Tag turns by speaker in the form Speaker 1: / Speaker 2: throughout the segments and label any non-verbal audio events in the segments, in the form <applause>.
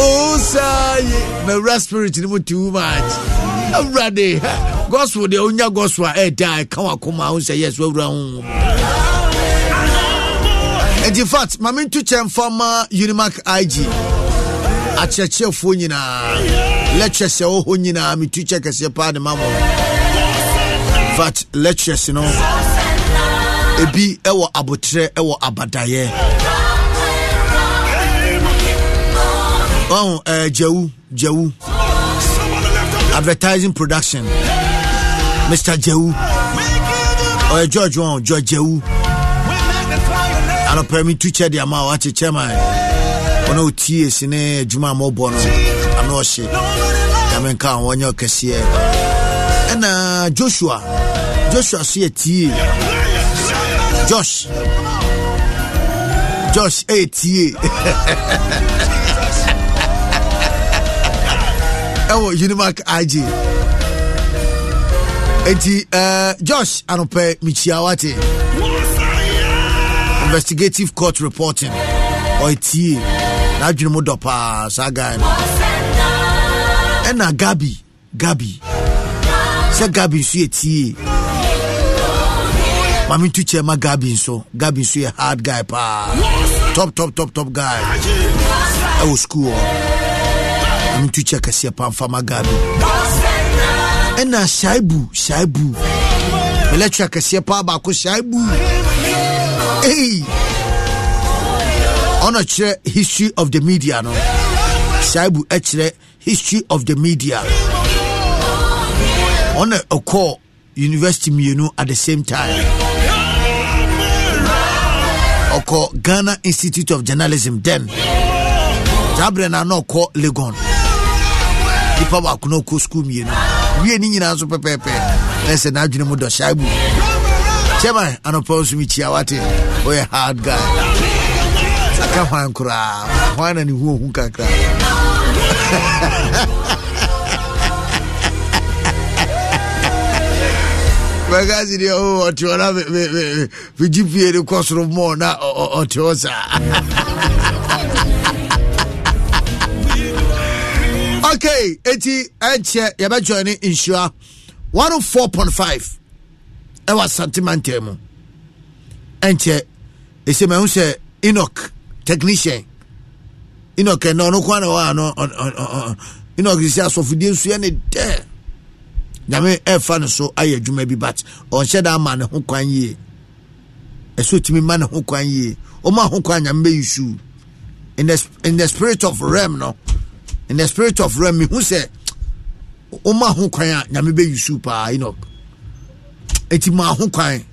Speaker 1: osaye mawura spirit no mu too much awurade gospel deɛ wonya gospel a ɛda a ɛka wakoma wo sɛ yɛs woawura ho nti fat ma mento kyɛ mfa ma unimac ig akyerɛkyerɛfoɔ nyinaa lectures a wɔhɔ nyinaa metu kyɛ kɛseɛ paa de ma mɔ fat lectures no ebi ɛwɔ abotrɛ ɛwɔ abadaeɛ Oh, uh, Jewu, Jewu. Advertising production. Mr. Jewu. Oh, George Wong, George Jewu. anɔpɛ me tu kyɛ deɛ ma a wakyekyɛ ma ɔne ɔtie si ne adwuma a mɔbɔ no ana ɔhye nyamenka a wɔnyɛ ɔkɛseɛ ɛna joshua joshua so yɛ tie josh josh ɛyɛ tie <laughs> ɛwɔ unimark ig Eti, josh anopɛ mikyiawate investigative court reporting ɔɛtie n'adwene mu dɔ paa saa guy no ɛna gabi gabi sɛ gabi nso yɛ tie maame ntu kyɛ ma gabi nso gabi nso yɛ hard guy paa top top top top guy ɛwɔ school hɔ mtukya kɛseɛ pamfama ga bi ɛna shaibu shaibu meletra kɛseɛ paa baako shaibu ei ɔna kyerɛ history of the media no shaibu ɛkyerɛ history of the media ɔna ɛkɔɔ university mmienu at the same time ɔkɔ ghana institute of journalism then Jabre na no na legon nipa baako na ɔkɔ sukuu mmienu wie ne nyinaa nso pɛpɛɛpɛ ɛ sɛ n'adwene mu dɔhyɛ abu kyɛma anɔpa nso mekyia wate woyɛ hard guy aka hwan koraa hwan na ne hu ohu kakra magasi deɛ o ɔte hɔ na megye pie de kɔ soro mmɔɔ na ɔte hɔ saa okay eti ɛkyɛ yɛbɛtwɛn ne nhyira one four point five ɛwɔ santimantan mu ɛnkyɛ esi mɛ sɛ enoch technician enoch ɛnna ɔno kwan na ɔwɔ no enoch sisi asɔfodie nsua ne dɛ nyame ɛɛfa ne so ayɛ adwuma bi but ɔnhyɛ da ama ne ho kwan yie ɛso tumi ma ne ho kwan yie ɔmo aho kwan nyame bɛyi su in the in the spirit of rem no in the spirit of Remi, who said, "Oma oh, ho kwan a nyame bɛyi su paa inok ɛti ma ho kwan ɔho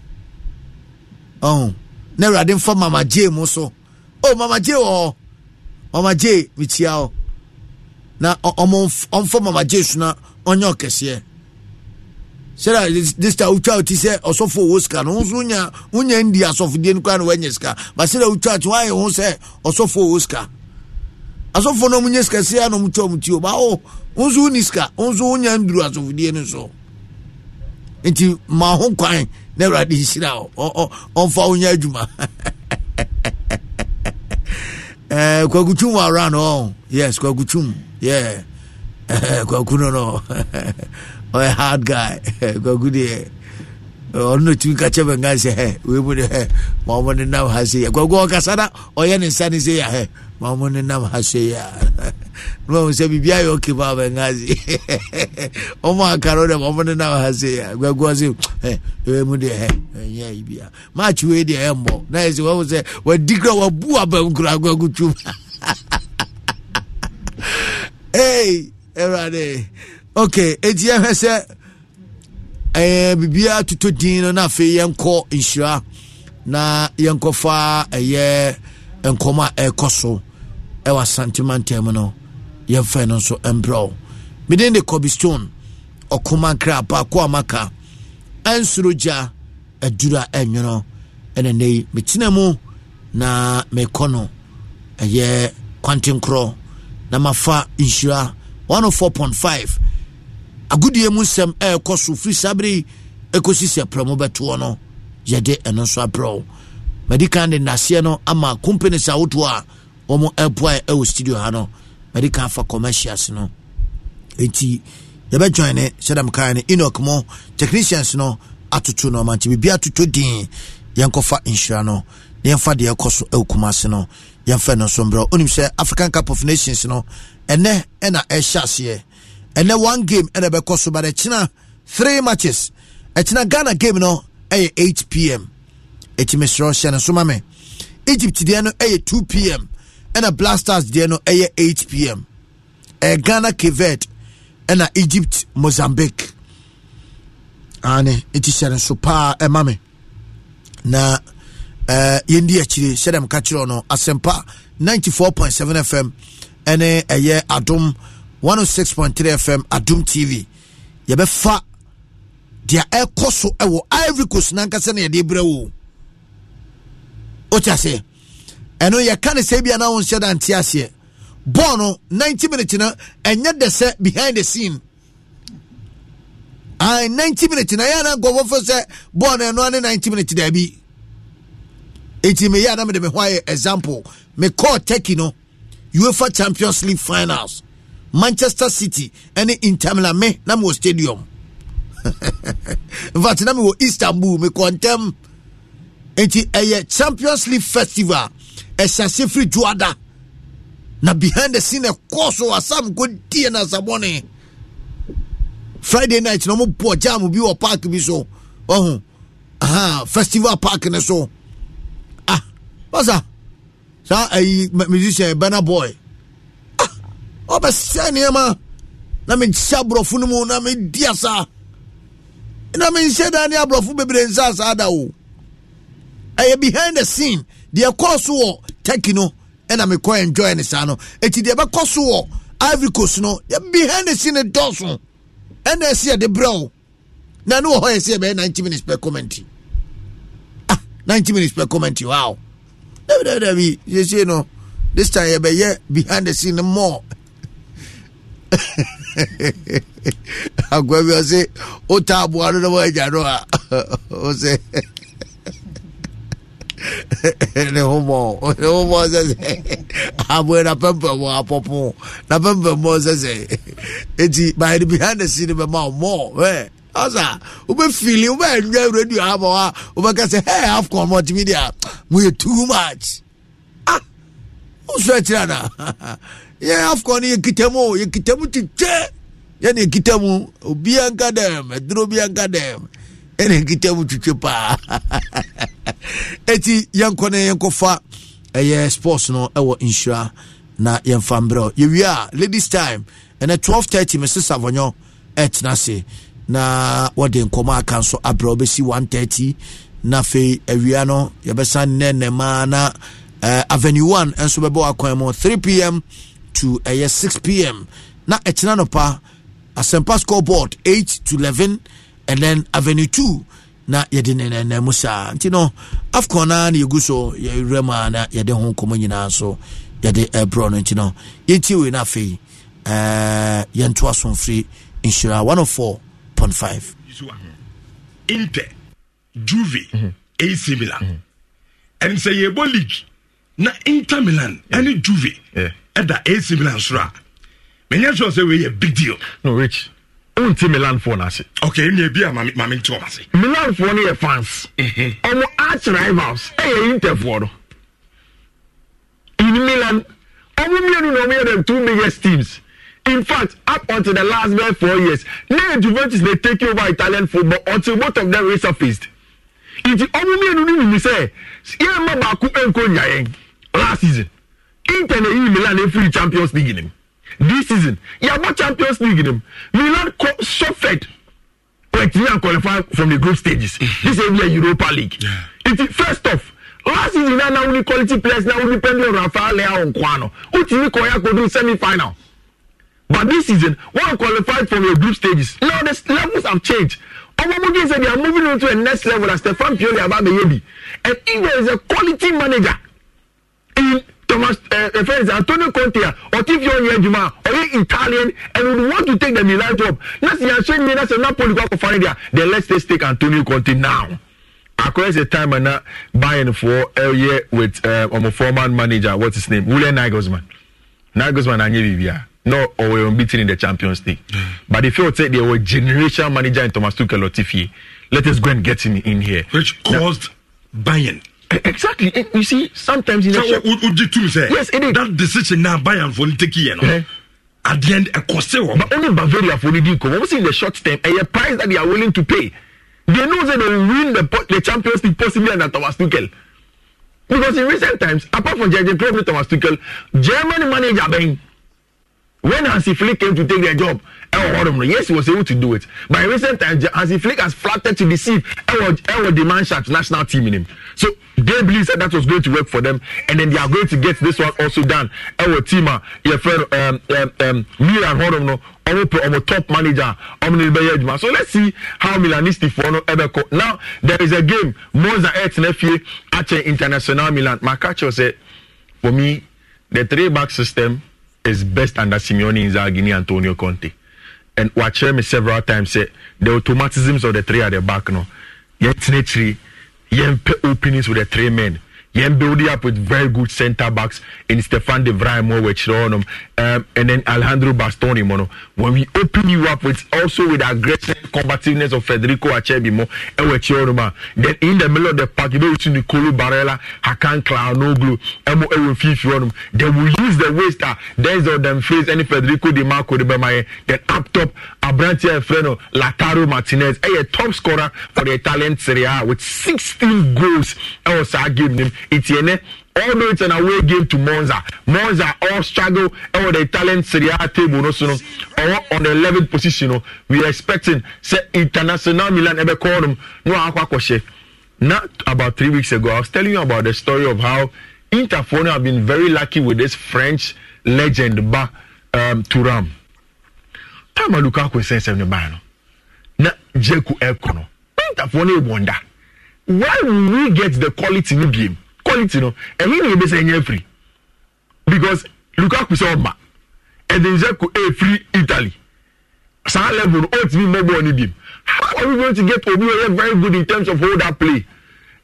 Speaker 1: oh, na awurade mfa mama J, mu so o oh, mama gye wɔ hɔ mama gye metia hɔ na ɔmfa mama J, so na ɔnyɛ ɔkɛseɛ sɛra this time wotwa wo ti sɛ ɔsɔfo wɔ sika no nso wonya wonya ndi asɔfodie no koraa na woanya sika ba sɛra wotwa te woayɛ ho sɛ ɔsɔfo wɔ sika asɔfoɔ no ɔmonyɛ sika sia na ɔmotɔ ɔmotio ba o wo nso woni sika wo nso wonya nduru asɔfodie no so nti ma ho kwan na awurade nhyira ɔ ɔmfa wonya adwuma <laughs> eh, kwakutum wɔ around ɔ yes kwakutum yeah eh, kwaku no no <laughs> ɔyɛ hard guy eh, kwaku deɛ ɔno na tumi ka kyɛ bɛnga sɛ hɛ wei mu de hɛ ma ɔmo ne nam ha se yɛ kwaku ɔkasa na ɔyɛ ne nsa ne se yɛ hɛ ma ɔmo nenam ha hwɛ yi a ɔmo sɛ biribi ayɛ ɔke ma ɔbɛnga ase ɔmo akara ɔdɛm ɔmo nenam ha hwɛ yi a gbɛgu ɔse ɛ ɛwɛ mu deɛ ɛ ɛnyɛ yi bi a maakyi deɛ na yɛ sɛ sɛ kura kura agbɛgu tum ee ɛwurade oke eti sɛ ɛɛ eh, biribi atoto din na afei nhyira na ɛwɔ asantema ntam no yɛmfa no nso mbrɛw meden de cobi stone ɔkoma nkra baako a maka ɛnsoro gya aduru ɛnwono ɛna nɛ metena mu na mekɔ no ɛyɛ kwantenkorɔ na mafa nhyira 104.5 agodie mu nsɛm ɛɛkɔ so firi sabere yi ɛkɔsi sɛ prɛmo bɛtoɔ no yɛde ɛno nso abrɛw madi kan de naseɛ no ama companies ahodoɔ a wɔn ɛpoa ɛwɔ studio ha no mɛde kan fa commercials no eti yɛbɛ join ne sɛdam kan ne enoch mo technicians no atutu no ɔmanti bibi atoto din yɛnkɔfa nhyira no na yɛnfa deɛ ɛkɔ so ɛwɔ kumase no yɛnfa no nso mbrɛ onim sɛ african cup of nations no ɛnɛ ɛna ɛhyɛ aseɛ ɛnɛ one game ɛna ɛbɛkɔ so bada kyina three matches ɛkyina e, ghana game no ɛyɛ eight pm eti mesrɛ ɔhyɛ no so ma me egypt deɛ no ɛyɛ two pm ɛna blasters deɛ no ɛyɛ 8 pm ɛyɛ ghana cavet ɛna egypt mozambique ane ɛti hyɛ no so paa ɛma me na uh, yɛndi akyire sɛdɛ meka no asɛmpa 94.7 fm ɛne ɛyɛ adum 106.3 fm adum tv yɛbɛfa deɛ ɛkɔ so ɛwɔ ivory coast nankasa na yɛde brɛ wo wotiaseɛ ɛno yɛka ne sɛ bia na wo nhyɛ da nte aseɛ bɔɔl no 90 minutes na ɛnyɛ dɛ sɛ behind the scene a 90 minutes na yɛ ana nkɔfo fo sɛ bɔɔl no ɛno ne 90 minutes daabi eti meyɛ ana mede me ho ayɛ example mekɔɔ turkey no uefa champions league finals manchester city ɛne inter milan me na mewɔ stadium <laughs> infact na mewɔ istanbul mekɔɔ ntɛm eti ɛyɛ champions league festival ɛhyɛ ahyɛ firi juada na behind the scene ɛkɔɔ so asam kɔdie na asabɔne friday night na ɔmobɔ jam bi wɔ park bi so ɔho aha festival park ne so ah basa saa ayi musician bɛna boy ah ɔbɛsɛ nneɛma na mehyɛ aborɔfo no mu na medi asa na menhyɛ da ne aborɔfo bebree nsa asaa da o ɛyɛ behind the scene deɛ ɛkɔɔ so wɔ turkey no ɛna mekɔ enjoy ne saa no eti deɛ ɛbɛkɔ so wɔ ivory coast no behind the scene dɔɔso ɛna ɛsi ɛde brɛ na ne wɔ hɔ yɛsi ɛbɛyɛ ninety minutes per comment ah ninety minutes per comment wow dabi dabi dabi yɛsie no this time yɛbɛyɛ behind the scene more. agwa bi o wota aboa no na wɔagya no a ɔsɛ ne ho mɔ ne ho mɔ sɛ sɛ na pɛmpɛ mɔ apɔpɔ na pɛmpɛ mɔ sɛ sɛ eti by the behind the scene bɛma o mɔ ɛ ɔsa wobɛ fili wobɛ nwɛ radio ama wa wobɛka sɛ hɛ afcon mɔ timi deɛ mo too much ah wosɔ akyirɛ na yɛ ye kitemu yɛkitamu yɛkitamu twitwɛ yɛne yɛkitamu obia nka dɛm ɛduro ɛna nkita mu twitwe paa ɛti yɛnkɔ ne yɛnkɔfa ɛyɛ sports no ɛwɔ nhyira na yɛmfa mbrɛ yɛwie a ladies time ɛnɛ 1230 mese savonyɔ ɛtena ase na wɔde nkɔmmɔ aka nso abrɛ wobɛsi 130 na afei awia no yɛbɛsa nnɛ nnɛmaa na uh, avenue 1 nso bɛbɛ wakwan mu 3 pm to ɛyɛ uh, 6 pm na ɛkyena no pa asɛmpa scoreboard 8 to 11 and then avenue two na yɛde nenana mu saa nti no afcon na na yɛgu so yɛwerɛ mu a na yɛde ho nkɔmmɔ nyinaa so yɛde ɛbrɛ no nti no yɛntie wei no afei eh, yɛntoa so mfiri nhyira 104.5
Speaker 2: inter juve mm-hmm.
Speaker 1: ac milan mhm.
Speaker 2: and sɛ yɛbɔ league na inter milan yeah. juve ɛda yeah. ac milan soro a menyɛ sure sɛ wei yɛ big deal no, rich wonte milanfoɔ no ase ok ne bi a mame nte ɔm ase milanfoɔ no yɛ fans ɔmo mm-hmm. arch rivals inter interfoɔ no in milan ɔmo mmienu na ɔmo yɛ the two biggest teams in fact up until the last bare four years na juventus dey take over italian football until both of them resurfaced nti ɔmo mmienu no nimu sɛ yɛn mma baako nko nya yɛn last season inter na eyi milan efiri champions league nim this season yabɔ champions league nim milan kɔ suffered nigeria qualify from the group stages mm-hmm. this is a europa league yeah. nti first off last season na na wuli quality players na only pɛndi on rafael leao nkwano o ti ni kɔya kodo semi final but this season one qualified from your group stages now the levels have changed ọmọmọdé say they are moving on to a next level as stefan pioli abameyebi and if there is a quality manager in thomas efeanyi eh, eh, antonio conte a ɔte fi ɔnyɛ adwuma a ɔyɛ italian and would want to take the milan job? top na sɛ yɛahyɛ nie na sɛ napoli kɔ akɔfa no deɛ then let's take antonio conte now akɔyɛ sɛ time ana ah, bayern foɔ ɛyɛ eh, with ɔmo um, former manager what's his name william nagelsmann nagelsmann anyɛ biribia no ɔwɔ oh, yɛn beaten in the champions league but if you would say they were generation manager in thomas tuchel or fie let us go and get him in here. which caused now, bayern
Speaker 3: <coughs> exactly eh, you see sometimes in the would you say
Speaker 2: yes it is that decision now buy and for take you know at the end a cost but only Bavaria for the deal obviously in the short term a price that they are willing to pay they know that they will win the, the Champions League possibly under Thomas Tuchel because in recent times apart from Jurgen Klopp and Thomas Tuchel German manager Ben when Hansi Flick came to take their job yes he was able to do it but in recent times as hansi flick has flattered to deceive ɛwɔ ɛwɔ the man sharp national team in him so they believe that that was going to work for them and then they are going to get this one also done ɛwɔ team a yɛ fɛ milan hɔ nom no ɔmo pɛ top manager ɔmo ne bɛyɛ adwuma so let's see how milanisti foɔ no ɛbɛkɔ now there is a game monza ɛtena fie akyɛ international milan My catch was sɛ for me the three back system is best under simeone inzaghi ne antonio conte and wakyerɛ me several times sɛ the automatisms of the three at the back no yɛtena akyiri yɛmpɛ openings with the three men yɛn building up with very good centre backs in Stefan de Vrij mo wɔ kyerɛ hɔnom um, and then Alejandro Bastoni mo no when we open you up with also with aggressive combativeness of Federico Achebi mo ɛwɔ kyerɛ hɔnom a then in the middle of the park you know wetin Nicolo Barella Hakan Clanoglu, ɛmo ɛwɔ fifi hɔnom then we use the waste ah Denzel face any Federico Di Marco de bɛma yɛ then up top aberanteɛ ɛfrɛ no Lautaro Martinez ɛyɛ top scorer for the Italian Serie A with sixteen goals ɛwɔ saa game nim etiene although it's an away game to Monza Monza all struggle ɛwɔ the Italian Serie A table no so no ɔwɔ on the eleventh position no we expecting Say International Milan ɛbɛ kɔɔ nom na wakɔ akɔhyɛ Not about three weeks ago I was telling you about the story of how Interfono have been very lucky with this French legend ba um, Thuram time a Lukaku sɛn sɛn ne ba no na Jeku ɛkɔ no Interfono eh, ebɔnda why we get the quality ni biem quality no ɛho na yɛbɛsɛ ɛnyɛ afiri because lukaku sɛ ɔba ɛde nzeko efiri eh, italy saa level no otimi mbɔ bɔɔl no bi how are we going to get obi wey very good in terms of hold up play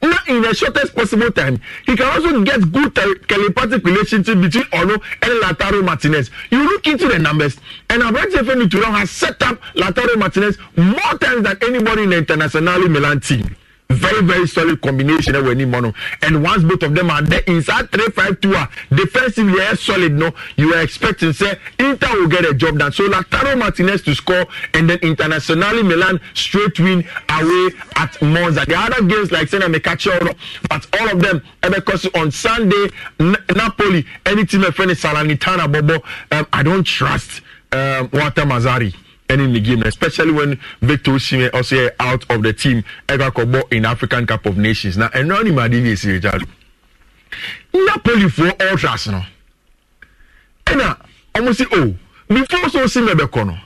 Speaker 2: na in the shortest possible time he can also get good telepathic relationship between ono and lataro martinez you look into the numbers and abrante fenituro has set up lataro martinez more times than anybody in the international milan team very very solid combination ɛwɔ anim no and once both of them are there inside three five two ah defensive yɛ solid no you were expecting say inter will get a job done so lataro martinez to score and then internationally milan straight win away at monza the other games like say na mekachi oro but all of them ebekos eh, on sunday napoli any team efeni eh, salernitana bobo um, i don trust um, walter mazari in the game, especially when Victor Osimhen also out of the team, Ega Kobo in African Cup of Nations. Now, and Ronnie Madini is Richard. Napoli for ultras no. Ena, uh, almost oh, before so Osimhen beko no.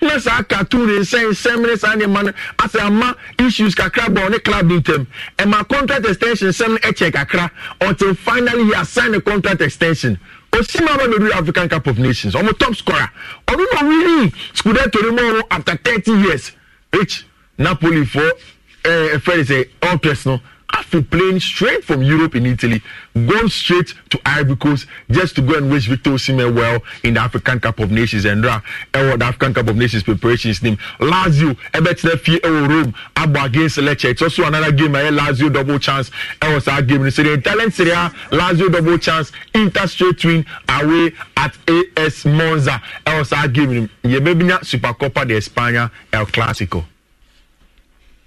Speaker 2: na saa cartoon nsɛn nsɛm ne saa nneɛma no asɛ ama issues kakra bɔ ne club ntɛm ɛma contract extension nsɛm no ɛkyɛ kakra until finally he assign a contract extension osimama mebiri african cup of nations ọmọ top scorer ọdún náà wíìlì scudetto ni mọ́ ọ́n after thirty years h napoli fọ́ ẹ ẹ fẹ́ẹ́ sẹ́ all press náà after plane straight from Europe in Italy, gone straight to Ivory Coast just to go and wish Victor Osimhen well in the African Cup of Nations and uh, eh, the African Cup of Nations preparations team. Lazio, Everton eh, FA, eh, oh, Rome, Abba ah, against Lecce. It's also another game. I Lazio double chance. It was our game. So the Italian Serie A, Lazio double chance. Inter straight win away at AS Monza. It was our game. Yeah, maybe Super Copa de España, El Clásico.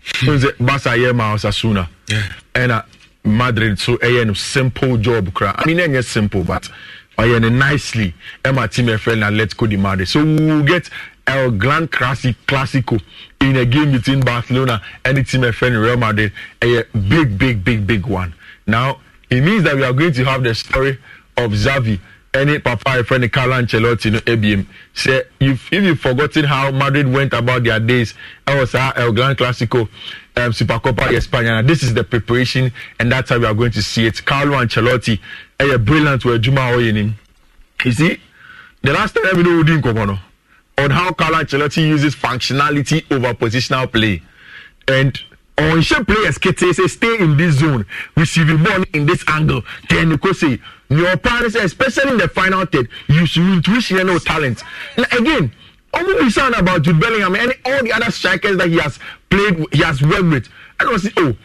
Speaker 2: Hmm. sɛ basa yɛ ma osasuna ɛna madrid so ɛyɛ no simple job kora i mean ɛnyɛ simple but ɔyɛ no nicely ɛma team ɛfrɛ no atletico de madrid so we will get El Gran Classic Classico in a game between Barcelona and the team friend Real Madrid, a big, big, big, big one. Now, it means that we are going to have the story of Xavi any papa a friend Carlo Ancelotti no ebiem say if if you forgotten how Madrid went about their days that was our El Gran Clasico um, Supercopa de España this is the preparation and that's how we are going to see it Carlo Ancelotti ɛyɛ eh, brilliant wɔ adwuma a ɔyɛ nim you see the last time we know wodi nkɔmɔ no on how Carlo Ancelotti uses functionality over positional play and ɔnhyɛ players kete say stay in this zone receiving ball in this angle then you ko say your parents especially in the final third you should intuition no talent na again ọmọ mi sound about jude bellingham and all the other strikers that he has played he has worked with i don say oh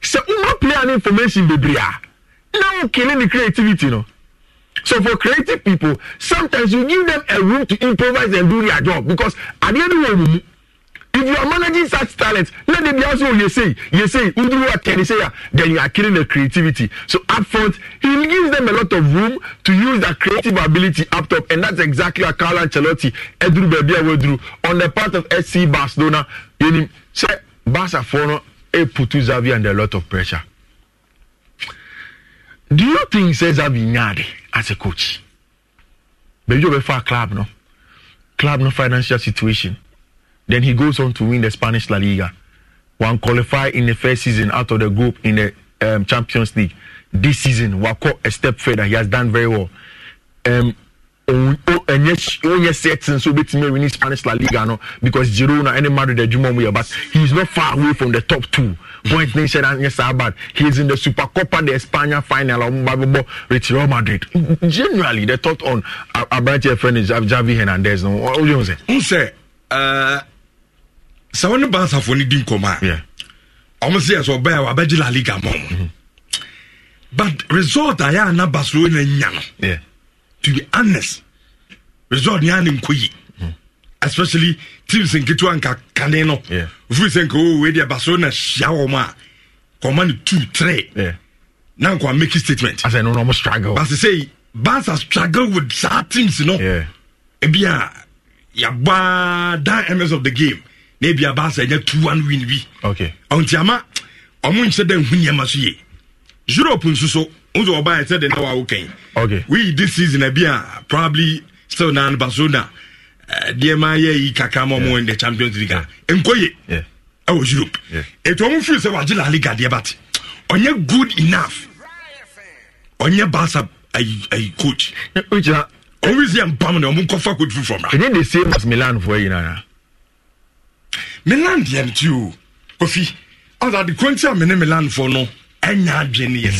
Speaker 2: so ɔmɔ player ni information bebree a na o kele ni creativity no so for creative people sometimes you give them a room to improvise and do their job because at the end of the day if you are managing such talent let them be also oh, you say you say Uduru Akenisaya then you are killing the creativity so up front he gives them a lot of room to use their creative ability up top and that's exactly how Carlo Ancelotti Edru Bebia Wedru on the part of SC Barcelona yẹnim sẹ Barca fọ no e putu Xavi under a lot of pressure do you think say Xavi nyaade as a coach But you bɛ club no club no financial situation. Then he goes on to win the Spanish La Liga. One qualify in the first season out of the group in the um, Champions League. This season, Wako a step further. He has done very well. Um, on onye certain so obetumi winning Spanish La Liga no because Girona ɛne Madrid adwuma mu yɛ but he is not far away from the top two point ne nhyɛ n'anyɛ saa bad he is in the Super Copa de España final a wɔn Real Madrid generally the thought on uh, aberante efrain javi hernandez no o yɛn sɛ. n sɛ sɛ wɔne bansafoɔ no di nkɔmmɔ a ɔmo sɛ yɛ sɛ ɔbɛyɛ wabɛgye la liga ma but result a yɛa na barcelona nya no to be honest result ne a ne nkɔ yi hmm. especially teams nketewa nka kane no yeah. firi sɛ nka wɔwei oh, deɛ barcelona hyia wɔ m a kɔma no two three yeah. na nkɔ make statement struggle but sɛ barca struggle with saa teams no yeah. ebia yɛbɔ dan ms of the game na ebi abaasa ɛnyɛ two one win bi okay ɔnti ama ɔmo nkyɛ dɛ nhu nneɛma so yie europe nso so nso ɔbaa yɛ sɛ de na wa awokan okay we this season ɛbi a probably still na barcelona nneɛma eh, yɛ yi kakra ma ɔmo in the champions league a nkɔ yie ɛwɔ europe etu ɔmo firi sɛ wagye la liga deɛ bat ɔnyɛ good enough ɔnyɛ baasa ayi ayi coach. ɔmo si yɛ mpam na ɔmo nkɔfa coach fufuo mra. ɛnyɛ de same as milan fo yi nana milan deɛ no ti o kofi ɔdade kwanti a mene milan fo no ɛnya adwene ne yɛ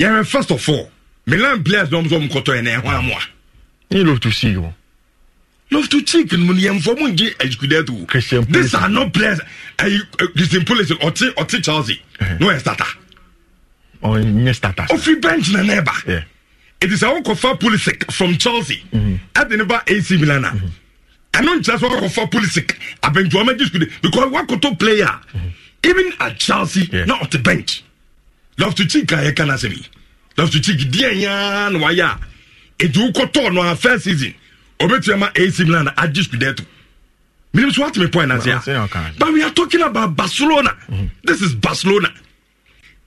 Speaker 2: sɛ first of all milan players dɔm sɛ ɔmkɔtɔ ɛ na ɛho amoa ne love to see you. love to cheek no mu no yɛmfɔ mu ngye adikudat o this are not players ayi eh, christian police ɔte ɔte chelsea No ɔyɛ starter ɔnyɛ starter ɔfiri bench na na ɛba it is a wɔkɔfa police from chelsea mm-hmm. ɛde ne ba ac milan a mm -hmm ɛno nkyerɛ sɛ wɔkɔfa polisic abɛntwama gye sukuu de because wakoto player even at chelsea yeah. na ɔte bench lofto chik a yɛka no asɛm yi lofto chik deɛ nyaa na wayɛ a ɛti wokɔtɔɔ no a first season ɔbɛtua ma ac milan agye sukuu dɛ to menim so wateme point ase but we are talking about barcelona mm -hmm. this is barcelona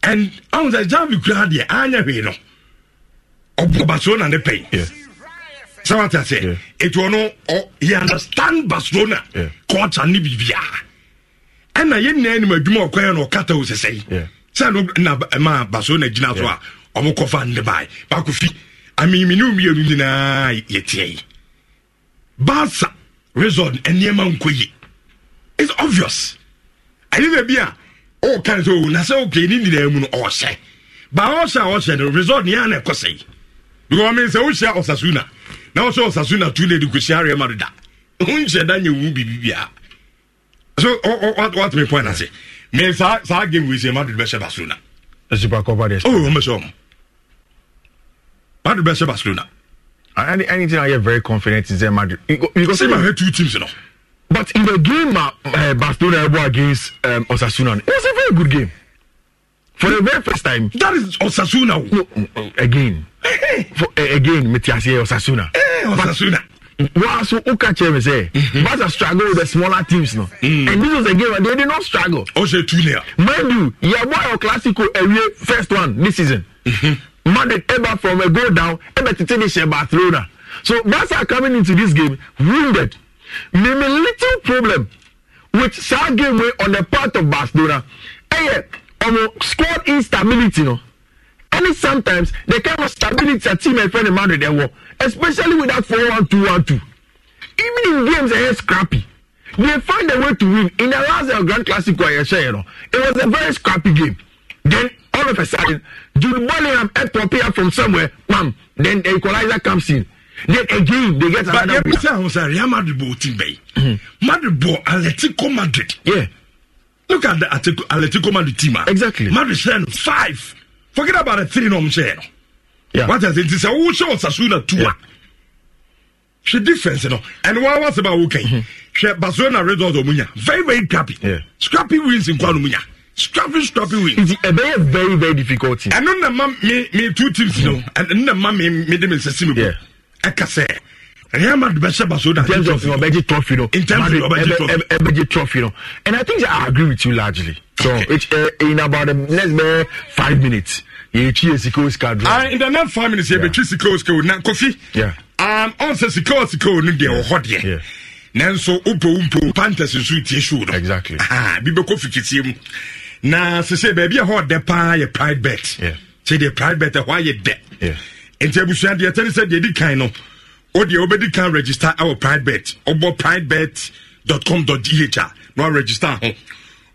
Speaker 2: and ahosɛ javi kura deɛ anyɛ hwee no ɔbɔ barcelona ne pɛi yes sɛ wate aseɛ ɛti ɔno he understand barcelona culture ne biribiaa ɛna yɛnyinaa nim adwuma ɔkɔyɛ no ɔkata wo sɛsɛi sɛ no na ma barcelona gyina so a ɔmo kɔfa nne bae baako fi amemene mmienu nyinaa yɛtiɛ yi resort nneɛma nkɔ yi it's obvious ɛne na bi a ɔka ne sɛ o oh, na sɛ okɛ ne nyinaa mu no ɔhyɛ ba ɔhyɛ a ɔhyɛ no resort ne yɛ ana ɛkɔ sɛ yi because ɔme sɛ wohyɛ ɔsasuna na wɔsɛ ɔsaso na tu lady kɔhyia areɛ ma do da wonhyɛ da nyɛ wu biribibia so wat me point ase me saa game wei sɛ madod bɛhyɛ barcelona ɔmɛsɛ ɔm madod bɛhyɛ barcelona Any, anything I get very confident is Real Madrid. Because see, my head two teams, you know. But in the game uh, uh Barcelona were against um, Osasuna, it was a very good game. For the very first time. That is Osasuna. No, mm, mm, again. Eh, again mete aseɛ ɔsasona ɔsasona eh, Wow, so who catch him say struggle with the smaller teams no. Mm. And this was a game where they did not struggle. Ose Tulia. Mind you, your boy or classical away first one this season. Mm-hmm. Madrid ever from a go down, ever to finish a Barcelona. So Barca coming into this game wounded. Maybe little problem with that game on the part of Barcelona. Hey, eh, um, squad instability no and sometimes the kind of stability a team efɛ ne Madrid they were especially with that four one two one two even in games they are scrappy they find a way to win in the last Grand Classic, Clasico a yɛhyɛ yɛ it was a very scrappy game then all of a sudden Jude Bellingham head pop here from somewhere pam then the equalizer comes in then again they get another winner. but yẹn say Real Madrid bò ó ti bẹ́ẹ̀ Madrid bò Atletico Madrid. Yeah. look at the Atletico Madrid team. Ah. exactly Madrid send five forget about the three nom share eh? no yeah. what is it is a wusha or sasuna two she difference you know and what was about okay mm-hmm. she barcelona red dot omunya very very scrappy yeah. scrappy wins in kwano munya scrappy scrappy wins it's a eh, very very very difficult thing and on the man me two teams you know mm-hmm. and on the man me me dem say me I can say real madrid bɛhyɛ baso da in terms of budget trophy you know. in terms of budget trophy you know. and i think i agree with you largely So okay. uh, eh, in about the next uh, five minutes, you choose sika card. draw. in the next five minutes, you yeah. choose sika sika na coffee. Yeah. Um, on se sika sika no dey or hot yeah. Nanso upo upo pantas nso tie show no. Exactly. Ah, bi be coffee kitie mu. Na se baby baabi a hot dey pa ye pride bet. Yeah. Che dey pride bet why ye dey. Yeah. Enti abusua dey tell said dey did kan no. O dey obedi kan register our pride bet. Obo pridebet.com.gh No register ho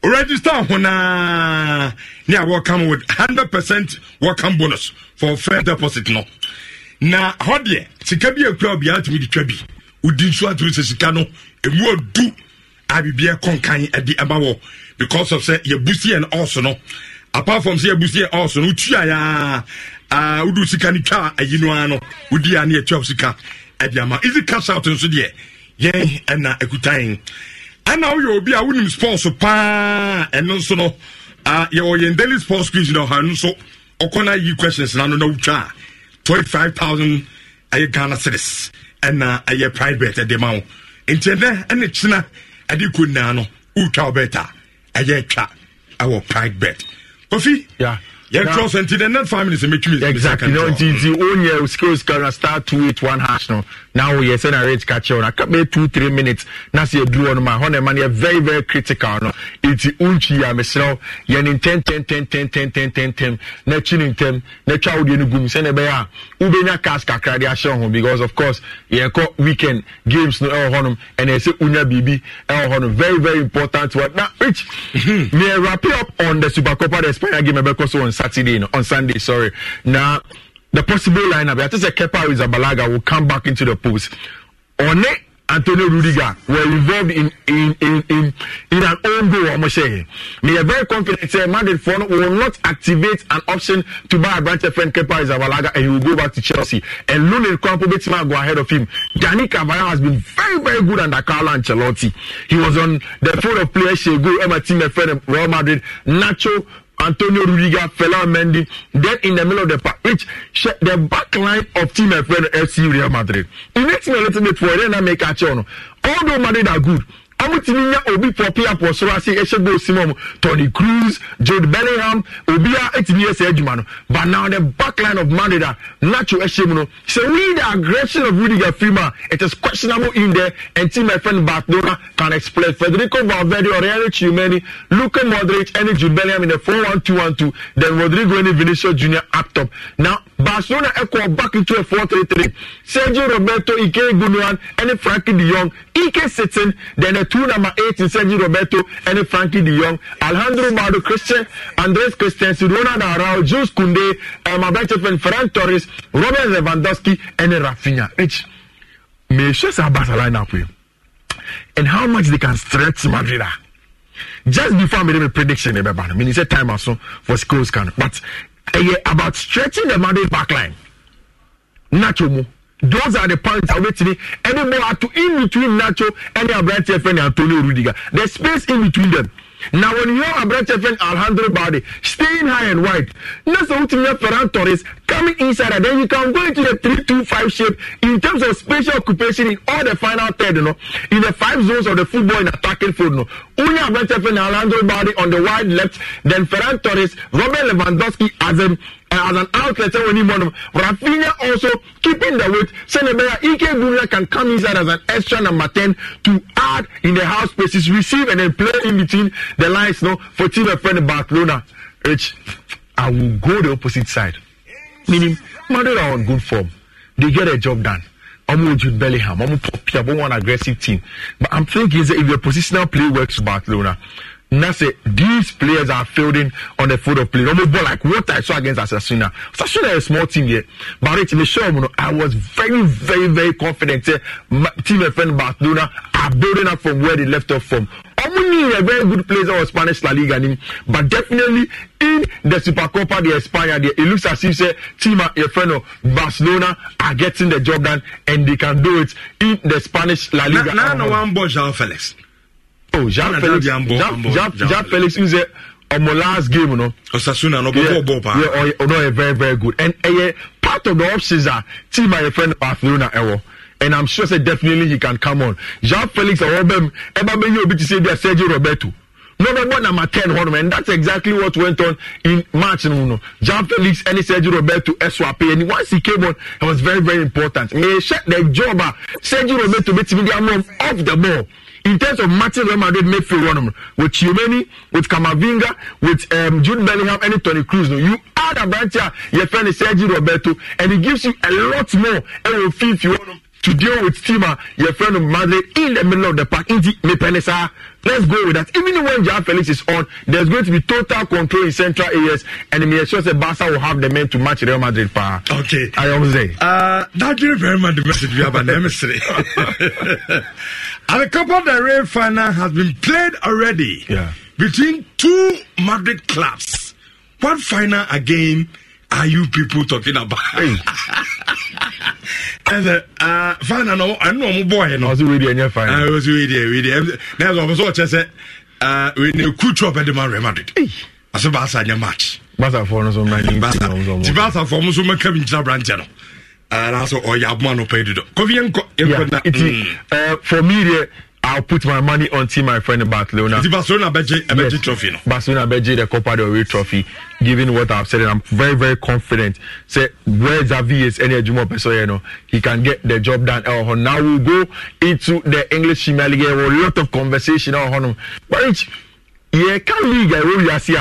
Speaker 2: register honaa ne a welcome with 100 percent welcome bonus for first deposit no na hɔ deɛ sika bi akura obi tumi di twa bi wodi nso atumi sɛ sika no emu adu abibiɛ kɔnkan ɛde ɛma wɔ because of sɛ yɛbusi yɛn ɔɔso no apart from sɛ yɛbusi yɛn ɔɔso no wotua yaa aa wodu sika no twa ayi no ano no wodi yaa ne yɛtua sika ɛde ama easy cash out nso deɛ yɛn ɛna ekutan ana woyɛ obi a wonim sports paa ɛno nso no yɛwɔ yɛn daily sports quiz na ɔha no nso ɔkɔ no ayi questions na no na wotwa a 25000 ɛyɛ ghana cities ɛna ɛyɛ pride bet ɛde ma wo nti ɛnɛ ɛne kyena ɛde kɔ nyinaa no wotwa wo bet a ɛyɛ twa ɛwɔ pride bet kofi yeah. yɛtwerɛ sɛ nti dɛ net five minutes mɛtwumi exactly nti nti wonyɛ sika osika na star two eight one hash no na woyɛ sɛ na rage ka kyerɛ no aka bɛyɛ two three minutes na sɛ yɛduru hɔ no ma hɔ na ɛma no yɛ very very critical no nti wontwi a meserɛ yɛne ntɛmtɛmtɛmtɛmtɛmtɛm na akyi ne ntɛm na atwa wodeɛ no gum sɛne ɛbɛyɛ a wobɛnya cas kakra de ahyɛ ho because of course yɛkɔ weekend games no ɛwɔ hɔnom ɛna ɛsɛ wonya biribi ɛwɔ hɔnom very very important one na rich me mhm. wrap up on the super copa the espana game ɛbɛkɔ so on saturday no on sunday sorry na the possible lineup. I think Kepa Arrizabalaga will come back into the post. One Antonio Rudiger were involved in in in in, in an own goal. I'm saying. We are very confident that Madrid for will not activate an option to buy a branch friend Kepa Arrizabalaga and he will go back to Chelsea. And Lunin Kwampo go ahead of him. Danny Carvajal has been very very good under Carlo Ancelotti. He was on the field of players. play Shegu, Emma team friend Real Madrid. Nacho Antonio Rudiger, Felan Mendy. Then in the middle of the park, which the back line of team friend FC Real Madrid. It makes me a little bit worried and I make catch on. Although Madrid are good, amutumi nya obi pɔpi apɔ soro ase ɛhyɛ goal si mu tony cruz jude bellingham obia etumi yɛ sɛ adwuma no but now the back line of madrid a nacho ɛhyɛ mu no So we the aggression of rudiger firma it is questionable in there and team my friend barcelona can explain federico valverde oriana chiumeni luka modric and jude bellingham in the four one two one two then rodrigo and vinicius junior up top now barcelona ɛkɔ back into a four three three sergio roberto ike gunuan ɛne frankie de jong Ike Sitting, then the two number eight in Sergio Roberto and Frankie de Jong, Alejandro Bardo Christian, Andres Christensen, Ronald Arau, Jules Kunde, uh, my best friend Ferran Torres, Robert Lewandowski, and Rafinha. Rich, may share some line up with and how much they can stretch Madrid. Just before I made a prediction, eh, I mean, it's a time or so for schools can, but uh, about stretching the Madrid backline. Not too much those are the points a wobɛtumi ɛne more to in between nacho ɛne aberanteɛ fɛ ne antonio rudiger the space in between them Now na wɔn yɛ aberanteɛ fɛ alejandro balde staying high and wide Next sɛ wotumi ferran torres coming inside and then you can go into the three two five shape in terms of spatial occupation in all the final third you know, in the five zones of the football in attacking field no only aberanteɛ fɛ ne alejandro balde on the wide left then ferran torres robert lewandowski as a as an outlet sɛ wɔnim bɔnom Rafinha also keeping the weight sɛnɛ bɛyɛ Ike Gunia can come inside as an extra number ten to add in the house spaces receive and then play in between the lines no for team friend Barcelona Rich I will go the opposite side meaning Madrid are on good form they get their job done ọmọ ojú Bellingham ọmọ pọpi abọ one aggressive team but I'm thinking say if your positional play works Barcelona Now say these players are fielding on the foot of play normal ball like what i saw against asasuna asasuna is a small team here but it's the show. i was very very very confident say my team friend barcelona are building up from where they left off from Omuni a very good player of Spanish La Liga nim but definitely in the Supercopa de España there it looks as if say team your friend of Barcelona are getting the job done and they can do it in the Spanish La Liga. Now na, no one boy Felix oh felix jean felix n sɛ ɔmɔ last game no. osasuna no bɔbɔ bɔ paa. yɛ ɔyɛ ɔdɔ yɛ very very good and ɛyɛ part of the options a team a yɛ fɛ no barcelona ɛwɔ. And I'm sure say definitely he can come on. Jean Felix Awobem, Eba Benyo Obi ti say there Sergio Roberto. No no one number ten hɔnom and that's exactly what went on in March no no. Jean Felix ɛne Sergio Roberto ɛswape and once he came on it was very very important. Ɛyɛ hyɛ the job a Sergio Roberto bɛ ti fi di amom off the ball in terms of matching Real Madrid midfield one with Chiumeni, with Kamavinga, with um, Jude Bellingham, and Tony Cruz. No? You add a branch here, your friend Sergio Roberto, and it gives you a lot more and will feel you want to deal with Tima, your friend of Madrid, in the middle of the park. In the Mepenesa. Let's go with that. Even when Jan Felix is on, there's going to be total control in central areas, and it may assure that Barca will have the men to match Real Madrid. Pa. Okay. I always say. Uh, that very much the message we have an emissary. And the Copa del Rey final has been played already yeah. between two Madrid clubs. What final again are you people talking about? and the <laughs> uh, final, no, I know I'm boy. No, I was ready your final. I was ready, ready. Now, what I was watching. Uh, when you could chop at the Real Madrid. Hey. I said, Barca, match. Barca for us, man. Barca for us, to Barca for us, man anaasɛ ɔyɛ aboma no pɛn dodɔ kɔfi yɛnkɔ yɛnkɔ mm. eh, for me deɛ I'll put my money on team my friend Barcelona. The Barcelona Beji, Beji yes. trophy. No? Barcelona Beji, the Copa del Rey trophy. Given what I've said, and I'm very, very confident. Say where Xavi is, any Jumo Pesoye, you know, he can get the job done. Uh, now we'll go into the English Premier League. A lot of conversation. Uh, but it's, yeah, can we get what we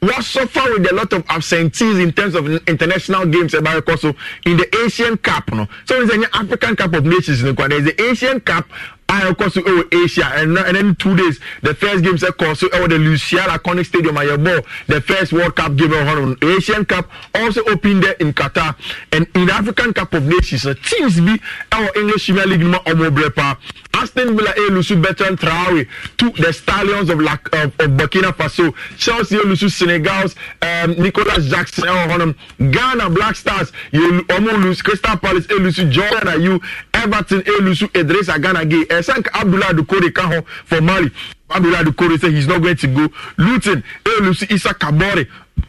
Speaker 2: what suffer with a lot of absentees in terms of international games ẹba ẹkọ so in the Asian Cup no so n sẹ n yẹ African Cup of Nations nìkan there is the Asian Cup a ɛkɔ so ɛwɔ asia ɛnna ɛnna two days the first game sɛ kɔ so ɛwɔ the luciana conic stadium a yɛ bɔ the first world cup game ɛwɔ hɔnom asian cup also opened there in qatar and in african cup of nations na teams bi ɛwɔ english premier league ma ɔmo brɛ paa aston villa elusu bertrand traore to the stallions of, La, of, of burkina faso chelsea elusu senegals um, nicholas jackson ɛwɔ hɔnom ghana black stars yɛ ɔmo lusu crystal palace elusu jordan ayew everton elusu edrisa ghana gay ɛsank abdullahi adukore ka ho for mali abdullahi adukore say he's not going to go luton elusi isa kabore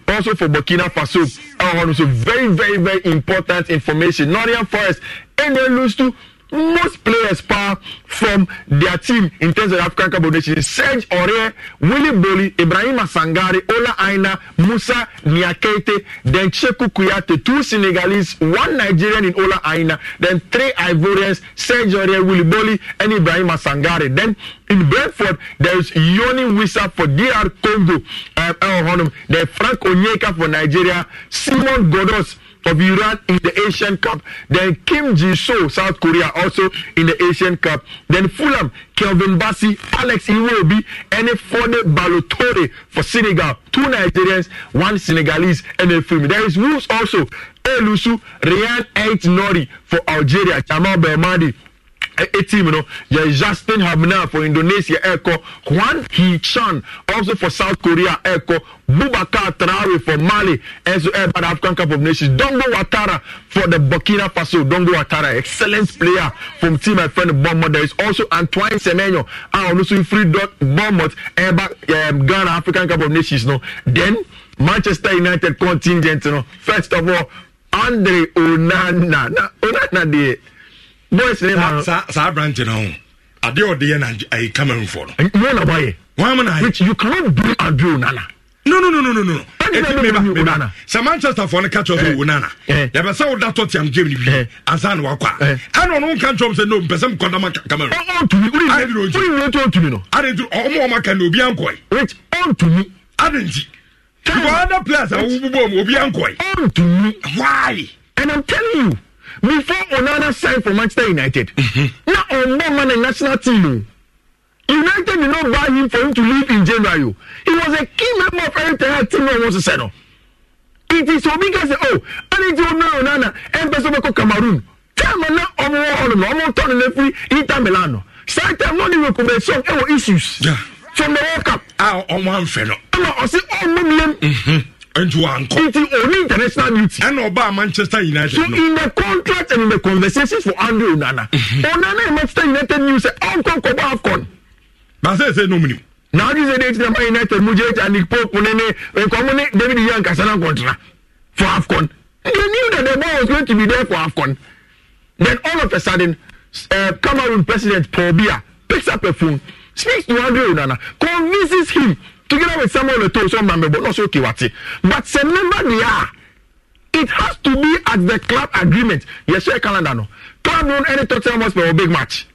Speaker 2: also for burkina faso ɛwɔ hɔ no so very very very important information norian forest ɛna elusu most players pa from their team in terms of African Cup of Nations. Serge Aurier, Willy Boli, Ibrahima Sangare, Ola Aina, Musa Niakete, then Cheku Kuyate, two Senegalese, one Nigerian in Ola Aina, then three Ivorians, Serge Aurier, Willy Boli, and Ibrahima Sangare. Then in Brentford, there is Yoni Wissa for DR Congo, um, uh, uh the Frank Onyeka for Nigeria, Simon Godos of Iran in the Asian Cup. Then Kim Ji So, South Korea, also in the Asian Cup. Then Fulham, Kelvin Bassi, Alex Iwobi, and Fode Balotore for Senegal. Two Nigerians, one Senegalese, and a film. There is Wolves also. Elusu, Ryan Eight Nori for Algeria, Jamal Bermadi. Eh, eh, team, you know, yeah, Justin Habna for Indonesia, Echo, Juan Hee also for South Korea, Echo, Bubakar Traore for Mali, and so Ever African Cup of Nations, Dongo Watara for the Burkina Faso, Dongo Watara, excellent player from team my friend Bournemouth. There is also Antoine Semenyo, and also free dot Bournemouth, Ever um, Ghana African Cup of Nations, no. Then Manchester United contingent, you know, first of all, Andre Onana, na, Onana, the boys ne ma saa branch na ho ade ɔde yɛ eh, eh, na ayi cameroonfoɔ no. mo na bɔ yɛ. wɔn mu na yɛ. which you cannot do adu nana. no no no no no no. ɛni bɛ mi ba sɛ manchester fɔ ne kakyɛ sɛ wo nana yɛbɛ sɛ wo da tɔ tiam game ni bi eh. ansa na wakɔ a ɛna ɔno nka nkyɛn sɛ no mpɛ sɛ nkɔdama cameroon. ɔn tumi o de ni o de ni o tumi no. ade nti ɔmo ɔmo aka na obi ankɔ yi. wait ɔn tumi. ade nti. because other players a wo bubɔ mu obi ankɔ yi. ɔn tumi. why. and i'm telling you before onana signed for manchester united mm-hmm. na ọmọ man in national team united did not buy him for him to leave in january o he was a key member of eritrea team wey wọn sisẹ no it is obi ka sẹ o oh, ẹni tí o ná onana ẹ bẹ sọ bẹ kọ cameroon tẹ́ẹ̀mù náà ọmọ wọn ọ̀nà náà ọmọ tọ́nu lè fi inter milan nọ sáà tẹ́ẹ̀mù náà ni recommendation ẹ wọ issues from the world cup. a ah, ọmọ ànfẹ nọ. ọmọ ọsẹ ọmọ mi lẹnu. Mm-hmm nti wankɔ nti oni international duty ɛna ɔbaa manchester united so no. in the contract and in the conversations for andrew onana mhm. onana in manchester united news sɛ ɔnkɔ nkɔbɔ afcon. baasa ɛsɛ nom nim. na adi sɛ de ti na man united mu jɛ ta nick pope ne ne nkɔmu ne david yan kasana kɔntra for afcon they knew that the ball was going to be there for afcon then all of a sudden uh, cameroon president paul biya picks up a phone speaks to andrew Nana, convinces him together with someone on the toe so mamebo no so okay but sɛ member de a it has to be at the club agreement yɛhyɛ calendar no club won any tottenham hotspur or big match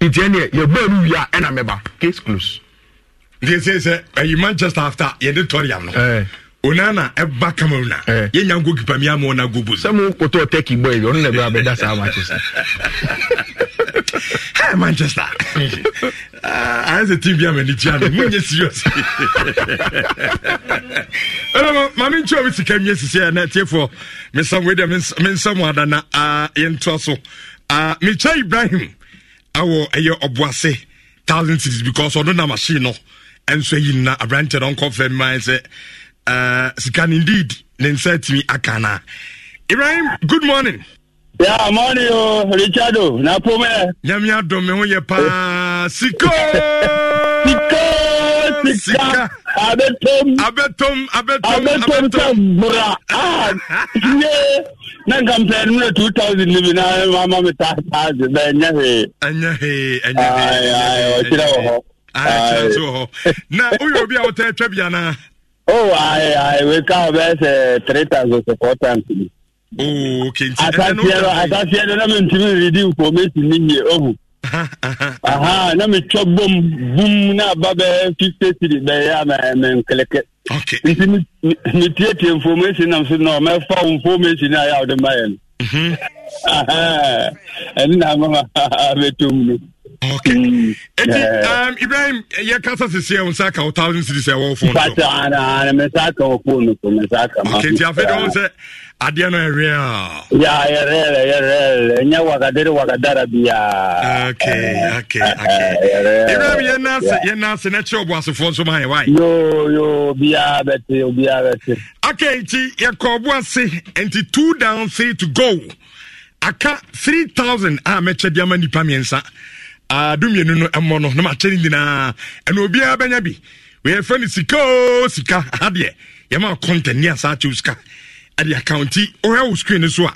Speaker 2: nti ɛneɛ yɛbɔ ɛnu wie a ɛna mɛba case close. nti sɛ sɛ ɛyi manchester after yɛde toriam no. Hey. Eh. onana ɛba cameroon a yɛnya nko kipa mi ama ɔna go bozo. sẹ́mu kòtò turkey boy ɔno na bẹ́ẹ̀ abẹ́dá sáà manchester. <laughs> hey manchester ayé sè tí n bí àmì ẹni jíà mi mo n yẹ serious. <laughs> ɛnna maame nkyɛn mi sika mi yɛ sisi yɛ n'ɛtiɛ fɔ mi nsam wei dɛ mi nsam ada na ah, yɛn to so ah, mi kyɛ ibrahim awɔ ɛyɛ ɔbuase thousand cities because ɔno na machine no ɛnso yi na aberanteɛ no nkɔ fɛn mmaa yɛ sɛ. uh, sika indeed ne nsa tumi aka no ibrahim good morning ya yeah, morning o oh, richardo na pomɛ nyame adom me ho yɛ paa siko <laughs> siko sika Abetom, abetom, abetom, abetom. sɛ bra
Speaker 4: ah ye na nkampɛ no na 2000 ne bi na mama me ta ta
Speaker 2: ɛnyɛ hee ɛnyɛ hee ɛnyɛ hee ɔkyerɛ wɔ hɔ ɛkyerɛ nso wɔ hɔ na woyɛ obi a wotɛ atwa bi anaa oh i i wake up bẹ́ẹ̀ sẹ three times or four times. ooo oh, ok nti ẹnu náà yẹ asase ẹnu náà mi ntumi ridi information ni yẹ ọhún. aha na mi tọ bom bum na ba bẹ fifty three bẹ yà mẹ mẹ nkẹlẹkẹ. ok nti mi mi tie tie information na so na ọmọ ẹfa information na yà ọdún báyẹn. ẹni na ama ma bẹ tó mu. Okay. Mm, Eti, um, Ibrahim, yɛ kasa sisi ɛwọn sá ka o thousand series ɛwɔ fone so. Pata na na mɛ sá ka o fone so mɛ sá ka ma. Okay, ti a fɛ de wɔn sɛ adeɛ no yɛ real. Ya yɛ real yɛ real n yɛ wakadere wakadara bi eh, eh, eh, ya. Okay, okay, okay. Ibrahim yɛ naase yɛ naase na kyerɛ obuasefo nso ma yɛ wa yi. Yo yo obiara bɛ te obiara bɛ te. Okay, nti yɛ kɔ obuase nti two down three to go. Aka three thousand a mɛ di ama nipa mmiɛnsa adumienu ah, no mmɔ no na makyɛ ne nyinaa ɛna obiara bɛnya bi wɔyɛfrɛ no sika o sika ha deɛ yɛma content ne asaa kyɛw sika ɛde akaunti wohwɛ wo screen no so a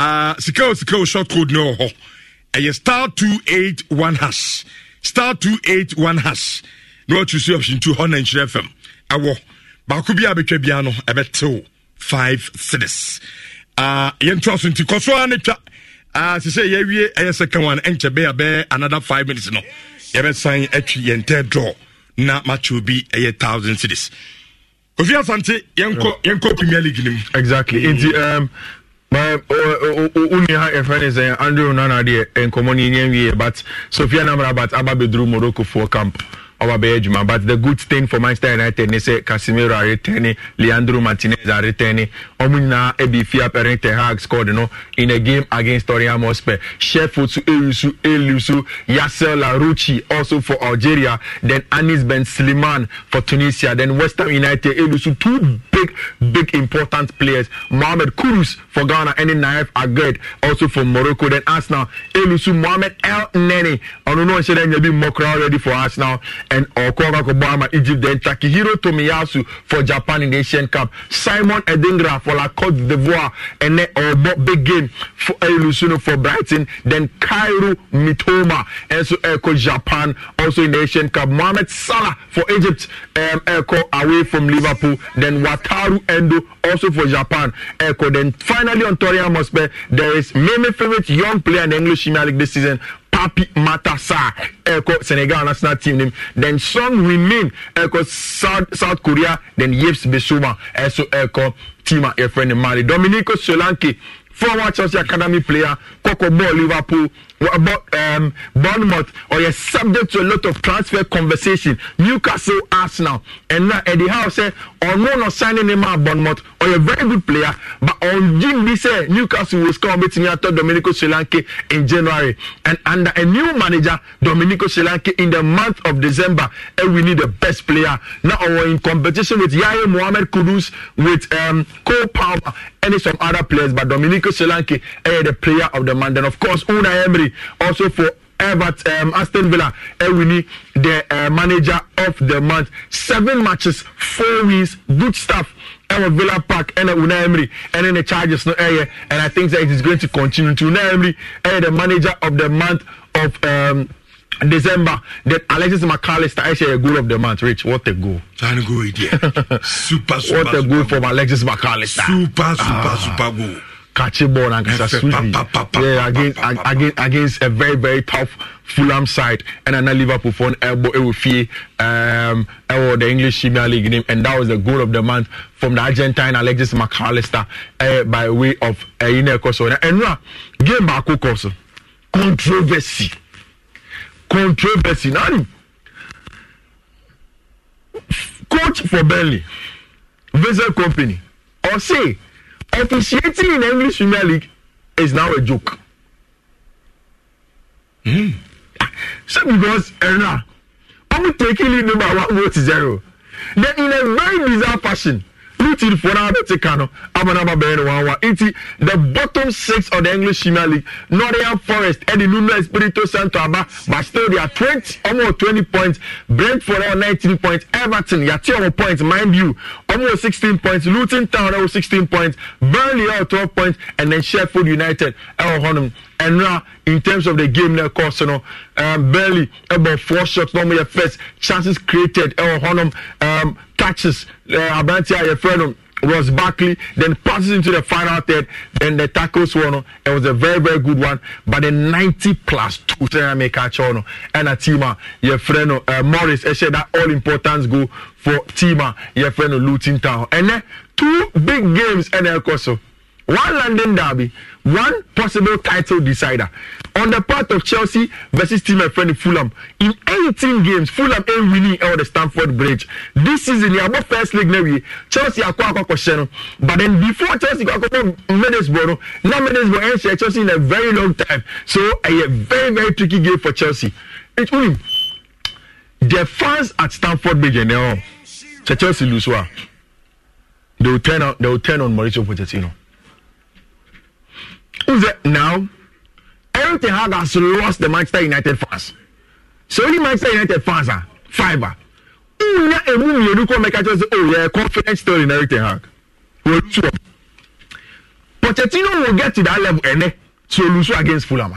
Speaker 2: uh, sika o sika o short code ne wɔ hɔ ɛyɛ star 281 hash star 281 hash na wɔatu so option 2 hɔ na nkyerɛ fam ɛwɔ baako bi a bɛtwa biara no ɛbɛtew 5 cities uh, yɛntoa so nti kɔ so a ne twa Ah, sɛ yɛawie ɛyɛ second one ɛnkyɛ bɛyɛ bɛɛ another five minutes no yɛbɛsan atwi yɛn tɛ draw na makyɛ bi ɛyɛ thousand cities ofi asante yɛnkɔ mm. yɛnkɔ premier league nim exactly mm. nti um, wonua ha ɛfrɛ uh, ne sɛ andrew nana deɛ nkɔmmɔ no yɛnya wieɛ but sofia namrabat aba Morocco for camp ɔba bɛyɛ adwuma but the good thing for manchester united ne sɛ casimiro aretɛne leandro martinez aretɛne ɔmo nyinaa ebi fi apɛrin ten hag scored no in a game against tottenham hotspur sheffield so elusu elusu yasser larouchi also for algeria then anis ben sliman for tunisia then west ham united elusu two big big important players mohamed kudus for ghana and naif aged also for morocco then arsenal elusu mohamed el nene ɔno no n ṣe dɛ n yɛ bi mɔkura already for arsenal and Okora Kobama, Egypt, then Takehiro Tomiyasu for Japan in the Asian Cup, Simon Edingra for La Cote d'Ivoire, and then Obo Big Game for Elusuno for Brighton, then Cairo Mitoma, and so Echo Japan also in the Asian Cup, Mohamed Salah for Egypt, um, Echo away from Liverpool, then Wataru Endo also for Japan, Echo. Then finally on Tori Mosbe, there is maybe favorite young player in the English Premier League this season, Papi Matasa ɛkɔ Senegal national team nim then Son remain, ɛkɔ South South Korea then Yves Bissouma ɛso ɛkɔ team a yɛfrɛ no Mali Dominico Solanke former Chelsea academy player kɔkɔ bɔɔl Liverpool um, Bournemouth ɔyɛ subject to a lot of transfer conversation Newcastle Arsenal ɛnna ɛdi ha sɛ ɔno na signing ne ma Bournemouth ɔyɛ oh, very good player but ɔngyin bi sɛ Newcastle will score ɔbɛtumi atɔ Dominico Solanke in January and under a new manager Dominico Solanke in the month of December eh, we need the best player na ɔwɔ oh, in competition with Yahya Mohammed Kudus with um, Cole Palmer and some other players but Dominico Solanke ɛyɛ eh, the player of the month and of course Unai Emery. Also for Evert, um, Aston Villa, Ewini, the uh, manager of the month. Seven matches, four wins, good stuff. ɛwɔ villa park ɛna una emery and then the charges no ɛyɛ eh, and i think that it is going to continue to una emery ɛyɛ eh, the manager of the month of. Um, December, that Alexis McAllister eh, actually a goal of the month. Rich, what a goal! Trying to go idea. <laughs> super, super. What a goal, goal from Alexis McAllister. Super, super, ah. super goal catchy ball and yeah, against, against, a very, very tough Fulham side. And then Liverpool for an elbow, Ewufie, um, the English Premier League name. And that was the goal of the month from the Argentine Alexis McAllister uh, by way of uh, Ine Koso. And now, uh, game back, Koso. Controversy. Controversy. Now, coach for Burnley, Visa Company, or say, officiating in the English Premier League is now a joke. Mm. So because Erna, I'm taking lead number one vote zero. Then in a very bizarre fashion, Luton for now the Tikano, Amanaba Benwawa. Iti the bottom six of the English Premier League, Northern Forest, Eddie Luna Espirito Santo Aba, but still they are 20, almost 20 points. Brentford are 19 points, Everton, you are 12 points, mind you, almost 16 points, Luton Town, 16 points, Burnley, 12 points, and then Sheffield United, Elhonum ɛnra in terms of the game na ɛkɔ so no um, barely ɛbɔ four shots na ɔmo yɛ first chances created ɛwɔ uh, hɔnom um, catches uh, aberante a yɛfrɛ no um, was Barkley, then passes into the final third, then the tackles won. No? It was a very, very good one. But the 90 plus two trying make catch on and a teamer, your friend uh, Morris, I said that all importance go for teamer, your friend uh, Luton Town. And then two big games and El Coso one London derby, one possible title decider. On the part of Chelsea versus team and friend Fulham, in 18 games, Fulham ain't winning out the Stamford Bridge. This season, you have first league now. Chelsea are quite a question, But then before Chelsea got to Middlesbrough, now Middlesbrough ain't Chelsea in a very long time. So a very, very tricky game for Chelsea. It will the fans at Stamford Bridge and know. all. Chelsea lose. They will turn on, they will turn on Mauricio Pochettino. Uze, now, Eric Ten Hag has lost the Manchester United fans. So only Manchester United fans are fiber. Unya emu mmienu kọ mẹka kyerɛ sɛ o yɛ confidence story na Eric Ten Hag. W'olu sọ. Pochettino will get to that level ɛnɛ eh, to lose against Fulham.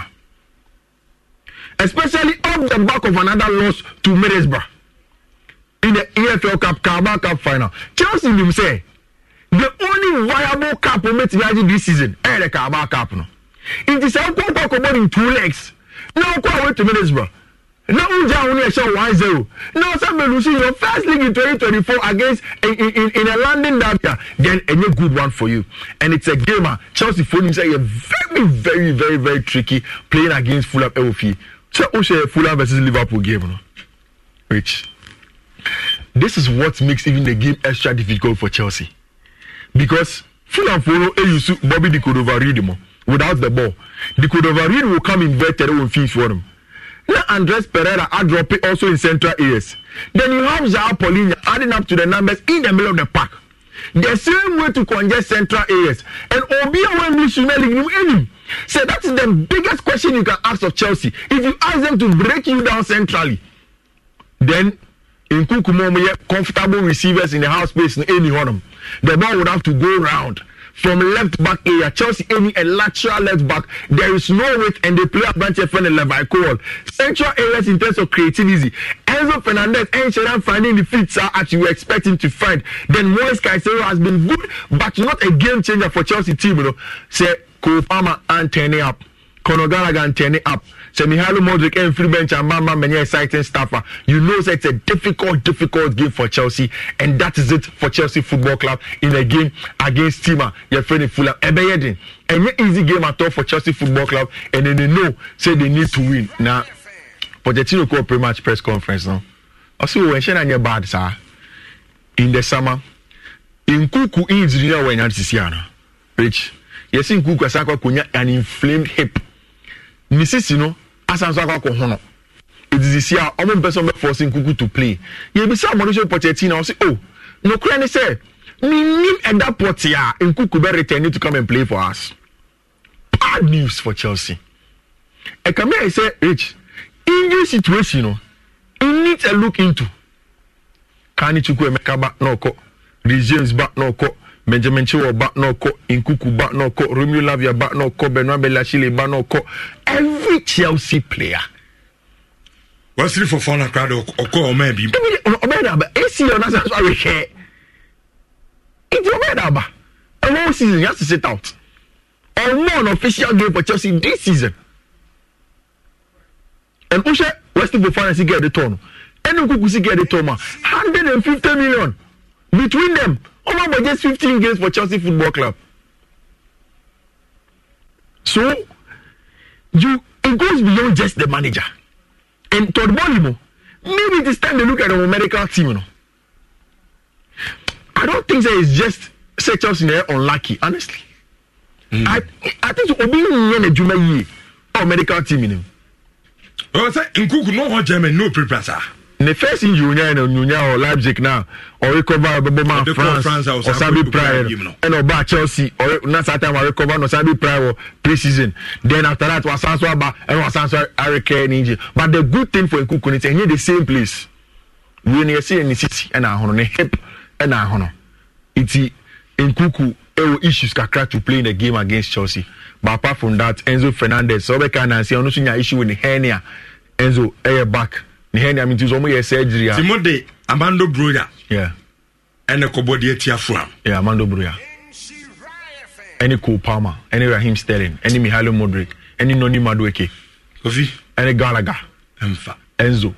Speaker 2: Especially off the back of another loss to Middlesbrough in the EFL Cup Carabao Cup final. Chelsea nim sɛ the only viable cap wobɛtumi agye this season ɛyɛ dɛ kaaba cap no nti sɛ wokɔ kɔ kɔbɔ ne two legs na wokɔ a wɔatu minutes bro na wogya wo ne ɛhyɛ 1 0 na ɔsɛ bɛlusi your first league in 2024 against in, in, in, a london derby then ɛnyɛ good one for you and it's a game a chelsea fo nim sɛ yɛ very very very very tricky playing against fulham ɛwɔ fie sɛ wohyɛ fulham versus liverpool game no rich this is what makes even the game extra difficult for chelsea because Fulhamfo no eyusu Bobby de Cordova-Reed mo without the ball de Cordova-Reed will come inverted wɔ nfin for him Now Andres Pereira adrope also in central areas then you have Zaha Polina adding up to the numbers in the middle of the park the same way to congest central areas and obi a wan English Premier League So enim that is the biggest question you can ask of Chelsea if you ask them to break you down centrally then nkukum a wɔyɛ comfortable receivers in the house space no ɛni hɔnom the ball would have to go round from left back area chelsea any a lateral left back there is no weight and they play advantage for the levi cole central areas in terms of creativity enzo fernandez and shenan finding the fits are as you were expecting to find then moise caicedo has been good but not a game changer for chelsea team you know say cole palmer and turning up conor gallagher and turning up So Mihailo Modric and free bench and Mama many exciting stuff. You know that it's a difficult, difficult game for Chelsea, and that is it for Chelsea Football Club in a game against Tima, your friend Fulham. Ebeyedin, any easy game at all for Chelsea Football Club, and then they know say they need to win. Now, Pochettino called pre-match press conference now. Also, when Shannon your bad, sir, in the summer, in Kuku injury now when Antisiana, Rich, yes, in Kuku Asako Kunya, an inflamed hip. Nisisi no asan so akɔ akɔ ho no ɛdidi si a ɔmo mpɛ sɛ ɔmo ɛfɔ se nkuku to play yɛbisa Mauricio Pochettino ɔsi o oh, nokura ni sɛ minim ɛda pɔte a nkuku bɛ return to come and play for us bad news for Chelsea ɛka mi ayi sɛ rich injury situation no it needs a look into kani chukwu emeka ba na ɔkɔ regimes ba na ɔkɔ benjamin chiwo ba na ɔkɔ nkuku ba na ɔkɔ romeo lavia ba na ɔkɔ benoit belachile ba na ɔkɔ every chelsea player wasiri fɔfɔ na kora de ɔkɔ ɔmɛ bi. ɔbɛn na aba esi yɛ ɔna sɛ ɔrehwɛ nti ɔbɛn na aba ɛwɔ season yɛ asese tout ɔwɔ an official game for chelsea this season and wohyɛ westin fofana si gɛɛ de tɔn no ɛne nkuku si gɛɛ de tɔn ma hundred and fifty million between them. Olombo just 15 games for Chelsea Football Club. So, you it goes beyond just the manager. And Todd Bolimo, maybe it is time to look at our medical team. You know? I don't think that it's just set us in there unlucky, honestly. Mm. I, I think Obi Nyan Ejuma Yi, our medical team. You know? Well, I said, Nkuku, no one German, no prepressor ne first in yonya na yonya or Leipzig now or recover bɛbɔ ma France or sabi prior ɛna ɔba Chelsea or na saa time or recover na sabi prior pre-season then after that wasan so aba ɛna wasan so arike ne nje but the good thing for Nkunku ne sɛ n ye the same place wei ne yɛsi yɛ ne sisi ɛna ahono ne hip ɛna ahono eti Nkunku ɛwɔ issues kakra to play in the game against Chelsea but apart from that Enzo Fernandez sɛ ɔbɛka nansi ɔno so nya issue with ne hernia Enzo ɛyɛ back. Ni hɛ nea meti sɛ ɔmoyɛ surgery a mode amando broya ɛne kɔbɔde atia fram amando broya ɛne cole palmer ɛne rahim sterling ɛne mihailo modric ɛne noni madueke kofi, ɛne galaga ɛmfa enzo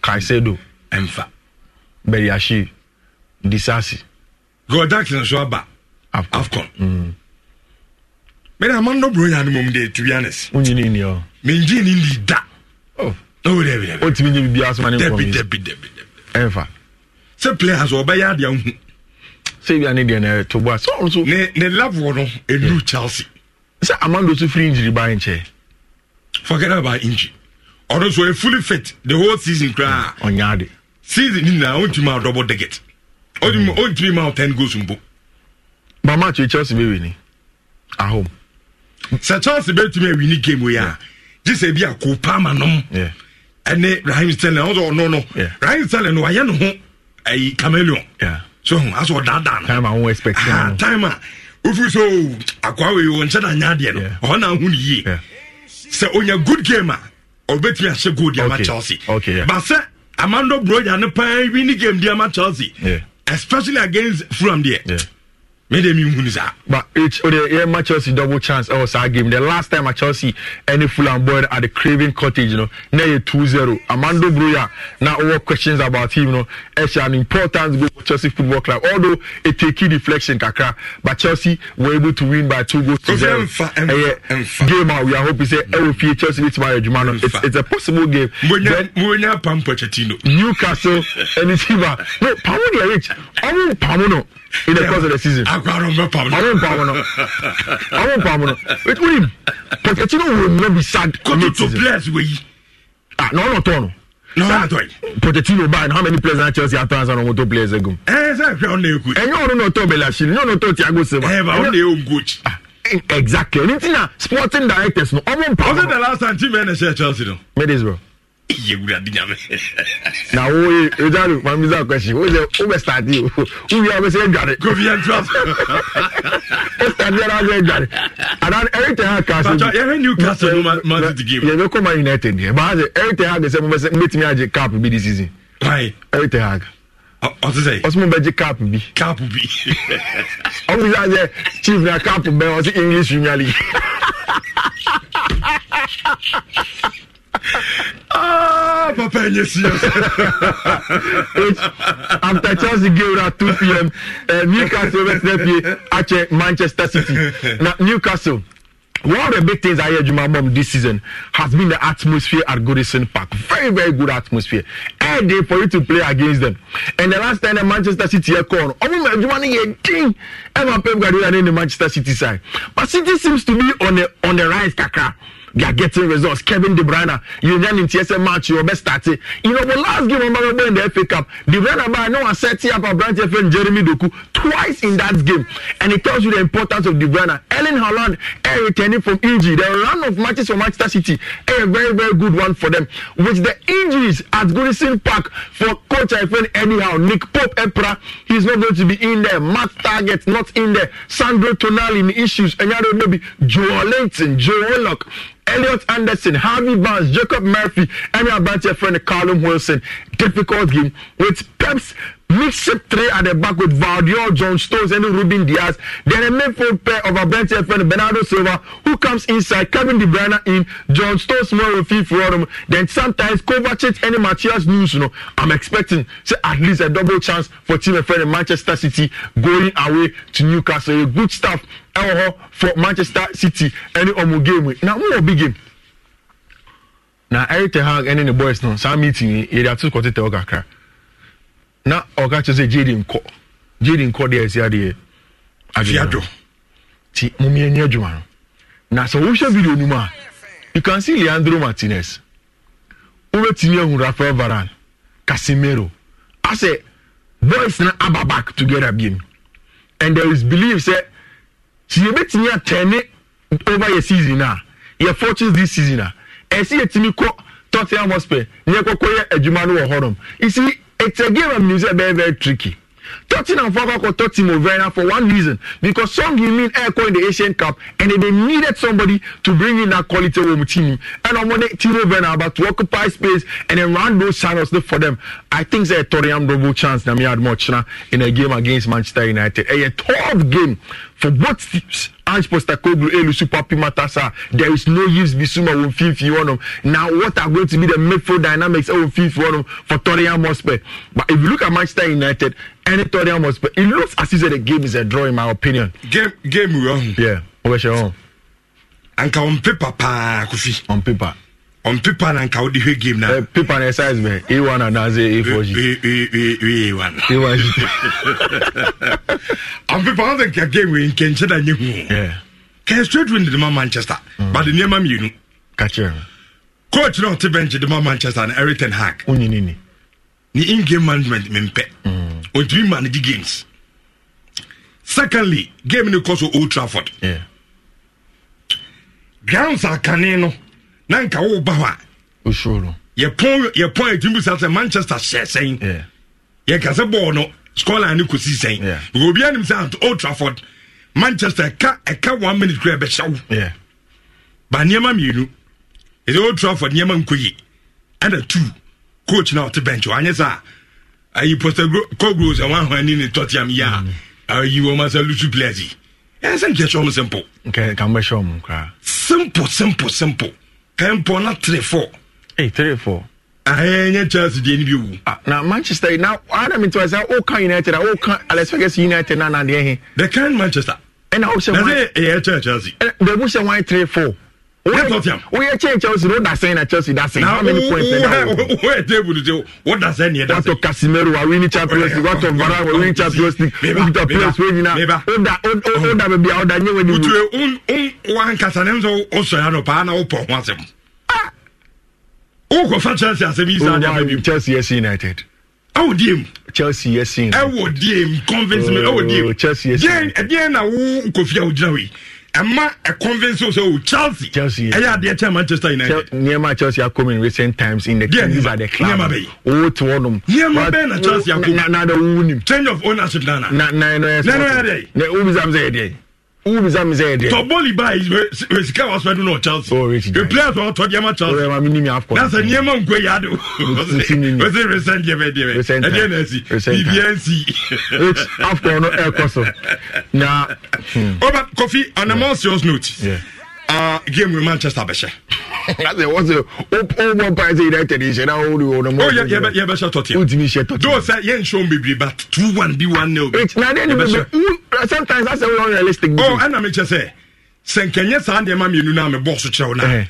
Speaker 2: kaisedo, ɛmfa bɛriahye disasi godak nso aba afcon mm. mede amando broya ni mom de to be honest wonyini ni ɔ oh. mengye ne ndi da oh ɔtumi oh, nye biribi asoma ne nkɔmɛfa sɛ players ɔbɛyɛ adeɛ ho sɛ bia ne deɛ na ɛto boa sɛ ɔno so ne ne level no ɛduru chelsea sɛ amando so firi injury baa nkyɛ forget about injury ɔno so ɛfully eh, fit the whole season koraa mm, ɔnya ade season nyinaa ɔntumi a double digit ɔntumi ma mm. ten goals mpo mama atwe chelsea bɛwi ni ahom sɛ chelsea bɛtumi awini game wei a gye sɛ bi a kopama nom yeah ɛne rahim stanley ɔno sɛ ɔno no rahim stanley no wayɛ ne ho ayi chameleon so hmm, asɛ ɔdaadaa no time a ah, wofiri sɛ oh, akoa wei wɔ nkyɛ da nyɛ adeɛ no ɔhɔ na aho ne yie sɛ ɔnya good game a ɔbɛtumi ahyɛ goal de ama chelsea ba sɛ amando broya ne paa wi ne game de ama chelsea especially against fulham deɛ mede mi hun saa. but it o de yɛ ma chelsea double chance ɛwɔ oh, saa game the last time a chelsea ɛne fulham boy at the craven cottage no na yɛ two zero amando broya na ɔwɔ questions about him no ɛhyɛ an important goal for chelsea football club although it take key deflection kakra but chelsea were able to win by two goals to zero ɛyɛ eh, game a we are hoping say ɛwɔ eh, fie chelsea bɛ tuma adwuma no it's a possible game. mwonya mwonya pam pochettino. newcastle ɛni tiba ah. no pamu de eh, rich ɔmu pamu no in the course of the season. Agbára ọmọ pàmò. Àwọn pàmò náà. Àwọn pàmò náà. Wait wait him. Pochettino will not be sad. Kótó tó players wẹ̀ yìí. Ah na ọ̀nà tọ̀ nù. N'ọ̀nà tọ̀ yìí. Pochettino buy how many players na Chelsea after ansa na ọmọ tó players ẹgùn. Ẹ sẹ́ fẹ́ ọ̀nà ekú. Ẹ̀yin ọ̀run náà tọ̀ Bẹ̀làṣin, ẹ̀yin ọ̀nà tọ̀ Thiago Silva. Ẹ bá ọ̀nà ewu coach. Exactly. Ní ti na sporting directors nù, ọmọ mpàmò. Ọ̀sẹ̀ the last time team ẹ̀ na ṣe Chelsea No, Mẹ́dẹ̀ẹ́sì bro yewurade nyame na woye ojano mamisa question woyɛ wobɛ stade o wowia wobɛ sɛ adware kofia ntrap ɛstade ara sɛ adware anan ɛretɛ ha kasyɛbɛkɔ ma united deɛ baa sɛ ɛretɛ ha sɛ mobɛsɛ mobɛtumi agye cap bi de season ɛretɛ ha ɔsɛ mo bɛgye cap bi cap bi ɔmisa <laughs> sɛ chief na cap bɛ ɔse english premier <laughs> ah, papa ɛnyɛ serious after chelsea game na two pm uh, newcastle bɛ tẹ pie akyɛ manchester city na newcastle. One of the big things I hear Juma Mom this season has been the atmosphere at Goodison Park. Very, very good atmosphere. Every day for you to play against them. And the last time the Manchester City called, oh, Juma ding, ever Pep Guardiola in the Manchester City side. But City seems to be on the on the rise, Kakra they are getting results. Kevin De Bruyne, you know, in TSM match, your best start. You know, the last game on Baba in the FA Cup, De Bruyne, I know, one set up a branch friend Jeremy Doku twice in that game. And it tells you the importance of De Bruyne. Ellen Holland, air returning from injury. The run of matches for Manchester City, a very, very good one for them. With the injuries at Goodison Park for coach and friend, anyhow, Nick Pope Epra, he's not going to be in there. Matt Target, not in there. Sandro Tonali, issues. And you know, maybe Joe Linton, Joe Willock. Elliot Anderson, Harvey Barnes, Jacob Murphy, Emmy Abante, friend Callum Wilson. Difficult game with Pep's mixed three at the back with Valdior, John Stones, and Ruben Diaz. Then a midfield pair of our bench friend Bernardo Silva, who comes inside, Kevin De Bruyne in, John Stones, more of for them. Then sometimes Kovacic and Matthias news. You know, I'm expecting say, at least a double chance for team friend Manchester City going away to Newcastle. Good stuff ɛwɔ hɔ for manchester city ɛne ɔmo game na mo wɔ big game na eric tehag ɛne ne boys no saa meeting yi yɛde ato kɔte tɛ ɔkakra na ɔka kyerɛ sɛ jade nkɔ jade nkɔ deɛ ɛsi adeɛ afiado ti mo mi ɛni adwuma no na sɛ wohwɛ video no mu a you can see leandro martinez wobɛtumi ahu rafael varan casimiro asɛ boys na aba back together biem and there is belief say nti yɛbɛtumi atɛne over yɛ season a ah. yɛ fortunes this season ah. a ɛsi yɛtumi kɔ tottenham hospital ne yɛkɔkɔ yɛ adwuma no wɔ hɔnom you see it's a game of music, sɛ ɛbɛyɛ very tricky. Tottenham for Akoko Totimo Vera for one reason because Song Heung-min Eko in the Asian Cup and they needed somebody to bring in that quality of team and on Monday Timo Vera about to occupy space and then run those channels for them I think they Tottenham double chance na me had much in a game against Manchester United a tough game for both teams Ange Postecoglou Elusu Papi Matasa there is no use Bissouma wɔ mfimfini hɔ nom now what are going to be the midfield dynamics ɛwɔ mfimfini one nom for Tottenham Hotspur but if you look at Manchester United any Tottenham was. But it looks as if the game is a uh, draw, in my opinion. Game, game, wrong. Yeah, over on. Anka on paper, pa kofi. On paper. On paper, na anka odi hwe game na. Uh, paper na size me. A one and as a four G. A one. A one.
Speaker 4: <laughs>
Speaker 2: <laughs> On paper, on the game we in Kenya na nyehu. Yeah. Can straight win the Manchester, mm. but the name am you know. Catcher. Coach not to bench the Manchester and everything hack. Unyini ne in game management mempɛ ɔntumi mm. manage games secondly game ne kɔ so old trafford yeah. grounds akane no na nka woba hɔ a yɛpɔn yɛpɔn atumi bisa sɛ manchester hyɛ sɛn yɛka sɛ bɔɔl no scoreline no kɔsi sɛn obiaa nim sɛ at old trafford manchester ɛka ɛka e one minute kora ɛbɛhyɛ wo ba nneɛma mmienu ɛsɛ e old trafford nneɛma nkɔ yi ɛna two coach na ɔte bench anyɛ saa ayi posta kogros ɛwɔ ahoɔ ani ne tɔteam yi a mm. ayi wɔ ma sɛ lusu players yi ɛnsɛ nkyɛ hyɛ ɔm simple nkɛ kan bɛ hyɛ ɔm simple simple simple kɛn pɔ na three four hey three four ahɛnyɛ chelsea deɛ ni bi wu ah, na manchester na ana mi tɔ sɛ o kan united a o kan alex united na na deɛ he the kind manchester ɛna o sɛ wan ɛna sɛ ɛyɛ chelsea ɛna o sɛ wan three four woyɛ kyɛn chelsea no wodasɛn na chelsea dasɛn how many points ɛnawoyɛ table nti wodasɛn neɛ dasɛn watɔ casimero winning champions league watɔ vara winning champions league wokita players wei nyina woda woda baabi a woda nyɛ wani wu wotue wankasa ne nso wosɔre ano paa na wopɔ ho asɛm wokɔfa chelsea asɛm yi saa deɛ bi chelsea yɛsi united ɛwɔ diem chelsea yɛsi ɛwɔ diem convince me ɛwɔ diem oh, chelsea yɛsi ɛdeɛn na wo nkɔfia wogyina wei ɛma ɛconvince sɛ o chelsea chelsea ɛyɛ adeɛ kyɛ manchester united nneɛma chelsea akɔm in recent times in the team is at the club nneɛma bɛyi owó ti wɔn nom nneɛma bɛyɛ na chelsea akɔm na na de wo nim change of ownership nana na na ɛnɛ yɛ ɛnɛ yɛ deɛ na obi sam sɛ yɛ deɛ who be that mizɛ deɛ. tɔbɔli ba yi wɛ sika wa sɔɛdu n'o Chelsea. o rechi jai player tɔ tɔ diɛma chance. Chelsea. yɛrɛ ma mi ni mi afɔ. n'asɛ nìyɛnma nkoye adi o. o se recent diɛmɛ diɛmɛ. recent time ɛdiɛ n'asi bibi ɛnsi. afɔ no ɛkɔ so na. o ba kofi on a more serious note. Yeah game with Manchester bɛhyɛ. That's it. What's the old one price United is now only one more. Oh yeah, yeah, yeah, bɛhyɛ tɔtiɛ. O ti mi hyɛ tɔtiɛ. Dɔw sɛ yɛn nsɛm bebree ba two one bi one nil. Na de ni bɛ sometimes that's a unrealistic. Oh, ɛna mi kyɛ sɛ sɛ nkɛnyɛ saa ndeɛma mienu na mi bɔɔso kyerɛw na.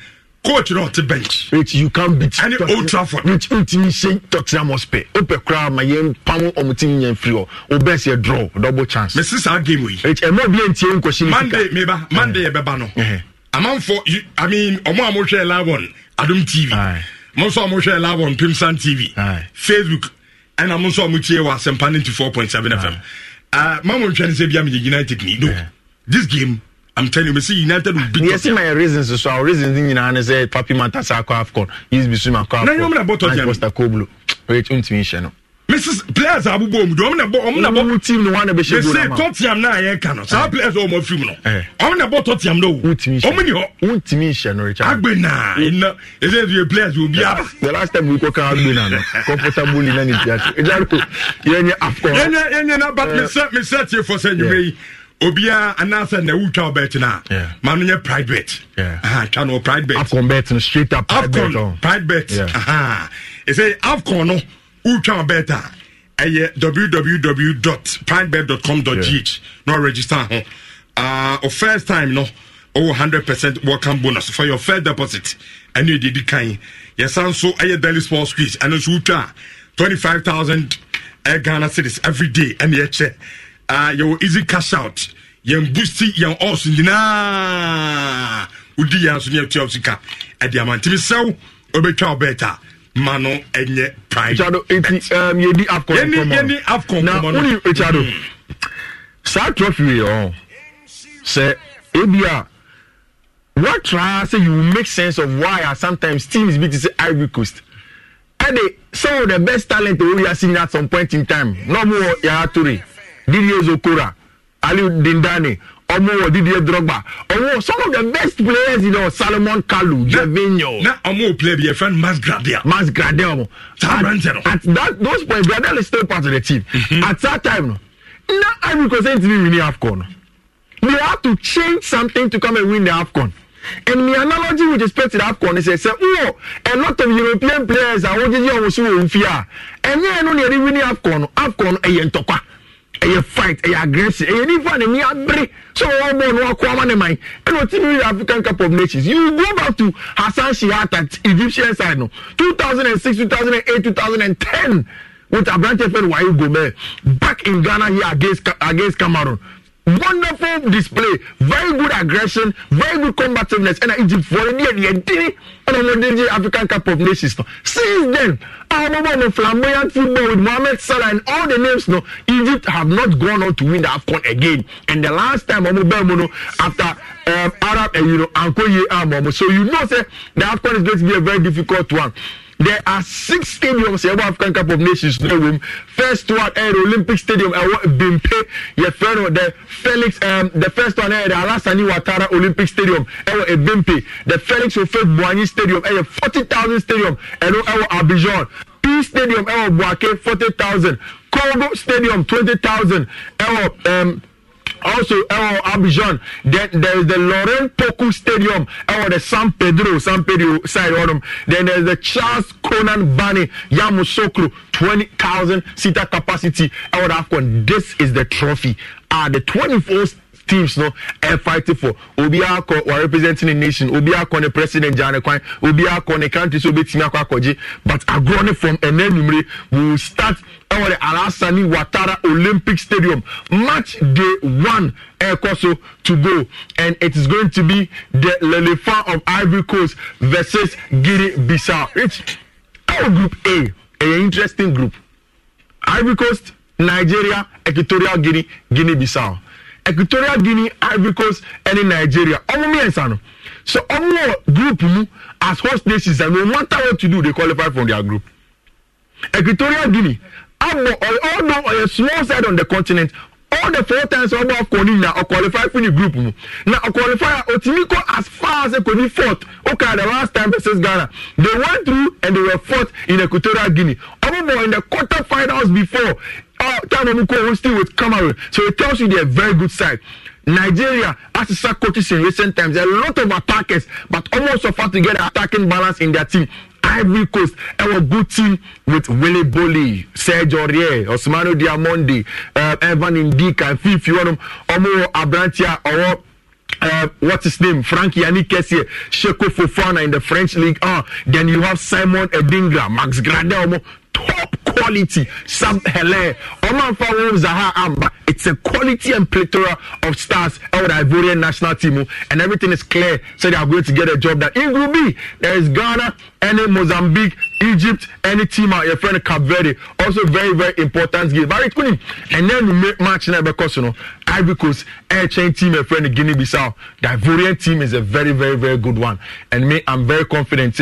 Speaker 2: coach náà ti bench. rich you can beat. ɛni old trafford. rich o ti n ṣe tottenham hotspur o pɛ kura ma yɛ n pam ɔmu ti n yɛn firi hɔ o bɛ sɛ draw double chance. mɛ sisan game yi. rich ɛmɛ bi yɛn ti yɛn nkɔsi ni sika. monday meba monday yɛ bɛ ba nɔ amanfo i mean ɔmo a mohwɛ live on adom tv mo nso a mohwɛ live on pimsan tv facebook ɛna mo nso a motie wɔ asɛmpa no 94.7 fm uh, ma mo nhwɛ no sɛ bia meyɛ united ni no this game I'm telling you, we see United will beat. Yes, my reasons. So our reasons in Ghana say Papi Matasa Afcon, he's between my car. Now you remember about Tottenham. Costa Koblo, which untimation mrs players abobɔ mu de ɔmo na bɔ ɔmo na bɔ wo team ni wɔn na bɛ se goal ama mese tɔtiam na yɛn ka no saa eh. players ɔmo afiri mu no ɔmo na bɔ tɔtiam na o ɔmo ni hɔ wuntumi nhyɛ no richard agbe na eh. ina ɛdɛ ɛdɛ players obi aba <laughs> the last time we kɔ kan agbe na no comfortable na ni ti ase ɛdɛ ko yɛn nye afɔ yɛn nye yɛn nye na but mese mese tie fɔ sɛ nyuma yi obiara anaasɛ na ewu twa ɔbɛt na maa no nye pride bet twa no pride bet afcon bet no straight up pride bet ɛsɛ oh. afcon no wotwa bɛɛta a ɛyɛ www pinebet com gh na ɔregister ho ah, o first time no ɔwɔ 100 percent welcome bonus for your first deposit ɛne ɛde di kan yɛsan nso ɛyɛ daily sports quiz ɛno nso wotwa a 25000 uh, Ghana cities every day and Ah, uh your easy cash out yɛn boosti yɛn ɔs nyinaa wodi yɛn so ne yɛtua wo sika ɛde ama ntimi ɔbɛtwa wo ma no ɛnyɛ pride. um, yedi afcon kɔmɔ. Yeni yeni afcon kɔmɔ no. Na wuli Chado hmm. saa trophy yi ɔ sɛ ebi a wɔn tra say you make sense of why are sometimes teams bi ti say Ivory Coast ɛde some of the best talent wey we are seeing at some point in time n'ɔmu wɔ Yaya Toure Didi Ozokora Aliu Dindani ọmọ wọ didi drogba ọwọ some of the best players you know, salomon kalu jevino. na ọmọ o play bi efran mas gradel. mas gradel mo. saa branch no. at that those point gradel is still part of the team. Mhm. at that time no na ivory coast ain't even winning afcon we have to change something to come and win the afcon. And my analogy with respect to the AFCON is say, oh, a lot of European players are watching you on Suwon Fia. And then, no, they're winning AFCON. AFCON, a eh, yentokwa ɛyɛ fight ɛyɛ aggression ɛyɛ nifa ne mi abere so wɔn bɔ ɔno akɔ ama ne man ɛna ɔti mi yɛ african cup of nations you go back to hasan shihata egyptian side no two thousand and six two thousand and eight two thousand and ten with abrante fed wayo gomez back in ghana here against against cameroon wonderful display very good aggression very good combativeness ɛna egypt fɔlɔ ni ɛni ɛdini ɛna wɔn de je african cup of nations no since then our mobile no flamboyant football with mohammed salah and all the names no egypt have not gone on to win the afcon again and the last time ɔmo bɛn mu no after um, arab and eh, you know ankoye amomo um, so you know say the afcon is going to be a very difficult one there are six stadiums yɛwɔ african cup of nations no first one the olympic stadium ɛwɔ eh, bimpe oh, the felix um, the first one ɛyɛ the alasani watara olympic stadium ɛwɔ eh, ebimpe eh, the felix ofe buanyi stadium a forty thousand stadium ɛno ɛwɔ abidjan p stadium ɛwɔ buake forty thousand congo stadium twenty thousand ɛwɔ. Um, also ɛwɔ abidjan then there is the laurent poku stadium ɛwɔ the san pedro san pedro side hɔnom then there is the charles conan bani yamusokro twenty thousand seater capacity ɛwɔ the afcon this is the trophy ah the twenty-fourth teams no fighting for obiara kɔ wa representing the nation obiara kɔ ne president gya ne kwan obiara kɔ ne country so obetumi akɔ akɔgye but agorɔ ne from ɛnɛ numere we will start ɛwɔ de alasani watara olympic stadium match day one ɛkɔ so to go and it is going to be the lelefa of ivory coast versus guinea bissau rich our group a ɛyɛ interesting group ivory coast nigeria equatorial guinea guinea bissau equatorial guinea ivory coast ɛne nigeria ɔmo mmiɛnsa no so ɔmo wɔ group mu as host nations and no matter what you do they qualify from their group equatorial guinea abo although ɔyɛ small side on the continent all the four times ọgbọ ọkọ ni na ọkọlify fún ni group mu na ọkọlify otimi kọ as far as ekoni fourth Okay, the last time versus ghana they went through and they were fourth in equatorial guinea ọmọ bọ in the quarter finals before uh, Tano co-hosting with Cameroon. So it tells you they're very good side. Nigeria has sacked coaches in recent times. A lot of attackers, but almost of us to get attacking balance in their team. Ivory Coast, our good team with Willie Boley, Serge Aurier, Osmano Diamondi, uh, Evan Indika, and Fifi Wanum, Omo Abrantia, or uh, what's his name? Frankie Anikesie, Sheko Fofana in the French league. Uh, then you have Simon Edingra, Max Omo top quality Sam Hele Omanfa Wolves Zaha Amba it's a quality and plethora of stars out the Ivorian national team oh. and everything is clear so they are going to get a job that in Group B there is Ghana any Mozambique Egypt any team out your friend Cape Verde also very very important game very cool and then we match now because you know Ivory Coast air chain team your friend Guinea-Bissau the Ivorian team is a very very very good one and me I'm very confident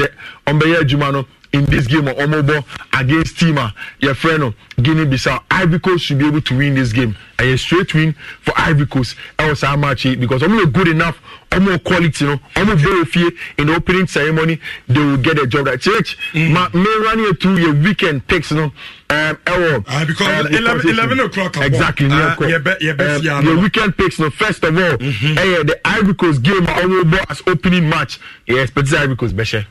Speaker 2: on the year Jumano in this game or Omobo against Tima, ah, your friend of oh, Guinea Bissau. Ivory Coast should be able to win this game. And a straight win for Ivory Coast. Else, how much because Omo good enough, Omo quality, you know, Omo very fear in the opening ceremony, they will get a job. That church, may mm. run here through your weekend picks, you know. Um, Errol, uh, oh, ah, because um, 11, 11 o'clock. Exactly. Uh, yeah, be, yeah, be, um, yeah, no. weekend picks, no, first of all, mm-hmm. uh, the Ivory Coast game, Omo as opening match. Yes, but the Ivory Coast, Beshe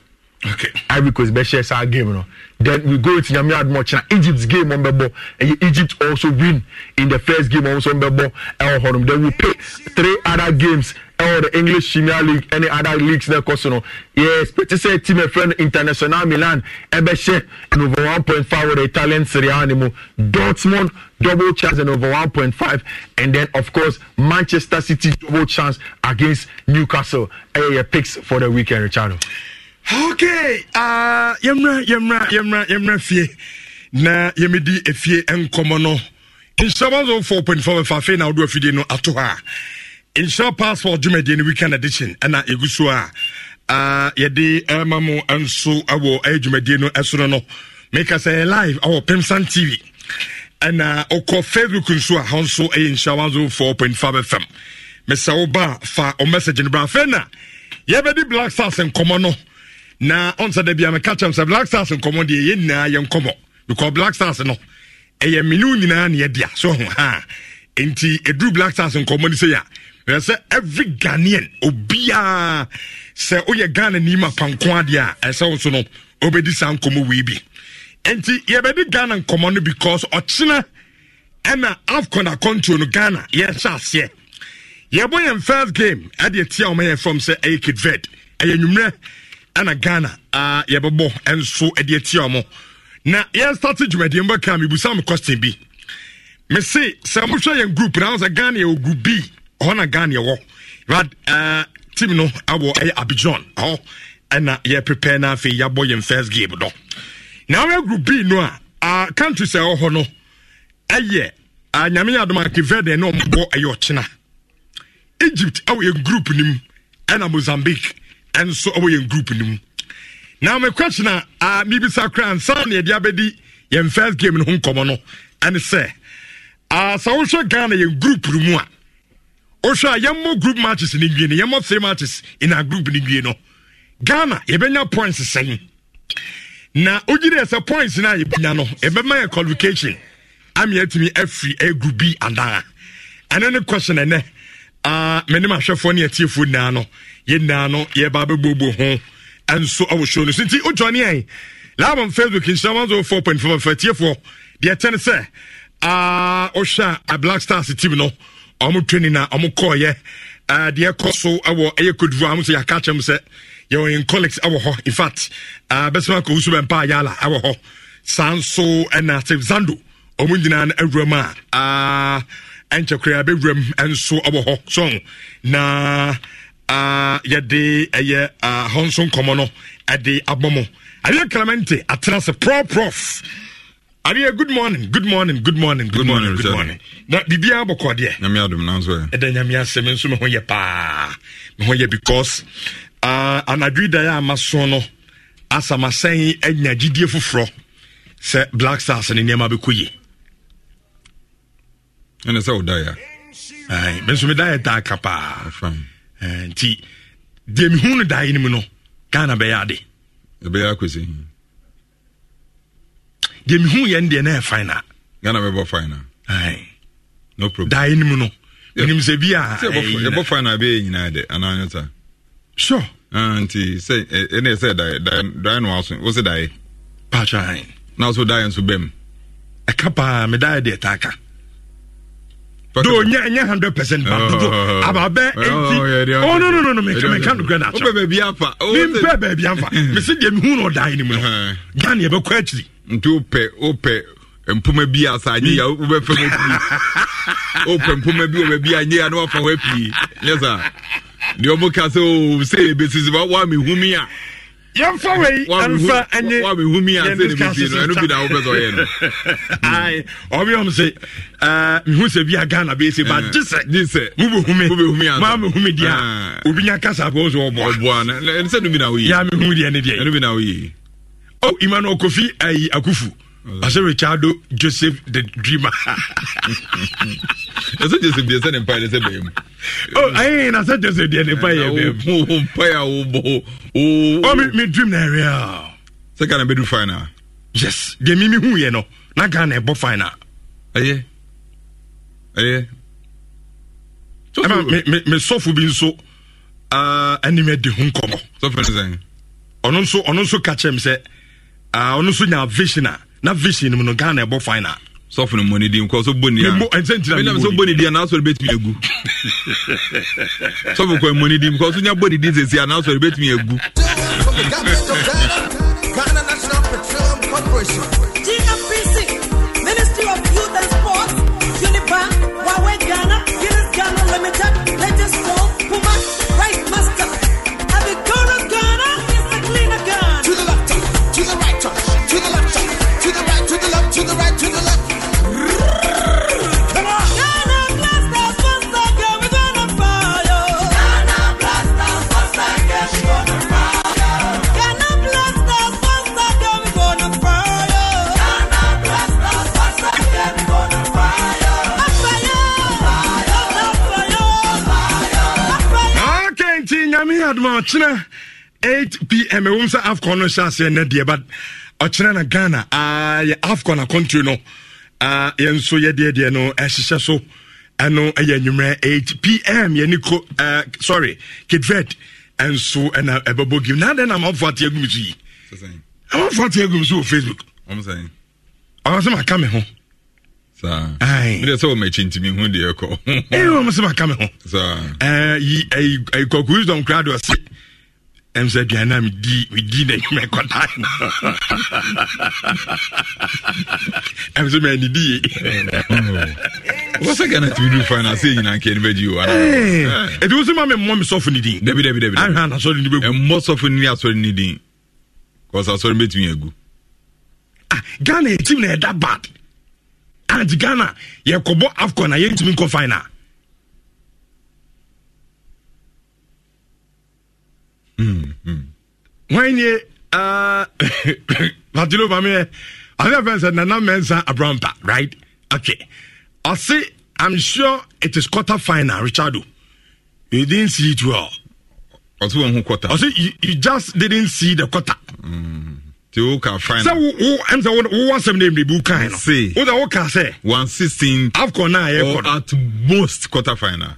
Speaker 2: okay. Ivory Coast bɛhyɛ saa game no then we go to nyamia adumɔ kyina Egypt game wɔn bɛ bɔ ɛyɛ Egypt also win in the first game wɔn nso bɛ bɔ ɛwɔ hɔ nom then we play three other games ɛwɔ the English Premier League ɛne other leagues na ɛkɔ so no yɛ expect sɛ team ɛfrɛ no International Milan ɛbɛhyɛ and over one point five wɔ the Italian Serie A ne mu Dortmund double chance and over 1.5, and then of course Manchester City double chance against Newcastle ɛyɛ yɛ picks for the weekend Richard okay uh, ah, yemra yemra yemra yɛmmra fie na yemedi efie nkɔmmɔ no nhyira one zero four point four ɛfa afei na wɔde afidie no ato ha nhyira passport dwumadie no weekend edition ɛna egu so a uh, yɛde ɛma mo nso ɛwɔ ɛyɛ no ɛsoro no meka sɛ live ɛwɔ pemsan tv ɛna ɔkɔ facebook nso a hɔ nso ɛyɛ eh, nhyira one fm mesa wo ba fa ɔmɛsɛgye no bra afei na yɛbɛdi black stars nkɔmmɔ no na ɔnsa da bia meka kyɛm sɛ black stars nkɔmmɔ deɛ yɛ nyinaa yɛ nkɔmmɔ because black stars no ɛyɛ mene wo nyinaa ne yɛdea so ha enti ɛduru black stars nkɔmmɔ no sɛi a ɛsɛ every ghanaian obiaa sɛ woyɛ ghana nim apanko adeɛ a ɛsɛ wo so no wobɛdi saa nkɔmmɔ wei bi enti yɛbɛdi ghana nkɔmmɔ no because ɔkyena ɛna afcon akɔntuo no ghana yɛhyɛ aseɛ yɛbɔ yɛn first game ɛde tia ɔma yɛ fam sɛ ɛyɛ kidved ɛyɛ nwummerɛ ɛna ghana uh, yɛbɛbɔ nso de atia mo na yɛnstate dwumadeɛ mbɛka mebusa me question bi mese sɛ mohwɛ yɛn group na sɛ ghana yɛwɔ group b ɔhɔ na ghana yɛwɔ rad uh, team no awɔ ɛyɛ abidjan ɔhɔ ɛna yɛprepare no afei yɛabɔ yɛn first game dɔ na wɔyɛ group b no a uh, country sɛ ɛwɔ hɔ no ɛyɛ uh, nyame yɛ adom akevɛde ne ɔmbɔ ɛyɛ ɔkyena egypt awɔ yɛ group nim ɛna mozambique nso ɔwɔ yɛn group no mu na me question a uh, mebisa kora ansa ne yɛde abɛdi yɛn first game no ho nkɔmmɔ no ɛne sɛ uh, sɛ wohwɛ ghana yɛn group no mu a wohwɛ a yɛmmɔ group matches no nwie no yɛmmɔ three matches in our group no nwie no ghana yɛbɛnya points sɛn na ogyina sɛ points no a yɛbɛnya no yɛbɛma yɛ qualification ama yɛatumi afiri agu bi anaa ɛno ne question ɛnɛ uh, me ne mahwɛfoɔ ne atiefoɔ nyinaa no yɛnaa no yɛba bɛbobo ho nso ɛwɔ show no so nti wodwane ɛ laabam facebook nhyira 104.5 fatiefoɔ deɛ ɛtɛ ne sɛ ɔhwɛ a black stars team no ɔmo twani na ɔmo kɔɔyɛ deɛ kɔ so ɛwɔ ɛyɛ kodivoa mo sɛ yɛaka kyɛm sɛ yɛwɔ yɛn colleagues ɛwɔ hɔ infact bɛsɛm akɔwu so bɛmpa yala ɛwɔ hɔ saa nso ɛna sɛ zando ɔmo nyinaa no awura mu a ɛnkyɛ koraa bɛwura mu nso ɛwɔ hɔ sɔn na yɛde ɛyɛ hɔ nso nkɔmmɔ no ɛde abɔ mu adeɛ clemente atena sɛ pro prof adeɛ good morning good morning good morning good morning good morning na biribiara bɔkɔ deɛ nyame adom nanso ɛ ɛda nyame asɛm nso me ho yɛ paa me ho yɛ because uh, anadwo daeɛ a maso no asamasɛn anya gyidie foforɔ sɛ black stars ne nneɛma bɛkɔ yie ɛne sɛ wo daeɛ a me nso medaeɛ daa ka paa Eh, nti deɛ mehu no daeɛ no mu no ghana bɛyɛ ade ɛbɛyɛ akɔsi deɛ mehu yɛ no deɛ na ɛ final ghana bɛbɔ final no problem daeɛ no mu no menim sɛ bi ayɛbɔ final bɛyɛ nyinaa de anaa nyɛta sure ah, nti sɛ ɛne sɛ daeɛ no waso wo sɛ daeɛ paatwa na wo so daeɛ nso bɛm ɛka paa medaeɛ deɛ taa do nyɛ hundred percent ba dodo ababɛ eti oh, oh no no no no mɛka mɛka no gana atwa mi mpɛ baabi afa mesi deɛ mihu na ɔdan ne mu no ghana <laughs> yɛbɛkɔ akyiri. nti o pɛ o pɛ mpoma bi asa anyi ya o bɛ fɛn hmm. o pii o pɛ mpoma bi <laughs> o bɛ bi anyi ya na wafa hɔ apii nyɛ sa deɛ ɔmo ka sɛ o se ebesisi oh, wa wa mi hu mi a yɛmfa wei ɛmfa ɛnye yɛndiscasses ɔbɛm se ah, mehu sɛ bia ghana bɛɛse ba eh, gye sɛ mobɛhumema mehume deɛ a ah. obi nya kasa pɛ wo sɛ wɔboa ya mehu deɛ ne deɛ oh, imano ɔkɔfi ayi akufu I mm-hmm. said Ricardo Joseph the Dreamer. I <laughs> said Joseph the Sun Empire. I said him. Oh, I ain't. I said Joseph the Empire. Oh, Empire. Oh, oh. Oh, me, me dream na real. Second, I be do final. Yes, the me me who you know. Na Ghana bo final. Aye. Aye. Ɛma me me me sɔfo bi nso ɛnim ɛdi ho nkɔmɔ. Sɔfo ɛdi sɛn. Ɔno nso ɔno nso kakyɛm sɛ ɔno nso nya vision a. Ah na vision mu no ghana ɛbɔ final sɔfo no mɔne di nkɔ so bɔ nia menam <laughs> so bɔ ne di anaa sɔre bɛtumi agu sɔfo kɔ mɔne di nkɔ so nya bɔ ne di sesi anaa sɔre bɛtumi agu
Speaker 3: Ghana National Petroleum
Speaker 2: nyɛ adoma ɔkyena 8pm ɛwom sɛ afcon no hyɛ aseɛ nnɛ deɛ but ɔkyena na ghana ah, yɛ afcon akɔntiri no ah, yɛn nso yɛdeɛdeɛ no ɛhyehyɛ so ɛno ɛyɛ anwummerɛ 8pm yɛne ko eh, sorry kidved ɛnso ɛna ɛbɛbɔ game na adɛn na amanfoɔ ate agum so yi amanfoɔ ate agum so wɔ facebook ɔma sɛ maka me ho sɛ wɔmakyi ntimi hu deɛ ɛkɔm sɛ maka me ho kɔko wisdom kora de ɔse ɛm sɛ aduane a medi n'anwuma ɛkɔda <laughs> ɛm sɛ meanidie oh. wɔ sɛ ghana tumi du fa no asɛ nyina nka no bɛgyi o ɛti wo sɛ ma memmɔ me sɔfo no din dabidabidabiahwɛ anasɔre no bɛgu ɛmmɔ sɔfo no ne asɔre no din kɔsɛ asɔre bɛtumi agu
Speaker 3: ah, ghana ɛtim na ɛda bad And ghana
Speaker 2: yɛkɔbɔ afcon na yɛntumi nkɔ final wanye fatilo mameɛ ɔne afɛn sɛ nana mɛnsa abrampa right okay ɔse i'm sure it is quarter final richardo you didn't see it well ɔse you, you just didn't see the quarter mm ti o ka final. sẹ wo wo ẹn sẹ wo wo asẹm de ebi wo kan yi se o da o ka sẹ. one sixteen. afcon naa yẹ kọ. or at most quarter final.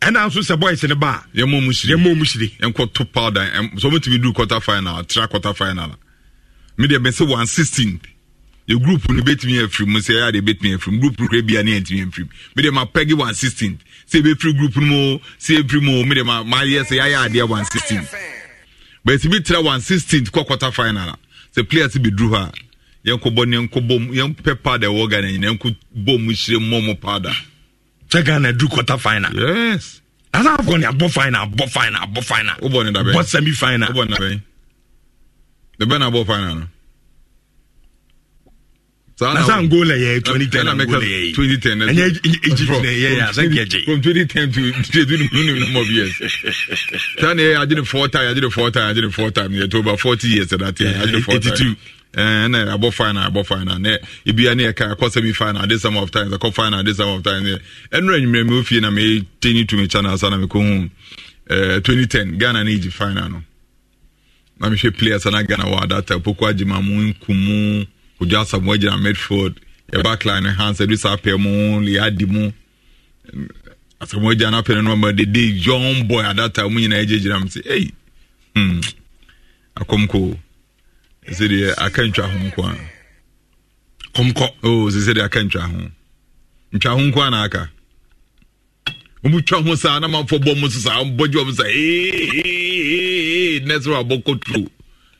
Speaker 2: ɛna nso sɛ boys ne ba. yɛ mɔ mu siri yɛ mɔ mu siri. yɛn kɔ to powder ɛm sɔ mo ti bi du quarter final tira quarter final mi de bɛ se one sixteen yɛ group ni bɛ tumi efiri mu sɛ ɛyà de bɛ tumi efiri mu group kura bi a ne yɛn tumi efiri mu mi de ma pɛgi one sixteen sɛ ebi efiri group mu sɛ efiri mu mi de ma ma yɛ sɛ yɛ ayɛ adeɛ one sixteen bɛsi bi tira one sixteen kɔ quarter final sɛ players bi duru hɔ a yɛnkɔbɔ ne yɛnkɔbɔ mu yɛmpɛ powder ɛwɔ ghana nyina yɛnkɔbɔ mu hyire mmɔ mu powder. sɛ ghana duru quarter final. yes. nasa afɔ ni abɔ final abɔ final abɔ final. o bɔ ne dabɛn bɔ semi final. o bɔ ne dabɛn. ne na abɔ final no nasan goal na yɛ twenty ten na goal na yɛ twenty ɛnyɛ egypt na yɛ yɛ asan kɛ gye from twenty ten to twenty two ni mu number of years saa na yɛ yɛ agyere four time agyere four time agyere four time yɛ to over forty years that yɛ agyere four time eighty two ɛnna eh, yɛ abɔ final abɔ final na ebia ne yɛ ka akɔ semi final adi some of times akɔ final adi some of times yɛ ɛnura enyimire mi ofie na mi teni tu mi channel asa na mi ko hu ɛɛ eh, twenty ten ghana ni egypt final no na mi hwɛ players na ghana wɔ adata poku agyimamu nkumu ojú asamoah gyina medford yɛba kline no hans ɛdu saa pɛ mu leadi mu asamoah gyina n'apɛ no nɔma dede young boy adata mu nyinaa gyinagyina mu sɛ ei hmm akɔmko sɛ deɛ aka ntwa ho nko a kɔmkɔ oo sɛ sɛ deɛ aka ntwa ho ntwa ho nko a na aka wɔn twa ho saa na manfo bɔ mu saa bɔ gye wɔn saa ee ee ee nɛɛsɛ wabɔ kɔturo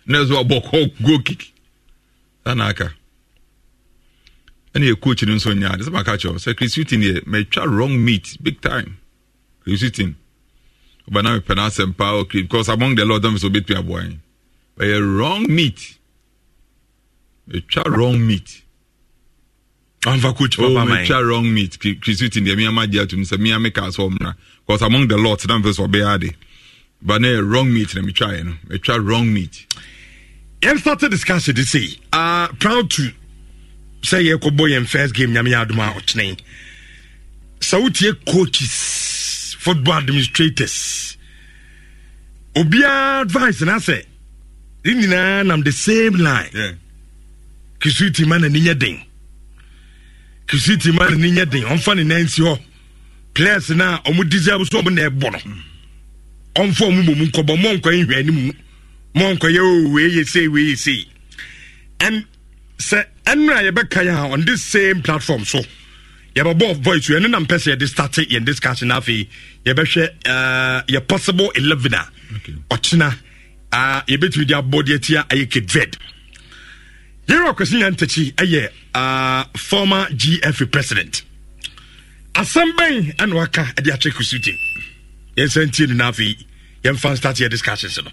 Speaker 2: nɛɛsɛ wabɔ kɔ go kick ana aka ɛna yɛ coach no nso nyaa de sɛ maka kyɛw sɛ chris hutin yɛ matwa wrong meat big time chris hutin ɔba na mepɛ n'asɛm paa o chris because among the lord ɔmɛ sɛ obetumi aboa yi ɛyɛ wrong meat matwa wrong meat ɔnfa coach papa oh man matwa wrong meat chris hutin deɛ mia ma gye atum sɛ mia meka asɔ ɔmra because among the lord na mepɛ sɛ ɔbɛyɛ ade ba na yɛ wrong meat na metwa yɛ no matwa wrong meat yɛn start discussion de say uh, proud to sɛ yɛkɔbɔ yɛn first game nyame adom a ɔkyene sɛ wotie coaches football administrators obiara advice na sɛ ne nyinaa nam the same line yeah. kisuti ma n'ani nyɛ den kisuti ma n'ani nyɛ den ɔmfa ne nan si hɔ players na ɔmo deserve so ɔmo na ɛbɔ no ɔmfa ɔmo bɔ mu nkɔbɔ ɔmo nkɔ nhwɛ anim mu monkɔyɛ o oh, wei yɛ sei wei yɛ sei ɛn sɛ ɛnura a yɛbɛka yɛ a on this same platform so yɛbɛbɔ voice ɛne nam pɛ sɛ yɛde start yɛn discussion na afei yɛbɛhwɛ uh, yɛ possible eleven a ɔkyena yɛbɛtumi de abɔ deɛ tia ayɛ kedved yɛwɛ kwasi nyantakyi ɛyɛ former gfa president asɛm bɛn ɛna waka de akyɛ kusuti yɛnsa ntie no na afei yɛmfa start yɛ discussions no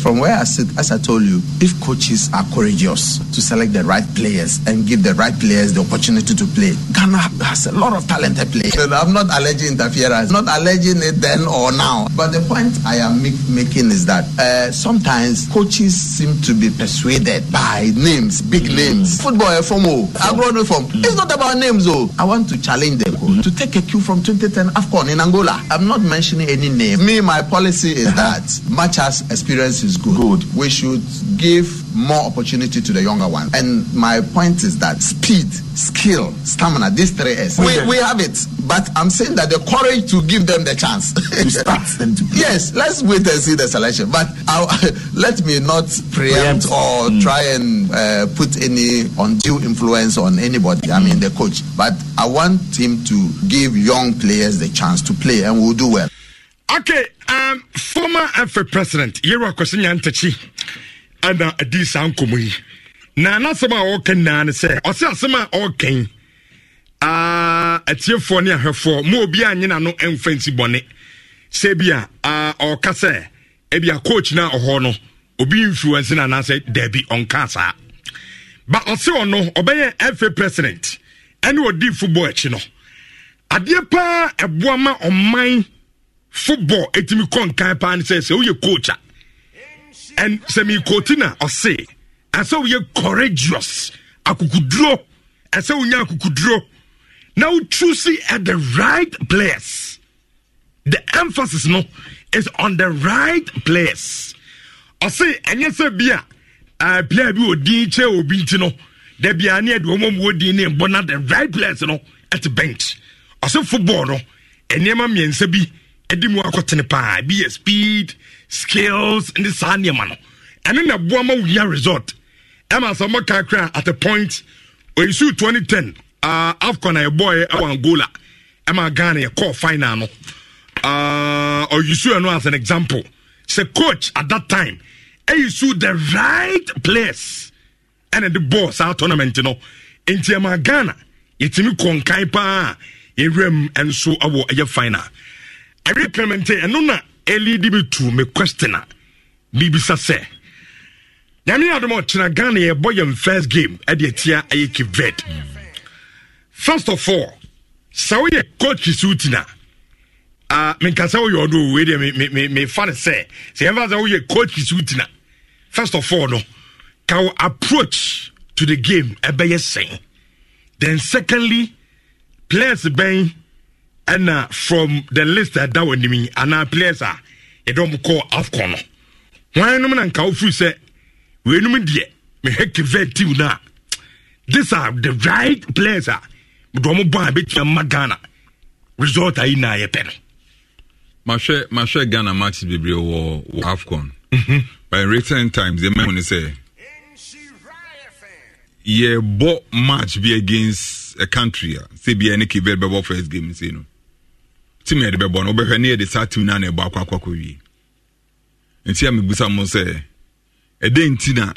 Speaker 5: From where I sit, as I told you, if coaches are courageous to select the right players and give the right players the opportunity to play, Ghana has a lot of talented players. I'm not alleging interference, not alleging it then or now. But the point I am make, making is that uh, sometimes coaches seem to be persuaded by names, big mm. names. Football FOMO, oh, eh, Agro from. Eh, mm. It's not about names though. I want to challenge them mm. to take a cue from 2010 AFCON in Angola. I'm not mentioning any name. Me, my policy is <laughs> that much as experience is good, good, we should give more opportunity to the younger ones. And my point is that speed, skill, stamina, these three S, we, we have it. But I'm saying that the courage to give them the chance. to start them to <laughs> play. Yes, let's wait and see the selection. But i <laughs> let me not preempt, preempt. or mm. try and uh, put any undue influence on anybody, I mean the coach. But I want him to give young players the chance to play and we'll do well.
Speaker 2: okay um, former afe president yɛwura akwasi nyantakyi ɛna uh, adi saa nkɔmɔ yi na n'asɛm a ɔreka nyinaa ne sɛ ɔsɛ asɛm a ɔreka yi uh, atiefoɔ ne ahwɛfoɔ mu obi a nyina no mfa nsi bɔne sɛ bi a uh, ɔreka sɛ ebi a coach na ɔhɔ no obi nfi influence na anaasɛ daabi ɔnka saa ba ɔsɛ ɔno ɔbɛyɛ afe president ɛne ɔdi football akyi no adeɛ paa ɛboa ma ɔman. football ɛtumi kɔ nkan paa ne sɛ sɛ woyɛ coach a ɛn sɛ meekoti na ɔse ɛsɛ woyɛ courageous akokuduro ɛsɛ wonya akokuduro na wochusi at the right place the emphasis no is on the right place ɔse ɛnyɛ sɛ bi a player bi ɔdin kyɛ obi nti no da bia ne ɛde ɔmɔ mu ɔdin ne mbɔ na the right place no ɛte bench ɔse football no nneɛma mmiɛnsa bi ɛde mu akɔtene paa bi yɛ speed skills ne saa nneɛma no ɛne na boa ma wonya resort ɛma sɛ mɔka kra at a point ɔyɛsuu 2010 uh, afcon a yɛbɔɔɛ ɛwɔ angola ɛma ghana yɛkɔɔ final no ɔyɛsuu uh, ɛno as an example sɛ coach at that time ɛyɛsuu the right place ɛne de bɔɔ saa tournament no enti ɛma ghana yɛtumi kɔnkan paa yɛwuram nso ɛwɔ ɛyɛ final ɛwe pɛmɛnte ɛno na ɛlidi bi tu me question a biribisa sɛ nyame adom ɔkyena ghana yɛbɔ yɛn first game ɛde atia ayɛ kivet first of all sɛ woyɛ coach so wotina uh, menka sɛ woyɛ ɔdo wei deɛ mefa no sɛ sɛ yɛmfa sɛ woyɛ coach so wotina first of all no ka wo approach to the game ɛbɛyɛ sɛn then secondly players bɛn ɛna from the list a ɛda wɔ anim yi anaa players a yɛde wɔn kɔ afcon no wɔn anum na nka ofiri sɛ wɔnum deɛ mehwɛ kevin team no a these are the right players a mede wɔn bɔ a bɛtumi ama ghana result ayi na yɛpɛ no. mahwɛ mahwɛ ghana matches bebree wɔ wɔ afcon mm-hmm. by return times the man say yɛbɔ match bi against a country a sɛ bia ne kevin bɛbɔ first game sei no tim na yɛde bɛbɔ no wobɛhwɛ ne yɛde saa tim no ana ɛbɔ akɔ wie nti a mebusa mo sɛ ɛdɛn nti na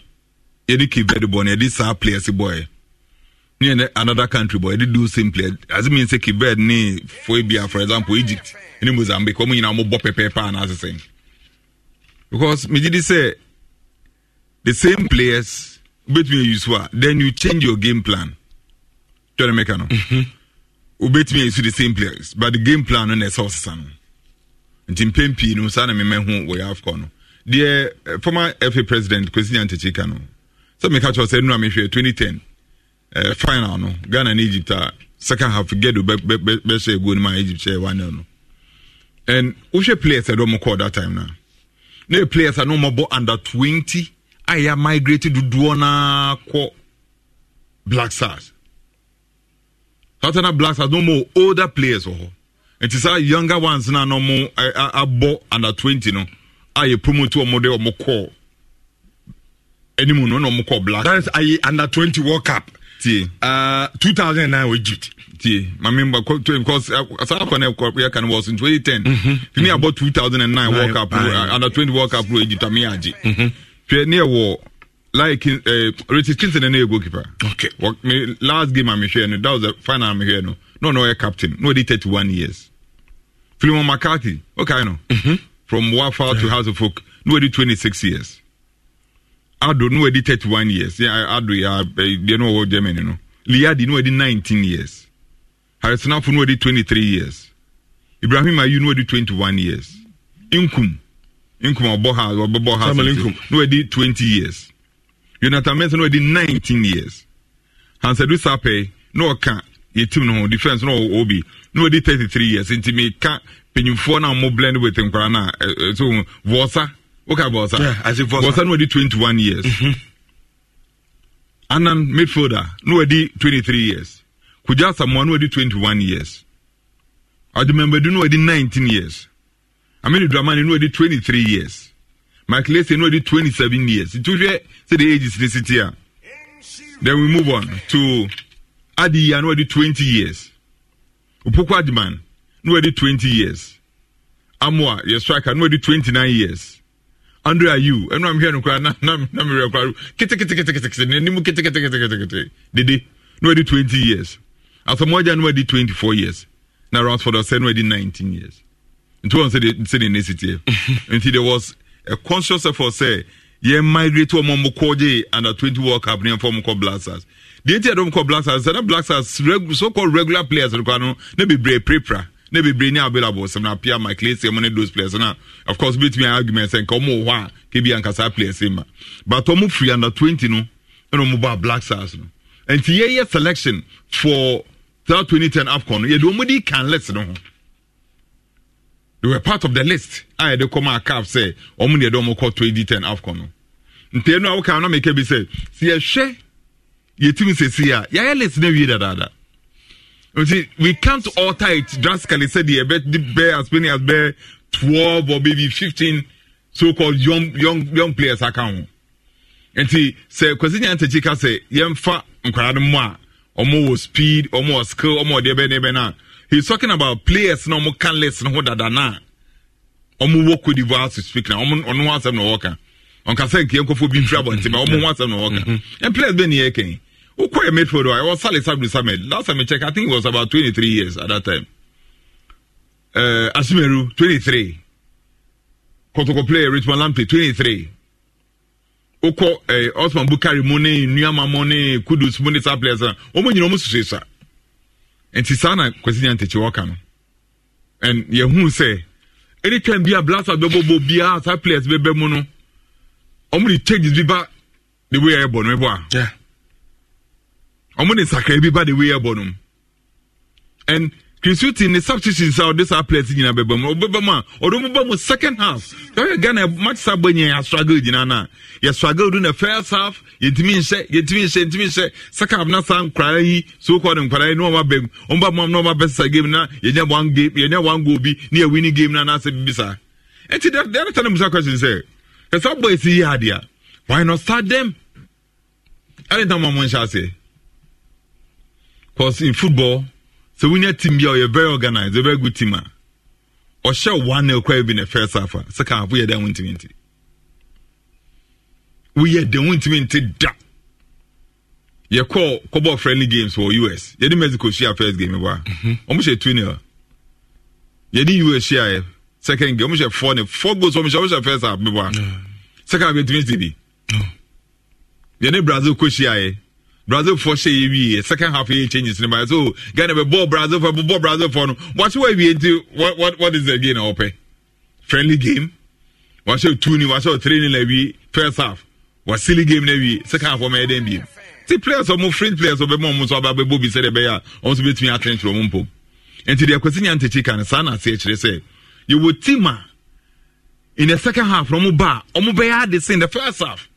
Speaker 2: yɛde kivɛ bɔ no yɛde saa players bɔɛ ne another country bɔ yɛde do same player ase mean sɛ kivɛ ne foi bia for example egypt ne mozambique wɔn nyinaa mobɔ pɛpɛɛpɛ anaasɛ sɛn because megye di sɛ the same players wobɛtumi ayi so a then you change your game plan tɔne meka no mhm wobɛtumi ɛsu the same players but the game plan no na ɛsɛ ɔsesa no nti mpɛn pii no saa na memɛho wɔ yɛ afcon no deɛ eh, former fa president kwasinya ntekyika no sɛ meka kyerɛ sɛ nnura mehwɛ 2010 uh, eh, final no ghana ne egypt a second half gedo bɛhyɛ aguo no ma egypt hyɛ 1 no and wohwɛ players ɛdɛ ɔmo kɔɔ that time no na yɛ players a na ɔmɔbɔ under 20 a yɛ migrate dodoɔ no kɔ black stars Satana Blacks has no more older players wɔ hɔ nti saa younger ones na na I bought under twenty no a yɛ promote ɔmo de ɔmo kɔ anim no na ɔmo black. That's I under twenty world cup. tie. Uh, two thousand and nine wɔ egypt. tie My member because saa akɔ na yɛ kan wɔ so twenty ten. Mm-hmm. Me about two thousand and nine world cup uh, under twenty world cup wɔ egypt ami agye. hwɛ ne yɛ wɔ like uh, Richard Kinson and a goalkeeper. Okay. What, me, last game I'm here, that was the final I'm here. No, no, no, a captain. No, they 31 years. Philemon McCarthy. Okay, I know. Mm-hmm. From Wafa yeah. to House of Folk. No, they 26 years. Ado, no, they 31 years. Yeah, Ado, yeah, they know what you know. Liadi, no, they 19 years. Harrison Afu, no, they 23 years. Ibrahim Ayu, no, they 21 years. Inkum. Inkum, or Boha, or Boha. No, they 20 years. Jonathan Mensah wadi nineteen years Hansadu Sape na ɔka yɛtim no ho defence na ɔwɔ obi na thirty-three years nti ka panyinfoɔ na mo blend with nkwaraa na so Vɔsa woka Vɔsa yeah, Vɔsa na twenty-one years mm-hmm. Anan midfielder na twenty-three years Kogya Samoa na twenty-one years Adumambadu na wadi nineteen years Aminu Dramani na twenty-three years Michael Essien no di 27 years. Itu hwɛ say the age is ne city a. Then we move on to Adiya no di 20 years. Opoku Adiman no di 20 years. Amoa yɛ striker no di 29 years. Andre Ayew ɛnu am hwɛ no koraa na na na mi rɛ koraa kete kete kete kete kete n'anim kete kete kete kete kete dede no di 20 years. Asamoah no di 24 years. Na Rashford ɔsɛ no di 19 years. Nti wɔn sɛ de sɛ de ne city yɛ. Nti there was a conscious effort say, yɛ migrate wɔn mo kɔ gye under twenty world cup ne fɔ mo kɔ blasters deɛ ti a dɔm kɔ blasters sɛ blasters so called regular players no kɔ ano ne bebree prepra ne bebree ne available sɛm na pia mike lesi ɛmo ne those players na of course betumi ayɛ argument sɛ nka wɔn wɔ hɔ a kebi ankasa players ma but wɔn firi under twenty no ɛna wɔn ba blasters no And nti yɛyɛ selection for that twenty ten afcon yɛde wɔn di can list no ho they were part of the list a yɛde kɔma acap sɛ ɔmo deɛ de ɔmo kɔ 2010 afcon no ntae no a woka no meka bi sɛ sɛ yɛhwɛ yɛtumi sɛsi a yɛayɛ list no awie dadaada nti we can't alter it drastically sɛdeɛ yɛbɛde bɛɛ as many as bɛɛ 12 or maybe 15 so called young young young players aka ho nti sɛ kwasi nyan tɛkyi ka sɛ yɛmfa nkwadaa no mu a ɔmo wɔ speed ɔmo wɔ skill ɔmo wɔ deɛ bɛɛ ne bɛɛ no he's talking about players na ɔmo kan list no ho dada na ɔmo wɔ Cote d'Ivoire to speak na ɔmo ɔno ho asɛm na ɔwɔ ka ɔnkasa nkia nkɔfo bi nfiri abɔnten ma ɔmo ho asɛm na ɔwɔ ka mm-hmm. and players bɛ niyɛ kɛn wokɔyɛ midfield a ɛwɔ Salih Sabri Samed last time I check I think he was about twenty three years at that time uh, Asimeru twenty three Kotoko player Richmond Lamptey twenty three. wokɔ eh, osman bukari mu ne nnuama mu ne kudus mu ne saa players a wɔn nyinaa wɔn susue saa nti saa na kwasi nya ntakyi wɔka no and yɛhu sɛ anytime bi a blaster bɛbɔbɔ biara saa players bɛbɛ mu no ɔmo de changes bi ba the way ɛbɔ no ɛbɔ a ɔmo de sakra bi ba the way ɛbɔ no and krisuti ne substitutions a ɔde saa players nyinaa bɛbɛ mu ɔbɛbɛ mu a ɔde mu bɔ mu second half ɛyɛ ghana match saa bɔ nyɛ yɛ struggle gyina na yɛ struggle do na first half yɛntumi nhyɛ yɛntumi nhyɛ yɛntumi nhyɛ second half na saa nkwaraa yi so kɔ ne nkwaraa yi na wɔn abɛ mu wɔn ba mu na wɔn abɛ sa game na yɛnyɛ one game yɛnyɛ one goal bi na yɛ winning game na n'asɛ bibi saa ɛnti dɛ dɛ ɛna musa question sɛ ɛsɛ bɔ esi yi adeɛ why not start them ɛne tam wɔn hyɛ aseɛ cause in football. So sɛ wonya team bi a very organized a very good team a ɔhyɛ one nil kora bi the first half a second half woyɛ dɛ wontumi nti woyɛ dɛ wontumi nti da yɛkɔ kɔbɔ friendly games for us yɛde mexico share first game bɔ mm-hmm. a ɔmo hyɛ two nil didn't us share second game ɔmo hyɛ four nil four goals ɔmo hyɛ ɔmo hyɛ first half bɔ a second half yɛntumi nti bi yɛne brazil kɔ hyia brazil fɔ hyɛ yɛ wie second half yɛ change ne ba so ghana bɛ bɔ brazil fɔ bɔ brazil fɔ no wɔahyɛ wɔ awie nti what what what is the game na wɔpɛ friendly game wɔahyɛ two ni wɔahyɛ three ni na wie first half wɔ silly game na wie second half wɔn yɛ dɛm bie ti players ɔmo fringe players ɔbɛ mu ɔmo nso aba abɛbɔ bi sɛ de bɛyɛ a ɔmo nso bɛtumi atwentwere ɔmo mpom nti deɛ kwesi nya ntakyi kan saa na aseɛ kyerɛ sɛ yɛwɔ team a in the second half na ɔmo ba a ɔmo bɛyɛ adi sin the first half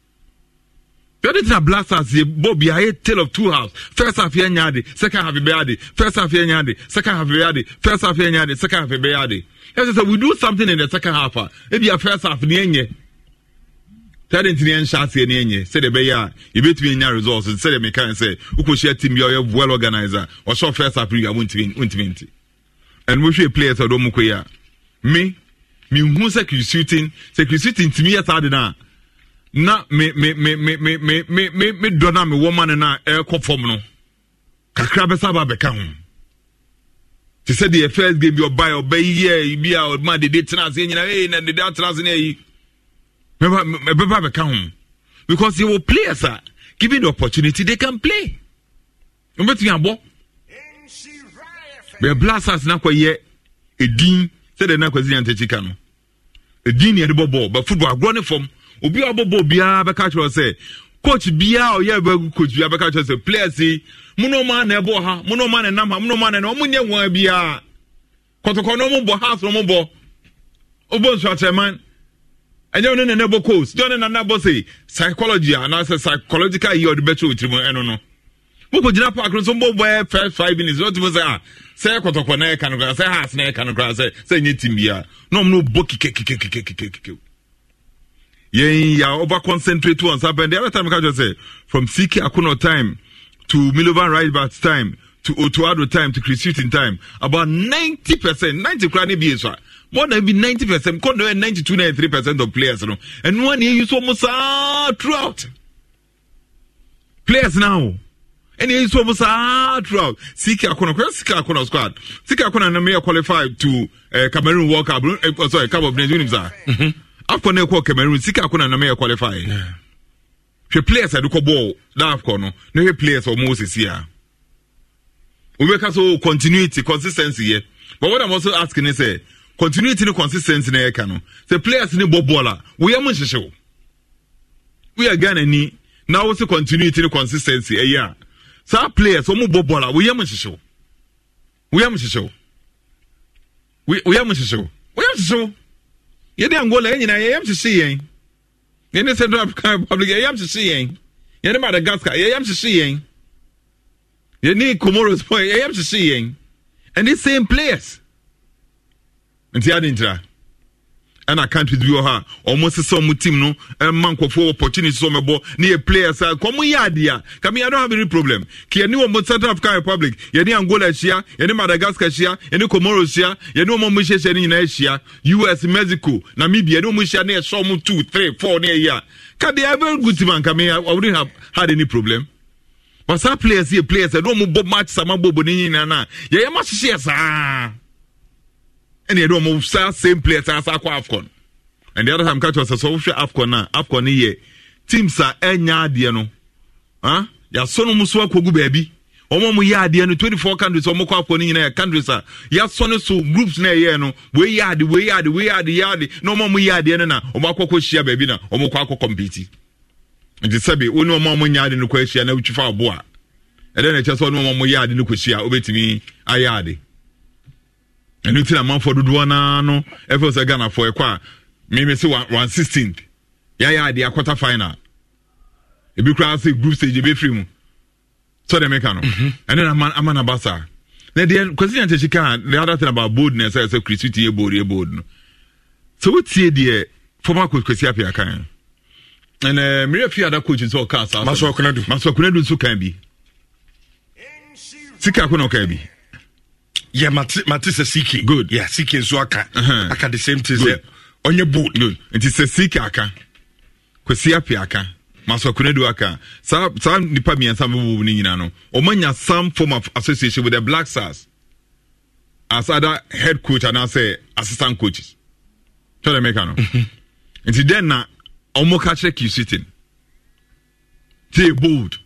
Speaker 2: yɛde tena blasters yɛ bɔ bi a tale of two halves first half yɛ nya ade second half bɛyɛ ade first half yɛ nya ade second half bɛyɛ ade first half yɛ nya ade second half bɛyɛ ade yɛsɛ sɛ we do something in the second half a ah. ebi a first half ni yɛnyɛ tɛde ntini yɛn nhyɛ aseɛ ni yɛnyɛ sɛde bɛyɛ a yɛbɛtumi nya results sɛde meka sɛ wokɔhyia team bi a ɔyɛ well organizer ɔhyɛ first half ni yɛ a wontumi nti and wohwɛ players a ɔdɔm kɔ yi a me mehu sɛ kirisutin sɛ kirisutin ntumi yɛ saa de naa na me me me me me me me me me dɔ na me wɔma ne na ɛkɔ fam no kakra bɛ saba bɛka ho te sɛ deɛ first game bi ɔba ɔbɛ yɛ bi a ɔma dede tena ase nyina ee na dede atena ase ne yi mɛba mɛba bɛka ho because yɛ wɔ players a given the opportunity they can play wɔbɛtumi abɔ bɛ blasters na kɔ yɛ edin sɛdeɛ na kɔ si yan tɛ kyi ka no edin ni yɛde bɔ bɔɔl bɛ football agorɔ ne fam. obi a ɔbɔbɔ obiara bɛka kyerɛ sɛ coach biara ɔyɛ ɛbɛ coach biara bɛka kyerɛ sɛ players yi mu na ɔmo ana ɛbɔ ha mu na ɔmo ana ɛnam ha mu na ɔmo ana ɛnam ɔmo nye wɔn biara kɔtɔkɔ na ɔmo bɔ ha so ɔmo bɔ ɔbɔ nsɔkyerɛman ɛnyɛ na ɛbɔ coach ɛnyɛ na ɛbɔ sɛ psychology anaasɛ psychological yi ɔde otiri mu ɛno no gyina park na ɔtumi sɛ a ah, sɛ kɔtɔkɔ na ɛka no koraa sɛ haas na ɛka no sɛ sɛ nyɛ tim biara na ɔmo no yɛn yà ɔba concentrate on sábɛn the other time ká jọ sɛ from ck akono time to milovan ridebat time to Otuado time to christian time about ninety percent ninety kura ne bi esu a more than be ninety percent kò ní ninety two ninety three percent of players no ɛnu wa ni eyi so ɔmo saa throughout players now ɛna eyi so ɔmo saa throughout ck akono kura ck akono squad ck akono anam yɛ qualify to uh, cameroon world cup uh, sorry cup of nations unim mm-hmm. saa akɔ na ɛkɔ cameroon sika akɔ na nam ya qualify hwɛ players ɛde kɔ ball na akɔ no na players ɔmo osisi a obɛka so oh, continuity consistency yɛ but what i'm also asking is say eh, continuity ni consistency na yɛka no sɛ players ne bɔ ball a woyɛ mo nhyehyɛ wo ghana ni na wo se continuity ne consistency ɛyɛ eh, a saa players ɔmo bɔ ball a woyɛ mo nhyehyɛ wo woyɛ mo nhyehyɛ wo woyɛ mo nhyehyɛ wo yɛde angola yɛ nyinaa yɛyam hyehye yɛn yɛne central african republic yɛyam hyehye yɛn yɛne madagascar yɛyam hyehye yɛn yɛne comoros po yɛyam hyehye yɛn and the same players nti ade ntira ɛna countries bi wɔ hɔ a ɔmo sisa ɔmo team no ɛma nkɔfoɔ opportunity sɛ ɔmɛbɔ ne yɛ players a kɔmo yɛ adeɛ a kàmi i don't have any problem kì yɛne wɔn Central African Republic yɛne Angola ahyia yɛne Madagascar ahyia yɛne Comoros ahyia yɛne wɔn ɔmo hyehyɛ ne nyinaa ahyia US Mexico Namibia yɛne wɔn ahyia ne yɛhyɛ ɔmo two three four ne yɛ yɛ a kàdi ɛ very good team and i wouldn't have had any problem. but some players yɛ players ɛne wɔn bɔ match sama bobo ne nyinaa na yɛyɛ ma hyehyɛ saa ɛne yɛde ɔmo saa same players asa akɔ afcon and the other time catch us sɛ wohwɛ afcon a afcon no yɛ teams a ɛnya adeɛ no ah yɛasɔ no mu so akɔgu baabi ɔmo mo yɛ adeɛ no twenty four countries ɔmo kɔ akɔ no nyinaa yɛ countries a yɛasɔ no so groups na ɛyɛ no wei yɛ ade wei yɛ ade wei yɛ ade yɛ ade na ɔmo mo yɛ adeɛ no na ɔmo akɔkɔ hyia baabi na ɔmo kɔ akɔ compete nti sɛbi wo ne ɔmo a nya ade no kɔ ahyia na wotwi fa aboa ɛdɛ na ɛkyɛ sɛ ɔne ɔmo mo yɛ ade no kɔ hyia obetumi ayɛ ade ɛno ti na amanfoɔ dodoɔ naa no ɛfɛ sɛ ghanafoɔ ɛkɔ a meme se one one sixteenth yɛayɛ adeɛ akɔta final ebi koraa sɛ group stage ebɛfiri mu sɛ deɛ meka no ɛno mhm. na ama na ba saa na deɛ kwasi na nkyɛkyɛ kaa the other thing about boldness ɛsɛ sɛ kristu ti yɛ bold yɛ bold no sɛ wotie deɛ former coach kwasi apia kan ɛnɛ eh, mmerɛ fi ada coach nso ɔkaa saa masɔ akunadu masɔ akunadu nso kan bi sika ko na ɔkaa bi yeah, mate, mate sɛ CK. Good. Yeah, CK nso aka. Uh-huh. Aka the same thing sɛ ɔnyɛ bold. Good. Nti sɛ CK aka, Kwesi Apia aka, Maswa Kunedu aka, saa saa nipa mmiɛnsa mbɛbɔ ne nyinaa no, ɔmo nya some form of association with the Black Stars as other head coach and I say assistant coaches. Tell them meka no. Nti mm-hmm. den na omo kache kyerɛ Q-Sitting. They bold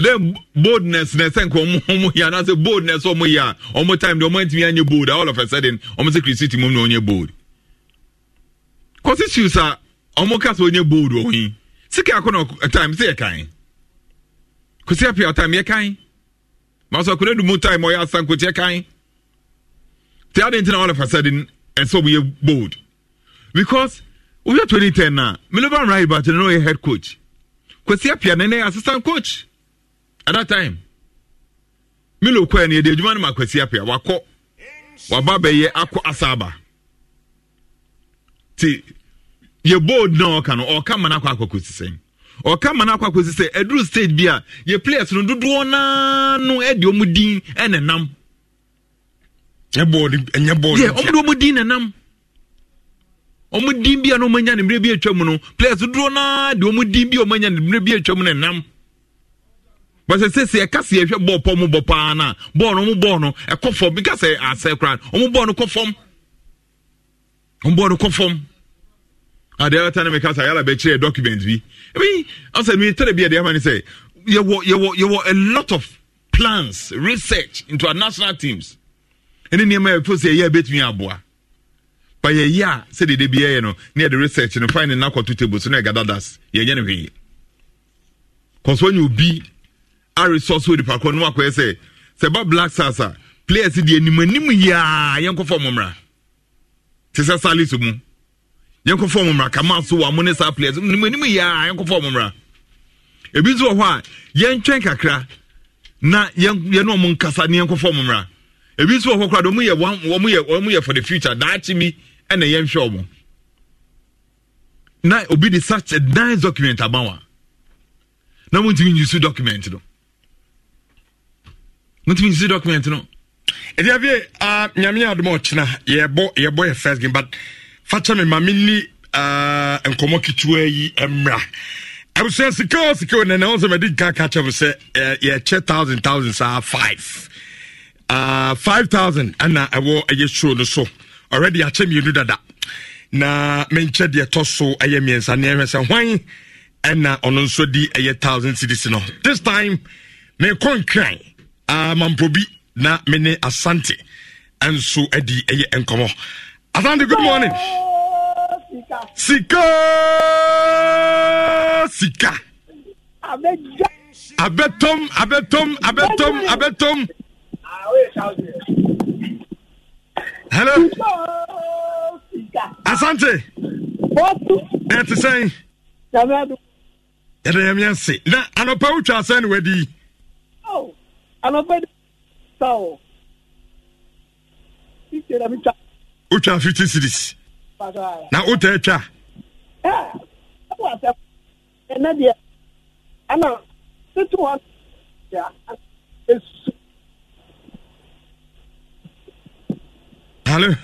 Speaker 2: ɛdɛ boldness na ɛsɛ nka ɔmo yɛ anaasɛ boldness ɔmo yɛ a ɔmo time de ɔmo ntumi anyɛ bold all of a sudden ɔmo sɛ kristi mu na ɔnyɛ bold kɔsi shoes a ɔmo ka sɛ ɔnyɛ bold wɔ yi sika akɔ na time sɛ yɛ kan kɔsi apia time yɛ kan maso akɔnɛ dumu time ɔyɛ asankoti yɛ kan te adi ntina all of a sudden ɛsɛ ɔmo yɛ bold because wɔyɛ 2010 na Milovan Raibach no yɛ head coach kɔsi apia na ne yɛ assistant coach at that time milo kɔɛ no yɛde adwuma no ma apia wakɔ waba bɛyɛ akɔ asaba ti ye bold na ɔka no ɔka ma no akɔ akɔ kɔsi sɛn ɔka ma no akɔ akɔsi sɛ ɛduru stage bi a yɛ players no dodoɔ naa no ɛde ɔmu din ɛna nam ɛnyɛ bɔɔl ɛnyɛ bɔɔl yɛ ɔmu de ɔmu din na nam ɔmu din bi a na ɔmu anya ne mmerɛ bi atwa mu no players dodoɔ naa de ɔmu din bi a ɔmu anya ne mmerɛ bi atwa mu na nam wɔsɛ sɛsi ɛka si ɛhwɛ bɔɔl pɔ mu bɔ paa na bɔɔl no mu bɔɔl no ɛkɔ fam bi ka sɛ asɛ koraa ɔmu bɔɔl no kɔ fam ɔmu bɔɔl no kɔ fam adeɛ ɛta ne mi ka sɛ yala bɛkyerɛ document bi ebi ɔsɛ mi tɛrɛ bi ɛdeɛ ama ni sɛ yɛwɔ yɛwɔ yɛwɔ a lot of plans research into our national teams ɛne nneɛma ɛfo sɛ ɛyɛ ɛbɛtumi aboa but yɛyɛ a sɛ dede bi yɛyɛ no ne yɛde research no fine na kɔto table so na ɛgada das yɛnyɛ no hwee kɔsɔ nyɛ obi aresource resource nipa kɔ no akɔyɛ sɛ sɛ ba black stars a players deɛ anim anim yia yɛnkɔfɔ mɔmra te sɛ salis mu yɛnkɔfɔ mɔmra kama so wɔ mo ne saa players anim anim yia yɛnkɔfɔ mɔmra ebi nso wɔ hɔ a yɛntwɛn kakra na yɛn yɛn ɔmo nkasa ne yɛnkɔfɔ mɔmra ebi nso wɔ hɔ koraa de ɔmo yɛ wɔn yɛ wɔn yɛ for the future daakye mi ɛna yɛnhwɛ ɔmo na obi de such a nice document abawa na mo ntumi nyi so document no motumi nsi document no ɛdeɛ bie nyame adoma ɔkyena yɛbɔ yɛbɔ yɛ first game but fakyɛ me ma menni nkɔmmɔ ketewaa yi mmra abusua sika o sika o nana ɔsɛ mɛdi nka ka kyɛm sɛ yɛkyɛ thousand thousand saa five five thousand ɛna ɛwɔ ɛyɛ show no so already akyɛ mmienu dada na menkyɛ deɛ ɛtɔ so ɛyɛ mmiɛnsa ne ɛhwɛ sɛ hwan ɛna ɔno nso di ɛyɛ thousand cities no this time me mekɔ nkran amampo bi na me ne asante nso adi ɛyɛ nkɔmmɔ asante good morning sika sika abɛtɔm abɛtɔm abɛtɔm
Speaker 1: abɛtɔm hello asante ɛte sɛn
Speaker 2: yɛde yɛmiɛnse na anɔpa wotwa asɛn ne wadi
Speaker 3: oh
Speaker 1: anɔpɛ de sa o fifty na mi twa.
Speaker 3: o
Speaker 2: twa fifty series.
Speaker 1: na o tɛ twa. ɛ ɛ wa sɛ
Speaker 3: ɛnɛ deɛ ɛna titi wa ya esu.
Speaker 2: alo.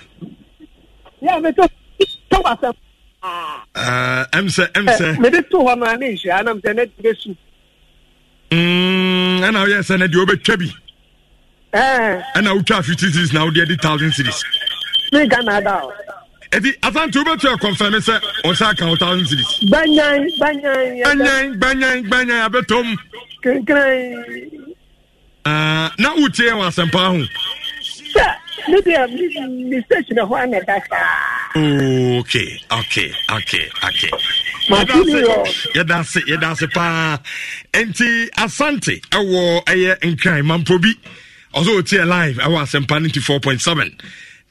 Speaker 1: yà mi tó tó wa sɛ.
Speaker 2: ɛɛ ɛmisɛ ɛmisɛ. ɛ mi de
Speaker 1: tó
Speaker 3: wa ma ne nsia ɛnna mi sɛ ne ti bɛ su.
Speaker 2: Mm, ɛna woyɛ sɛ no deɛ wobɛtwa bi eh. ɛna wotwa 50 series na wode ade thousand series
Speaker 3: ɛti
Speaker 2: asante wobɛtɔ ɛkɔmfɛme sɛ ɔsɛ aka wo thousand series
Speaker 3: banyan banyan
Speaker 2: banyan abɛtɔm ah, na wotie wɔ asɛmpa
Speaker 3: ho media me station hɔ ana da saa.
Speaker 2: okay okay okay okay. yɛdanse yɛdanse paa nti asante ɛwɔ ɛyɛ nkran mampo bi ɔsɛ ɔtiɛ live ɛwɔ asɛmpa no nti 4.7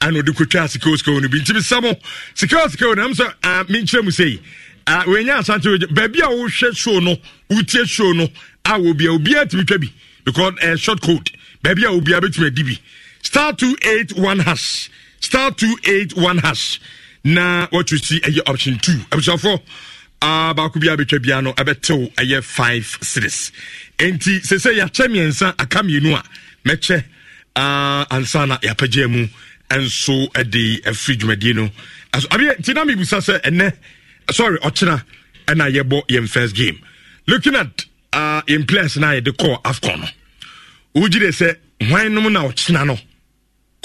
Speaker 2: ana ɔde kɔtwa sikao sikao no bi nti mesɛ mo sikao sikao no ɛm sɛ menkyerɛ mu sɛi wɔanya asante baabi a wohwɛ show no wotie show no a wɔbia obiaa tumi twa bi because short code baabi a obiaa bɛtumi adi bi star two eight one hash star two eight one hash na you see ɛyɛ eh, option two abusuafoɔ uh, ah, baako bi a bɛtwa bia no ɛbɛtew ɛyɛ five series enti sɛsɛ yɛakyɛ mmiɛnsa aka mmienu a mɛkyɛ uh, ansa na yɛapagyaa mu nso de afiri dwumadie no aso abeɛ nti na mebusa sɛ ɛnɛ sorry ɔkyena ɛna yɛbɔ yɛn first game looking at uh, ah, in place na yɛde kɔɔ afcon no wogyi de sɛ hwan nom na ɔkyena no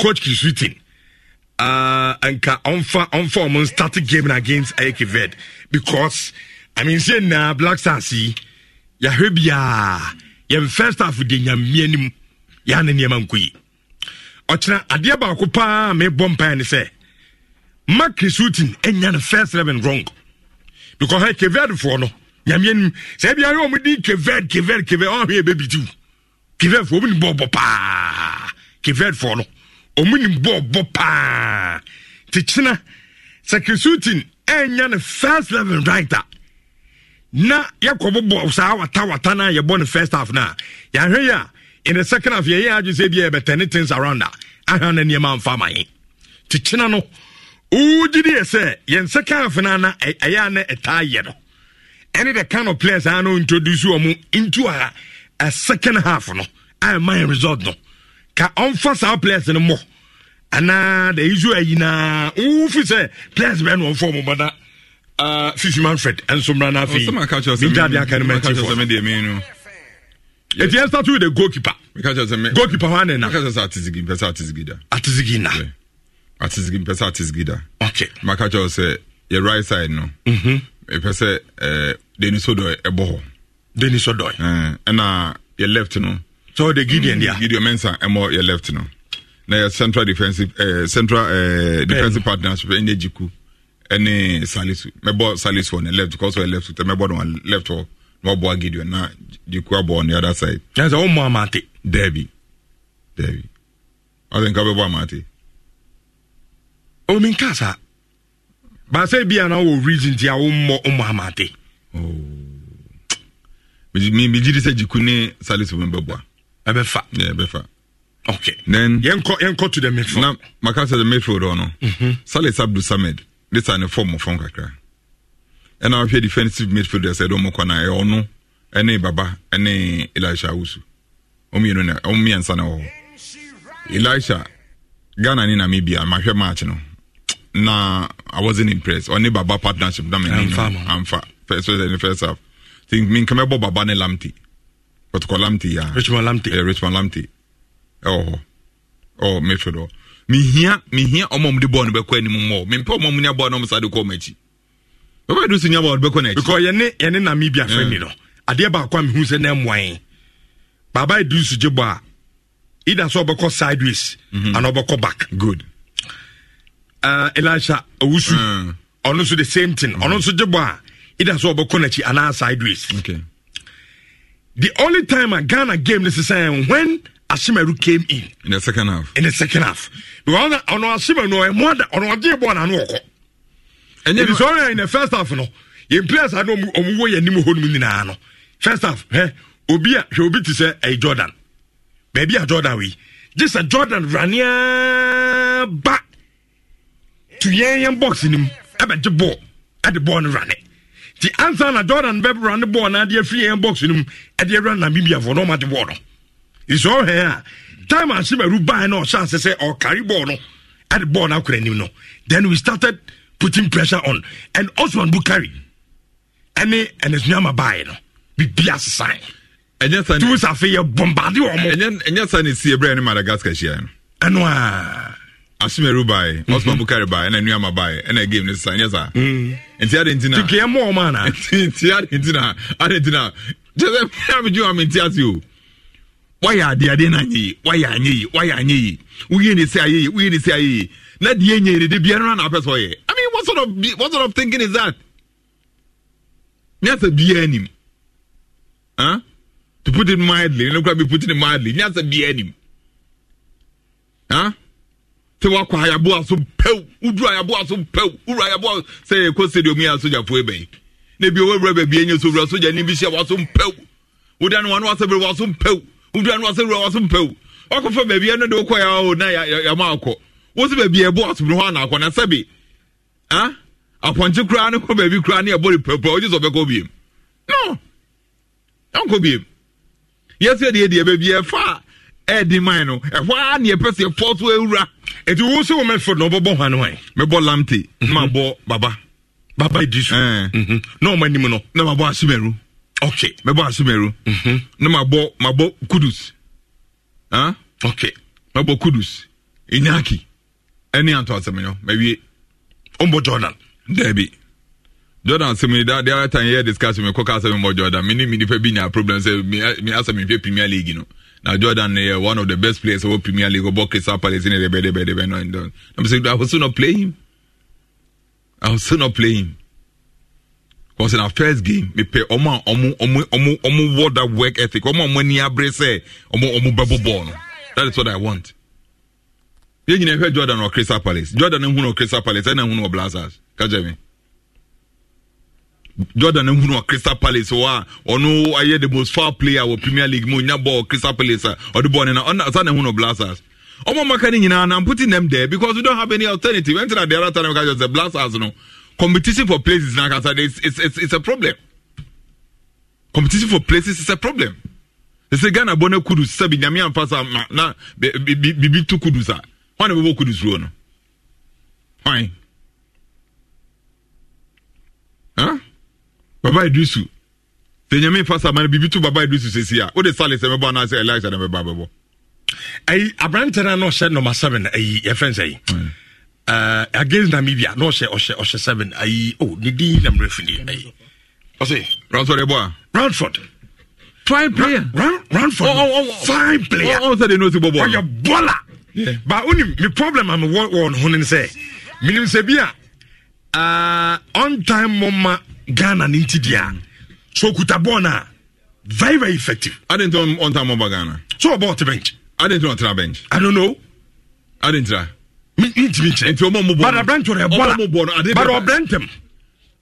Speaker 2: coach Kisuitin. Uh, anka ɔmfa ɔmfa ɔmo start game against ayeke ved because i mean say na black stars yi yahwɛ biaa first half de nyamea anim yɛa ne nneɛma nkɔ yi ɔkyena adeɛ baako paa mebɔ mpae ne sɛ mark sutin anya no first eleven wrong because hey, keved foɔ no nyamea anim I bia yɛ ɔmo di keved keved keved baby, yɛ bɛbitiw keved foɔ obi ne bɔɔbɔ paa keved foɔ ɔmo nim bɔɔbɔ paa te kyena sɛ kisutin ɛnya ne first eleven right a na yɛkɔ bɔbɔ saa wata wata na yɛbɔ ne first half na yɛahwɛ yi a in the second half yɛyɛ adwe sɛ bia yɛbɛtɛne things around a ahwɛ na nneɛma amfa ma ye te kyena no wogye deɛ sɛ yɛn second half e, e, e, no ana ɛyɛ a na ɛtaa yɛ no ɛne the kind of players a no introduce wɔn into a, second half no a ɛma yɛn result no ka ɔmfa saa players no mmɔ anaa the issue ayi naa wofi sɛ players bɛɛ na ɔmfɔ mo bɔda uh, fifi manfred ɛnso mmra no afei megya de aka no mantifoɔ ɛti ɛn start with the goalkeeper goalkeeper hɔ ane na atizigi na atizigi mpɛ sɛ atizigi da okay maka kyerɛ sɛ yɛ right side no mepɛ mm-hmm. eh, sɛ uh, denis odoi ɛbɔ hɔ denis odoi ɛna eh, uh, yɛ left no sɛ ɔde gideon dea mm, gideon mensa ɛmɔ yɛ left no na yɛ central defensive uh, central uh, defensive partnership ɛne jiku ɛne salisu mɛbɔ salisu on the left because of left foot mɛbɔ no on left hɔ na ɔbɔ agidion na jiku abɔ on the other side. yẹn sɛ wọn mú amate. dẹbi dẹbi ɔsɛ nka bɛ bɔ amate. omi nka sa baasa ebi ana wɔ region ti a wɔn mɔ ɔmɔ amate. Oh. mi mi jiri sɛ jiku ne salisu mi bɛ bɔ a. ɛbɛ fa. ɛbɛ fa. Okay. Then Yenko Yenko to the midfield. Now my Makasa the midfield or no. Mm-hmm. Salih Abdul Samed. This is a form of Fonkakra. And our defensive midfielder said Omo oh, Kwana eh, or no. Ɛne Baba ɛne Elisha Awusu. Omienu na omiensa na wɔ. Oh. Elisha Ghana ni Namibia mahwɛ match no. Na I wasn't impressed. Ɔne Baba partnership na me ni. Amfa. First first half. Think me nkɛmɛ bɔ Baba ne Lamti. But kɔ Lamti ya. Richmond Lamti. Eh, Richmond Lamti. ɛwɔ hɔ ɔ mɛtwɛ dɔ mihia mihia ɔmo ɔmo de bɔɔl no bɛkɔ anim mɔ mempɛ ɔmo ɔmo nya bɔɔl no ɔmo sa de kɔ ɔmo akyi bɛbɛ de so nya bɔɔl bɛkɔ n'akyi. because yɛne yɛne namibia mm. fɛ ni no adeɛ baako a mihu sɛ ne mɔɛ baba idris gye bɔ a either sɛ ɔbɛkɔ sideways mhm. ana ɔbɛkɔ back. good uh, elisha owusu mm. ɔno mm. nso the same thing ɔno nso gye bɔ a either sɛ ɔbɛkɔ n'akyi ana sideways. the only time a ghana game ne sisan when. Ashimeru came in. In the second half. In the second half. Because on Ashimeru, more than on Adi Bon and Woko. And it it's only in the first half, no. In players, I know Omuwe and Nimu Honminano. First half, eh? Obia, he will be to say, hey, Jordan. Baby, a Jordan, we. Just a Jordan running back to Yan box him. I bet the ball at the ball and run it. The answer a Jordan Beb run the ball and I dear free box in him at the run a for no matter what nso ɔhɛn a time ase bɛru ban na ɔhyɛ ase sɛ ɔkari bɔɔl no ɛde bɔɔl no akora anim no then we started putting pressure on and osman bukari ɛne ɛnɛsunyama baayɛ no bibi asesan tuwusa afe yɛ bɔmbaade wɔn. ɛnyɛ ɛnyɛ sa ne sie brɛ ne madagascar hyia no. ɛnu aa. asimeru baayɛ osman bukari baayɛ ɛna nuama baayɛ ɛna game ne sisan ɛnyɛ sa. Mhm. nti adi ntina. tukiyɛ mɔɔ maa <laughs> na. nti adi ntina adi ntina jɛsɛ mi ami ju ami nti ase o wayɛ adeade na anyɛ yi wayɛ anyɛ yi wayɛ anyɛ yi woyɛ ne sɛ ayɛ yi woyɛ ne sɛ ayɛ yi na deɛ nyɛ yi de biara no anapɛ sɛ ɔyɛ i mean what sort of what sort of thinking is that nyasa biara nim huh? to put it mildly no kora me put it mildly nyasa biara nim huh? sɛ wakɔ ayaboa so pɛw woduru ayaboa so pɛw wuru ayaboa sɛ yɛkɔ stadium yɛ asogyafoɔ bɛn na bi wɔwura baabi ɛnyɛ so wura sogya ni bi hyɛ waso mpɛw woda no wa no wasɛ bere waso mpɛw wodua no wasɛ wura waso mpɛ wo baabi ɛno de wokɔ yɛwo na yɛma akɔ wo sɛ baabi ɛbɔ asom no hɔ anaakɔ na sɛbe a apɔnkye koraa ne kɔ baabi koraa ne ɛbɔ ne pɛpɛ wogye sɛ ɔbɛkɔ biam no ɔnkɔ biam yɛsɛ deɛ deɛ baabi ɛfa a ɛdi man no ɛhɔ a ne yɛpɛ sɛ ɛfɔ so awura ɛti wo sɛ wo mɛfo na wobɛbɔ hwa no hwan mɛbɔ lamte mm-hmm. na mabɔ baba baba ɛdi so mm-hmm. na ɔma no na mabɔ ahye ok mɛbɔ asimeru mhm. na mabɔ mabɔ kudus ah ok mabɔ kudus inyaki ɛne anto asɛmnyɔ mawie ɔmbɔ jordan daabi jordan asɛmni da de ata yɛ discussion mekɔ ka asɛm mbɔ jordan mene me nipa bi a problem sɛ me asɛm nhwɛ premier league no na jordan no eh, yɛ one of the best players of premier league ɔbɔ crystal palace ne dɛbɛdɛbɛdɛbɛ no ɛndɔ na mesɛ i will still not play him i will still not play him because in our first game mepɛ ɔmo a ɔmo ɔmo ɔmo ɔmo what that work ethic ɔmo a ɔmo ani abere sɛ ɔmo ɔmo bɛbɔ bɔɔl that is what i want you nyinaa hwɛ jordan wɔ crystal palace jordan ehun wɔ crystal palace ɛna ehun wɔ blazers kakyɛ me. jordan ehun wɔ crystal palace wɔ a ɔno ayɛ the most far player of premier league mu nya bɔɔl crystal palace a ɔde bɔɔl ne na ɔna ɔsan ehun wɔ blazers ɔmo maka ne nyinaa na i'm putting them there because we don't have any alternative ɛntina the other time we catch the say blazers no competition for places na kasa de it's it's it's a problem competition for places is a problem sese ghana bɔ ne kudu sabi nyame amfa sa na bibi tu kudu sa hɔn na bɛbɔ kudu suro no hɔn baba idrisu sɛ nyame mfa sa ma na bibi tu baba idrisu sisi a o de sale sɛ mɛbɔ anaasɛ elisa na mɛba bɛbɔ. ayi aberanteɛ no a na ɔhyɛ nɔma sɛbɛn ayi yɛfɛn sɛ yi uh, against namibia na ɔhyɛ ɔhyɛ ɔhyɛ seven I oh, ne din na mmerɛ fini ayi ɔse Roundford, ɛboa fine player Roundford, ransford oh, oh, oh, oh. fine player ɔn sɛ de n'osi bɔ bɔ ɔyɛ bɔla yeah. ba onim mi problem I'm mi wɔ wɔ ne ho Minimum sɛ uh, on time Mama ghana ne nti di so okuta very very effective. I didn't tɛ on time Mama ghana. so about ɔte bench. adi n tɛ ɔtena bench. i don't know. I didn't try ntumi nkyerɛ nti ɔmɔ mu bɔ bada branch ɔrɛ bɔ la bada ɔbrɛ ntɛm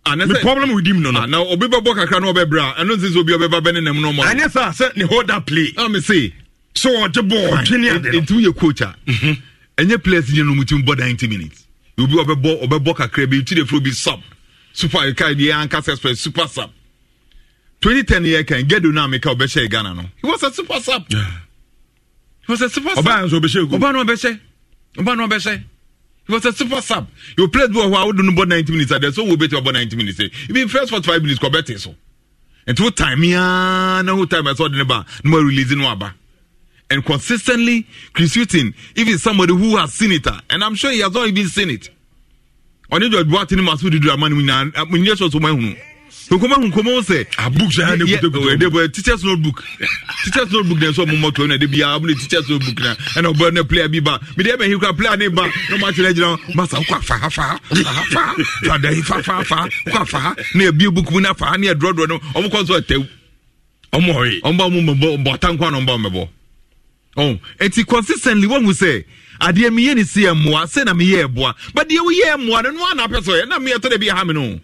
Speaker 2: ah, mi problem with him nono. Ah, na obi bɛ bɔ kakra na ɔbɛ bra ɛno nsi sɛ obi ɔbɛ ba bɛ ne nam n'ɔmɔ. anyɛ sa ne hold up play. a ah, mi se. so ɔde bɔ ɔtwini e- adi no. etu yɛ coach a mhm. ɛnyɛ players yɛn nomu ti bɔ ninety minutes obi ɔbɛ bɔ ɔbɛ bɔ kakra bi etu de furo bi sub super yɛ kaa yɛ ankasa express super sub twenty ten yɛ kan gedo naa mi ka ɔbɛ hyɛ Ghana no he was a super sub. he was a super sub. ɔbaa yɛn nso ɔbɛ ɔbɛ hyɛ mpa na ɔbɛhyɛ it was a super sub your place bi wɔ hɔ a wodo no bɔ ninety minutes adeɛ so wo bɛ ti ɔbɔ 90 minutes ebi first forty five minutes kɔ bɛ so nti wo time yaa na wo time ɛsɛ ɔde ne ba na mo release no aba and consistently Chris Hutton if it's somebody who has seen it and I'm sure he has not even seen it ɔne George Boateng masu dudu amanimu nyinaa nyinaa sɔsɔ mo ehunu nkɔmɔ nkɔmɔ sɛ. a book sɛ hali ne kutu kutu. ɛdɛ bɔ teachers notebook teachers notebook dɛ nsɔn mu mɔ de bi ɛdɛ bi aa ne teachers notebook na ɛna ɔbɔ ne player bi ba mi de ɛmɛ hikura player ne ba ne ma kyerɛ gyina masa kɔ afa afa afa fada yi fa fa fa kɔ afa ne ebie book mu na fa ne ɛdrɔdrɔ no ɔmo kɔ nso ɛtɛw ɔmo ɔye ɔmo ba ɔmo mɛbɔ ɔmo ata nkwa na ɔmo ba ɔmo mɛbɔ ɔn eti consistently wɔn mu sɛ adeɛ mi yɛ ne si ɛmoa sɛ na mi yɛ ɛboa but deɛ wo yɛ ɛmoa no no anapɛ sɛ ɔyɛ na mi yɛ tɔ de bi ha mi no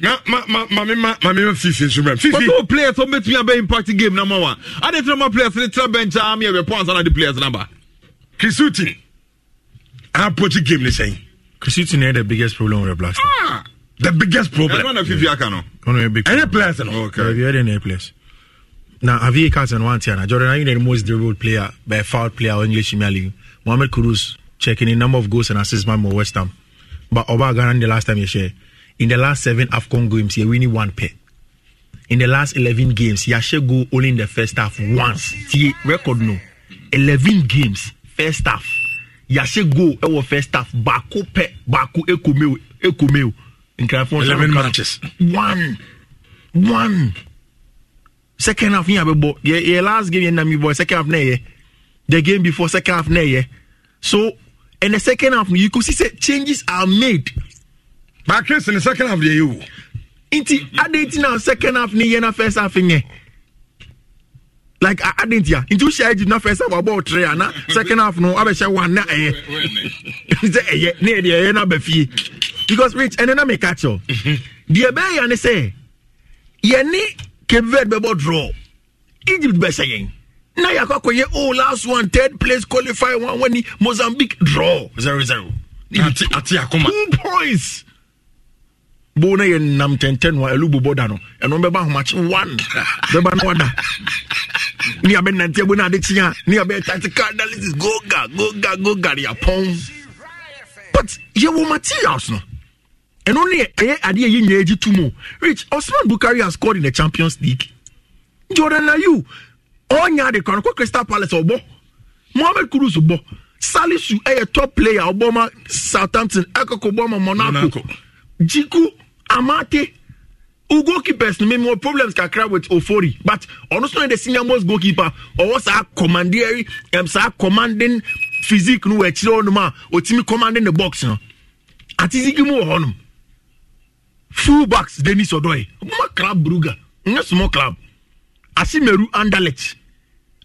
Speaker 2: na ma ma ma mi ma ma mi ma fifi nso mɛ fifi. wọ́n tó players wọ́n bẹ tún yà bẹ impact game náà mọ̀ wá adé tí ma players ní tẹ́ bench àmì ẹ̀rẹ̀ pọ́n ànsán náà di players náà bá. kìsùtì a pọ̀jù game ní sẹ́yìn. kìsùtì ní the biggest problem with the blast. Ah, the biggest problem. ẹ̀rọ náà fifi aka nọ. ẹ̀rẹ̀ players nọ. okay ẹ̀rẹ̀ ẹ̀rẹ̀ players. na avi carson wan tiana jordan ayew na the most dribbled player by foul player in english premier league mohammed kudus checking the number of goals and assists man for west ham but ọba ghana the last time he share In the last seven AFCON games, he winning one pair. In the last 11 games, he has go only in the first half once. See, record no.
Speaker 3: 11 games, first half. He actually go our first half. Baku pe, baku ekumeu, ekumeu. In California, 11 matches. One. One.
Speaker 2: Second half, yeah, but yeah, yeah, last game, yeah, boy. Second half, yeah. The game before second half, yeah. So, in the second half, you could see say changes are made in the second half deɛ yɛ wo nti adi nti second half ni yɛ na first half nyɛ like adi nti ya nti o hyɛ ayi na first half abɔ ɔtire ana second half no abɛhyɛ one na ɛyɛ sɛ ɛyɛ ne yɛ deɛ na bɛ
Speaker 3: because rich ɛnɛ na mi ka kyɛw deɛ bɛyɛ yɛ ne sɛ yɛ ne cape verde draw egypt be saying na ya akɔ ye oh last one third place qualify one wani mozambique draw zero zero. ati ati akuma. two
Speaker 2: points bo na yɛ nam tɛntɛn wa ɛlu bobɔ da no ɛno bɛba ahomakye one bɛba na wada ne yɛ bɛnante abo na ade tia ne yɛ bɛyɛ tactical analysis goga goga goga de apɔn but yɛwɔ materials
Speaker 3: no ɛno ne ɛyɛ adeɛ yɛ nyɛ agyi to rich osman bukari has scored in the champions league jordan ayew ɔnya de kora no crystal palace ɔbɔ mohammed kudus bɔ salisu ɛyɛ top player ɔbɔ ma southampton ɛkɔkɔ
Speaker 2: bɔ ma monaco jiku Amate, who goalkeepers may more problems kakra with Ofori, but honestly, the senior most goalkeeper or was our commandery, um, sir, commanding physique, no, a chill no ma, or commanding the box. No, at his igimu or honum. Full backs, Dennis Odoy, my club, Brugger, no small club. Asimeru Anderlecht.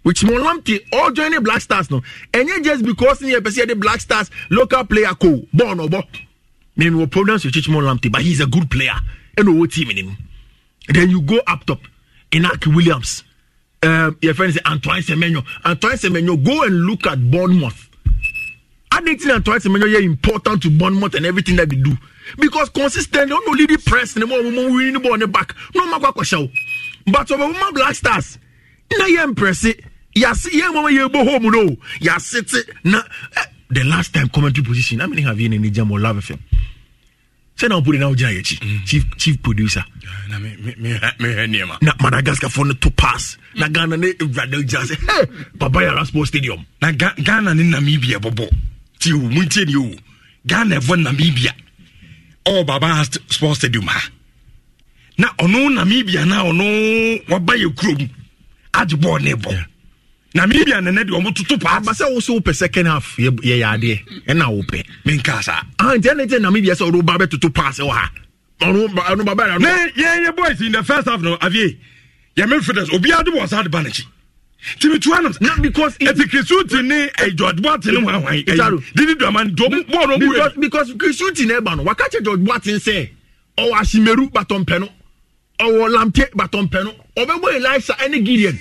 Speaker 2: which mo lamte all joining black stars no ɛnyɛ just because ne yɛ pɛ sɛ yɛde black stars local player ko bɔɔl no ɔbɔ Mean we problems with Chichimon Lamptey, but he's a good player. And no team in him. Then you go up top, Inaki Williams. Um, your friend is Antoine Semenyo. Antoine Semenyo, go and look at Bournemouth. I don't think Antoine Semenyo is important to Bournemouth and everything that they do. Because consistently, don't only the press anymore, we winning the ball on the back. No matter what show. But over woman Black Stars, Now you impress it. You see, you home,
Speaker 3: no. You sit it. Eh, the last time commentary position how many have you in any jam or love fm sɛ na wopode na wogya yɛkyi chief, chief producer ah.
Speaker 2: na
Speaker 3: madagascarfoɔ no to pass na ghana ne awurade gya sɛ he baba sport stadium
Speaker 2: na ghana ne namibia bɔbɔ tio montie ne o ghana ɛvɔ e namibia ɔwɔ oh, baba sport stadium ha na ɔno namibia na ɔno waba yɛ kurom agye bɔɔ ne bɔ yeah na mebia nene deɛ ɔmototo paa ba sɛ wo sɛ wopɛ second half yɛyɛ adeɛ ɛna wopɛ menka saa ah, nti ɛne nti namibia sɛ wode woba bɛtoto paa e sɛ wɔ ha ɔno babara no ye boys in the first half no avie yɛme fidas obiaa de bɔ saa de ba n'akyi tìmí tí wọn nà because ẹtì kìrìsìtì ní George Boateng ní wọn wọn ẹyẹ dídí dùnmá ní tó bọ́ọ̀lù ọ̀gbìn rẹ. because kìrìsìtì náà bá nù wákà kyẹ George Boateng sẹ ọwọ asimeru bàtọ̀ mpẹ nù ọwọ lamte bàtọ̀ mpẹ nù ọbẹ bọ ẹni Gideon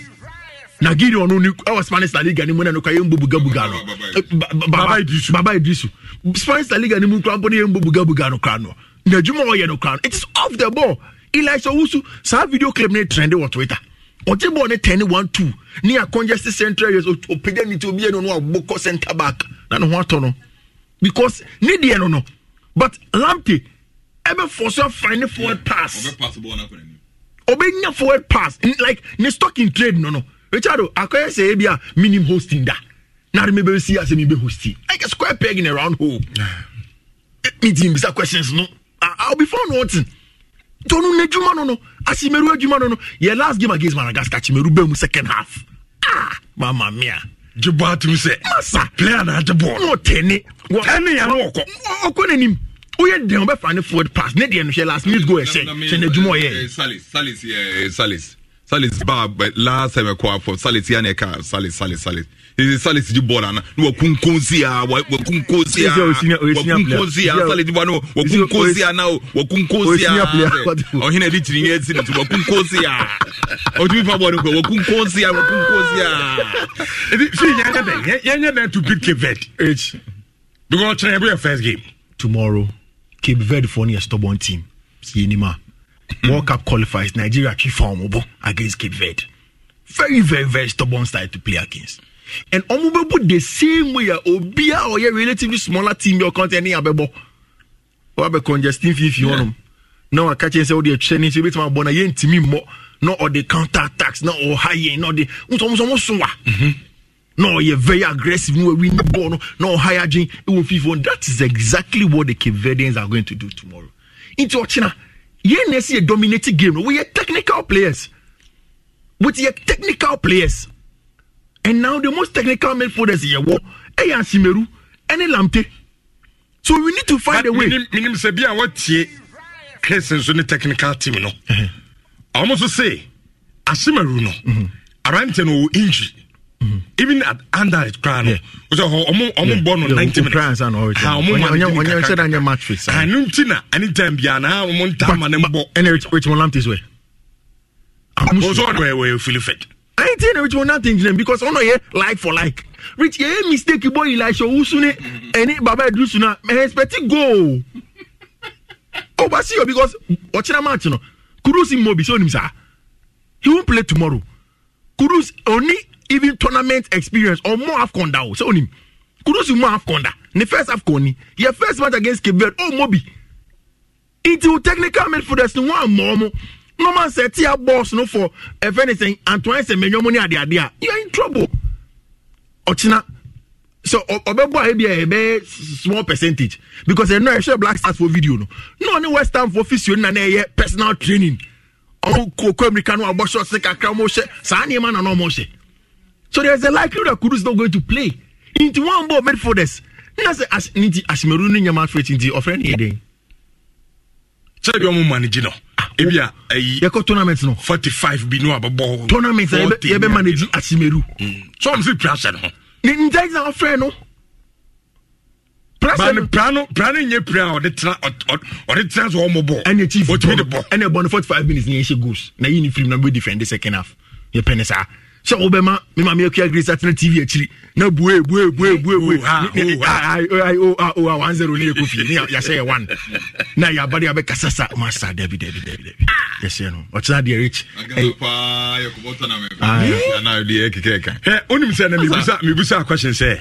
Speaker 2: nigeria ɔno ni ɛwɔ spanish la liga ni mu na no kora yɛn bɔ bugabuga no baba Edisu, baba Edisu. spanish la liga ni mu kora mpɔ ne yɛn bɔ bugabuga no kora no na adwuma ɔyɛ no kora no it is off the ball elisa owusu saa video clip ni trend wɔ twitter ɔte bɔɔl ne ten one two ne akɔnjɛsi central years opagya ne ti obi yɛ no no abɔ kɔ centre back na ne atɔ no because ne deɛ no no but lamptey ɛbɛ fɔsɔ find ne forward pass ɔbɛnya forward pass like ne stock in trade no no richard akɔyɛ sɛ ebi a minim hosting da na de mebe si asɛ mebe hosting ɛyɛ square peg in a round hole meeting bisa questions no i'll be fun wɔntin tɔnu n'edwuma no no asimeru edwuma no no yɛ last game against madagascar chimeru bɛn mu second half ah mama mia jibu atum sɛ masa player na adi bɔɔl n'o tɛ ne ɛni yɛn n'o kɔ ɔkɔ n'anim woyɛ dɛn o bɛ fa ne forward pass ne deɛ no hyɛ last minute goal ɛhyɛ hyɛ n'edwuma ɔyɛ. salis salis eh, salis salis baa last time ɛkɔ afɔ salis yɛ ne ka salis salis salis ɛsɛ salis di bɔɔl ana ne wa kunkun si wa kunkun si wa kunkun si salis di bɔɔl wa kunkun si a na wa kunkun si a ɔhinɛ di tiri yɛ si ne ti wa kunkun si a ɔtumi fa bɔɔl ne ko wa kunkun si a wa kunkun si
Speaker 3: a.
Speaker 2: ebi fi yɛn yɛ bɛ yɛn yɛ bɛ to beat Cape Verde. because ɔkyerɛ yɛ bɛ yɛ first game. tomorrow Cape Verde fɔ ni yɛ stubborn team yɛ ni ma. Mm. World Cup qualifiers, Nigeria achieved formable against Cape Verde. Very, very, very stubborn side to play against. And Omubebu the same way Obia or your relatively smaller team your country abebo. Or be congesting if you want them. Now I catch and say, oh, they're training, so it's my bona, you ain't me more. No, all the counter attacks, no, or high end, or the. mm so. no you're very aggressive no we need ball no no higher it will FIFA that is exactly what the Cape Verdeans
Speaker 3: are going to do tomorrow into Ochina yɛn na ɛsi yɛ dominating game no wɔyɛ technical players with yɛ technical players and now the most technical midfielders yɛ wɔ ɛyɛ asimeru ɛne lamte so we need to find a way.
Speaker 2: minim sɛ bi a wɔtie kese nso ne technical team no mhm. ɔmo nso se asimeru no mhm. aberanteɛ no wɔ injury even at under it cry no sɛ ɔmo ɔmo bɔ no ninety minutes ha ɔmo ma ne dini kakra ano nti na anytime bia na ɔmo nta ama ne mbɔ ɛna richmond lamte sɛ ɔsɔ ɔdɔ ɛwɔ yɛ filifet ɛnti na richmond lamte gyina mu because ɔno yɛ like for like rich yɛ mistake bɔ yi like owusu ne ɛne baba edu su na ah, mɛ expect goal ɔba si yɔ because ɔkyerɛ match no kudus mmobi sɛ onim saa he won play tomorrow kudus oni even tournament experience or more AFCON da o sɛ onim kudusi more AFCON da ne first AFCON ni yɛ first match against Cape Verde oh, o mo bi nti o technical midfielders ni wɔn amɔ ɔmo normal sɛ tia balls no for ɛfɛ ne Antoine Semenyo mo ni adeade a you are in trouble So, sɛ ɔbɛbɔ a ebi a ɛbɛyɛ small percentage because ɛnna ɛhwɛ Black Stars for video no na ɔne West Ham for physio na na ɛyɛ personal training ɔmo kɔ kɔ America no abɔ short kakra ɔmo hyɛ saa nneɛma na na ɔmo hyɛ. So there's a likelihood that Kudu is not going to play. Into one ball for this. Na sɛ as nti asimeru ne nyama afei ti nti ɔfrɛ ne yɛ den. Sɛbi ɔmo manage no. Ebi a ayi. Oh, Yɛkɔ tournament no. Forty five bi mm. n'o abɛbɔ. Tournament na yɛ bɛ manage asimeru. Sɔɔm si tura sɛ no.
Speaker 3: Ne nta yi na ɔfrɛ no.
Speaker 2: Prano prano prano nye pira ɔde tena ɔde tena so ɔmo bɔ. Ɛna ti fi bɔ ɛna bɔ ne forty five minutes ni yɛn se goals na yi ni firim na bɛ defend the second half yɛ pɛ ne saa sɛ wobɛma mema meakua grace atena tv akyiri na bue bue bue bue bue one zero ne yɛkɔ fie ne yɛhyɛ yɛ one <laughs> na yɛaba de abɛkasa sa masa dabi dabi dabi dabi
Speaker 3: yɛsɛ no ɔkyena deɛ rich
Speaker 2: hɛ wonim sɛ na mebusa mebusa question sɛ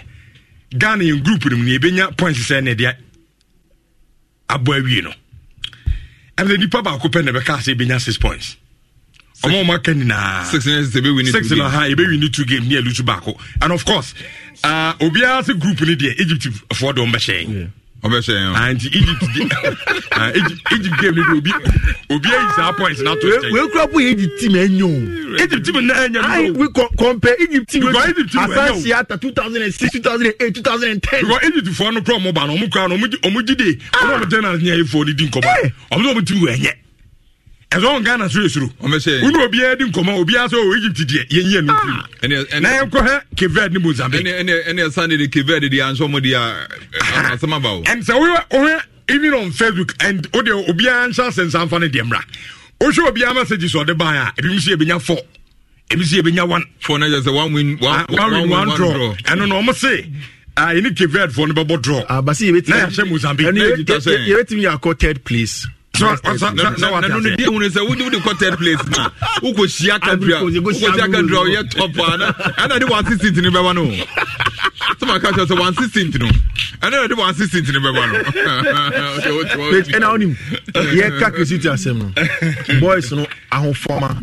Speaker 2: ghana yɛn group no mu ne yɛbɛnya points sɛ ne deɛ abɔ awie no ɛmɛ nipa baako pɛ na bɛka sɛ yɛbɛnya six points ọmọ ọmọ aka nyinaa six na six ebe win six na ha ebe win two game ní ẹlú tu baako and of course Obi obiara sẹ group ni deɛ egypt fọ dɔn bɛ hyɛn ɔbɛ hyɛn o and egypt egypt, egypt game ni de obi obi ayi saa point na to kyɛn. wee kura po egypt team ɛnyɛ o. egypt team na ɛnyɛ o. ayi we compare egypt team with asase ata two thousand and six two thousand and eight two thousand and ten. because egypt fɔ ɔno kura ɔmo ba na ɔmo kura na ɔmo gyi de ɔmo ɔmo jɛn na ɛnyɛ efo ni di nkɔmɔ ɔmo sɛ ɔmo team wɔ ɛnyɛ ɛsɛ wɔn ghana so yɛ soro wone obiara di nkɔmmɔ obiara sɛ ɔ egypt deɛ yɛnyi ano firi na yɛnkɔhɛ keved ne mosambiksane de keved deɛ ansɛ mɔ deɛ asɛm aba wo ɛn sɛ woyɛ wohɛ even on facebook and wode obiara nhyɛ asɛnsamfa no deɛ mmra wohwɛ obiara message sɛ ɔde ban a ebinom sɛ yɛbɛnya fɔ ebi sɛ yɛbɛnya one fɔ no yɛ sɛ one win one, ah, one, win, one, one draw ɛno na ɔmo se ɛne keved fɔ no bɛbɔ draw ah, na yɛahyɛ mosambikyɛbɛtumi yɛakɔ third
Speaker 5: place nanone deɛ hunu
Speaker 2: sɛ wode wode kɔ third place na wokɔhyia country a wokɔhyia country a woyɛ top ana ɛna de one sixteen ne bɛba no sɛma ka kyerɛ sɛ one sixteen oh. <laughs> no ɛne de one sixteen ne bɛba no ɛna wonim yɛka kɛsiti asɛm no boys no ahofɔma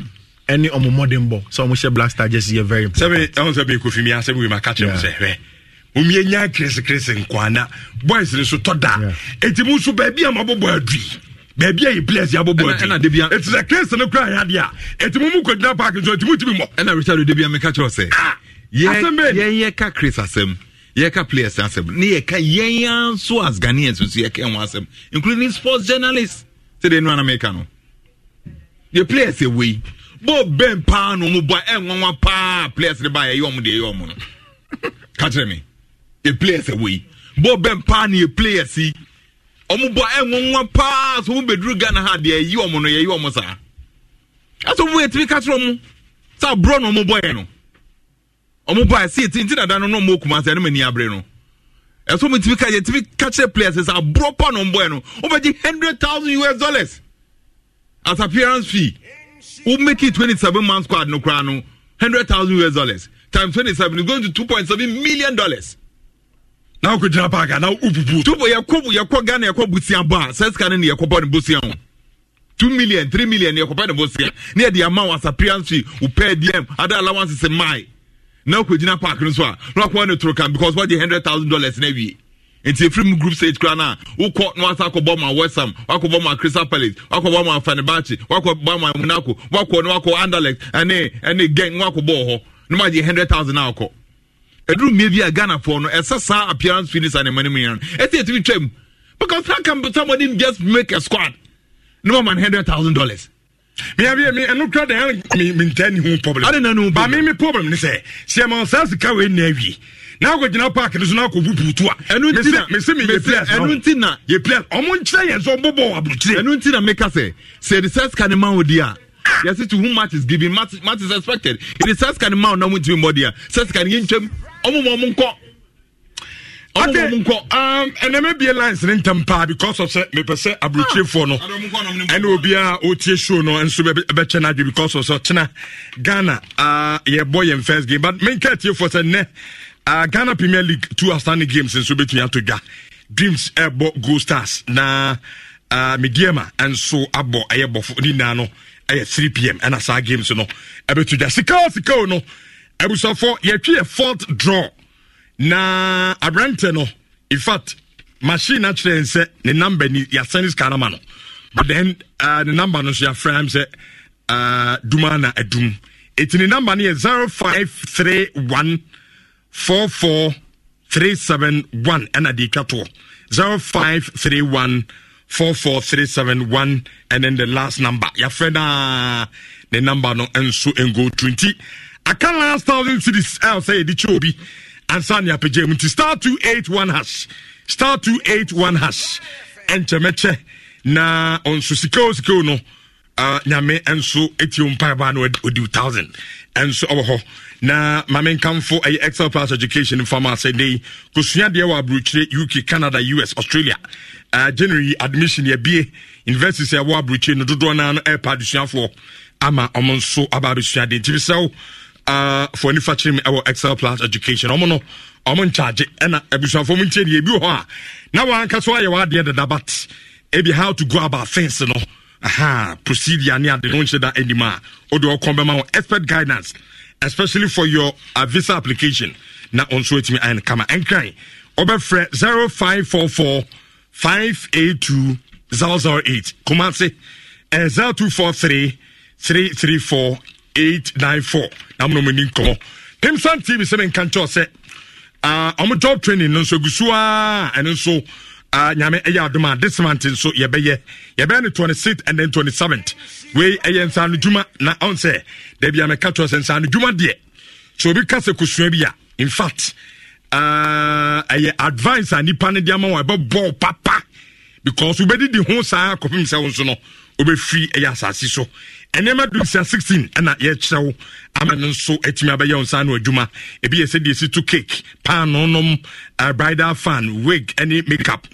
Speaker 2: ɛne ɔmo mmɔden bɔ sɛ ɔmo hyɛ blaster gyesi yɛ very important sɛbi ɛho sɛ bi kofi mi asɛm wi ma ka kyerɛ mo sɛ hwɛ omienya kiresikiresi nkwana boys no so tɔ da eti mu nso baabi a mabɔbɔ adui baabi a yɛ players yɛ abɔbɔ ɛti debia ɛti sɛ case no kura yɛ adeɛ a ɛti mu mu kɔ gyina park nso ɛti mu ti mi mɔ. ɛna richard debia mi ka kyerɛ sɛ yɛn yɛn ka chris asɛm yɛn ka players asɛm ne yɛ ka yɛn yɛn so as ghanaians nso yɛ ka ɛho asɛm including sports journalists sɛdeɛ nua na mi no yɛ players ɛwɔ yi bɔɔl bɛn paa na ɔmo bɔ ɛnwanwa eh, paa players de ba eh, yɛ yɛ ɔmo de yɛ ɔmo no ka kyerɛ mi yɛ players ɛwɔ yi bɔɔl bɛn paa na yɛ players yi ɔmo bɔ ɛnwanwa paa so ɔmo bɛduru ghana ha deɛ ɛyi ɔmo no yɛyi ɔmo saa ɛsɛ ɔmo yɛtumi ka kyerɛ ɔmo sɛ aburo na ɔmo bɔ yɛ no ɔmo bɔ ɛsi eti nti dada no na ɔmo okuma sɛ ɛnum ani abere no ɛsɛ ɔmo yɛtumi ka yɛtumi ka kyerɛ players sɛ aburo pa na ɔmo bɔ yɛ no ɔmo bɛgye hundred thousand us dollars as appearance fee ɔmo make it twenty seven man squad no koraa no hundred thousand us dollars times twenty seven is going to two point seven million dollars na wokɔgyina park ana wopupu tupo yɛkɔ yɛkɔ ghana yɛkɔ bosia bɔ a sɛ sika no ne yɛkɔbɔ ne bosia ho 2 million 3 million ne yɛkɔpɛ ne bosia ne yɛde ama wo asaprianse wo pɛ dm ada allowance sɛ mae na wokɔgyina park no so a na wakɔa ne toro kan because wagye 100000 dollars na awie nti efiri mu group stage kura naa wokɔ na wasa akɔbɔ ma wesam wakɔbɔ ma crystal palace wakɔbɔ ma fanibachi wakɔbɔ ma monaco wakɔ na wakɔ anderlecht ɛne ɛne geng wakɔbɔ hɔ na wagye 100000 na akɔ ɛduru mmea bi a ghana foɔ no ɛsɛ saa appearance feelings a ne ma no mu yɛn ɛsɛ yɛtumi twam because how can somebody just make a squad no more than hundred thousand dollars. mia bi mi ɛnu kura dan mi mi n tɛ ni hu problem. adi na ni hu problem. ba mi mi problem ni sɛ sɛmɔ nsa sika wei na awie n'a ko gyina paaki so n'a ko bubu tu a. ɛnu ti na mesi mi ye players nɔ ɛnu ti na ye players ɔmu n kyerɛ yɛn sɔn bɔbɔ aburukyire. ɛnu ti na mi ka sɛ sɛ research kan ni ma o di a. yasi to whom match is given match match is expected it is sex kan ma o na mu ti mi bɔ di a sex kan ye n twɛmu ɔmo ma ɔmo nkɔ ɔde um, ɛnɛmɛ bie lines ne ntɛm paa because of sɛ mepɛ sɛ aburokyefoɔ no ɛne obiara ɔtie show no nso bɛkyɛ no because of sɛ ɔkyena ghana yɛbɔ yɛn first game but menka atiefoɔ sɛ nnɛ uh, ghana premier league two outstanding games nso bɛtumi ato dwa dreams ɛbɔ gold stars na uh, mediama nso abɔ ɛyɛ bɔfo ne nyinaa no ɛyɛ 3 pm ɛna saa games no ɛbɛto dwa sika o sika no abusafo yɛtwe yɛ fourth draw na aberante no in fact machine na kyerɛ sɛ ne number ni yɛasɛne sika nama no but then uh, ne number no so yɛafrɛ am sɛ uh, duma na adum ɛti ne number no yɛ 0531 44371 ɛna de twa toɔ seven one. and then the last number yɛafrɛ no a ah, ne number no nso ngo twenty aka last thousand series a sɛ yɛde kyɛ obi ansa ne apagya mu nti star 281 hash star 281 hash ɛnkyɛmɛkyɛ na ɔnso sikao sikao no uh, nyame nso ɛtio mpaebaa um no ɔdi 1000 ɛnso ɔwɔ hɔ na mame nkamfo ɛyɛ excel plus education fama sɛ eh, dei kosua deɛ wɔ aburokyire uk canada us australia uh, january admission yɛbie eh, university sɛ eh, ɛwɔ aburokyire no dodoɔ naa no ɛɛpa adesuafoɔ ama ɔmo nso aba abɛsua de nti bi oh, for any factory our excel plus education ɔmo no ɔmo nkyagye ɛna abusuafo mu ntie deɛ ebi wɔ hɔ a na wanka so ayɛ wadeɛ dada but ebi how to go about things no aha procedure ne ade no nhyɛ da anim a ɔde ɔkɔn bɛma wɔn expert guidance especially for your uh, visa application na on etimi ayɛ no kama ɛnkran ɔbɛfrɛ zero five four four five eight two zero zero eight kumase eh, eight nine four na mo na mo ni nkɔmɔ pimsan tv sɛ mi nka nkyɛn sɛ ah, ɔmo job training no nso gu so a ɛno nso ah, nyame ɛyɛ adom this month nso yɛbɛyɛ yɛbɛyɛ no 26th and then 27th wei ɛyɛ nsano dwuma na ɔn sɛ dabi a mɛka kyerɛ sɛ nsano dwuma deɛ so obi ka sɛ kosua bi a in fact ah, ɛyɛ advice a nipa no de ama wɔn ɛbɛbɔ papa because wobɛdidi ho saa akɔfim sɛ wo nso no wobɛfiri ɛyɛ asase so ɛnneɛma du nsia sixteen ɛna yɛkyerɛ wo ama no nso atumi abɛyɛ wo no adwuma ebi yɛ sɛ deɛ ɛsi to cake paano nom uh, bridal fan wig ɛne makeup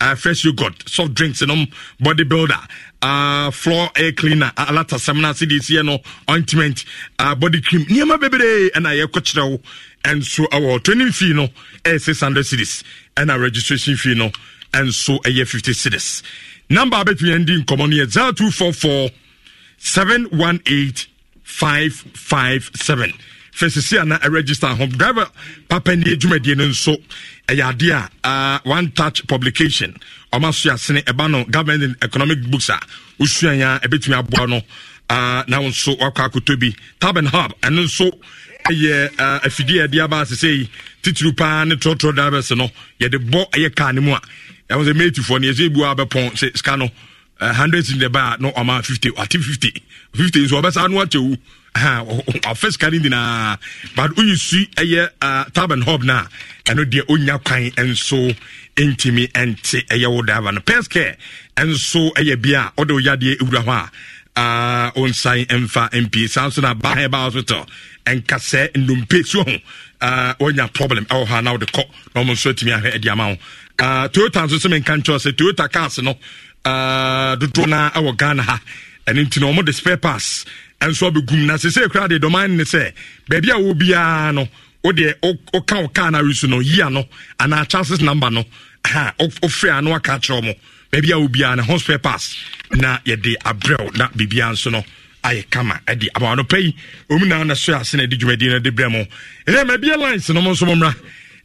Speaker 2: uh, fresh yogurt soft drinks nom body builder uh, floor air cleaner alatasɛm no ase deɛ ɛsiɛ no ointment uh, body cream nneɛma bebree ɛna yɛkɔkyerɛ wo ɛnso ɛwɔ training fee no ɛyɛ six hundred cities ɛna registration fee no ɛnso ɛyɛ fifty cities number abɛtumi ɛndi nkɔmmɔ no yɛ zero two four four seven one eight five five seven fɛsisi ana ɛregister e home driver papa ni edwumadie no nso ɛyɛ e adeɛ a one touch publication ɔmo aso asene ɛba e no government and economic books a osua ya ɛbɛtumi aboa no na nso wakɔ akoto bi taben hub ɛno nso ɛyɛ afidie a yɛde aba asese yi titiri paa ne trɔtrɔ drivers no yɛde bɔ ɛyɛ kaa ne mu a ɛwɔ sɛ meetifoɔ no yɛsɛ ebi wɔ abɛpɔn sɛ sika no. Eh, hundred in the bar no ɔma fifty ati fifty fifty nso ɔbɛsa anu akyɛw ɔfɛ sika ni nyinaa but oyi si ɛyɛ tab and hob na ɛno deɛ onya kwan nso ntumi nte ɛyɛ wo dava no pɛskɛ nso ɛyɛ bia ɔde oyadeɛ ewura hɔ a ɔnsan mfa mpi saa nso na bahan ba hospital nkasɛ nnompe so ho ɔnya uh, problem ɛwɔ hɔ a na ɔde kɔ na ɔmo nso atumi ahwɛ ɛde ama ho toyota nso sɛ menka nkyɛw sɛ toyota cars no. Ah, dodoɔ naa ɛwɔ ghana ha ɛno nti no ɔmode spare pass ɛnso abɛgum na sesei kora de dɔman ne sɛ beebi a w'obiaa biara no wodeɛ ɔka wo kaa no awe no yia no anaa chances number no wofrɛ a no aka a w'obiaa no ho spare pass na yɛde abrɛw na biribiara nso no ayɛ kama ɛde abawa no pɛyi ɔmu na na so ase na ɛde dwumadi no de brɛ mo ɛnɛ ma bia lines no mo nso mommra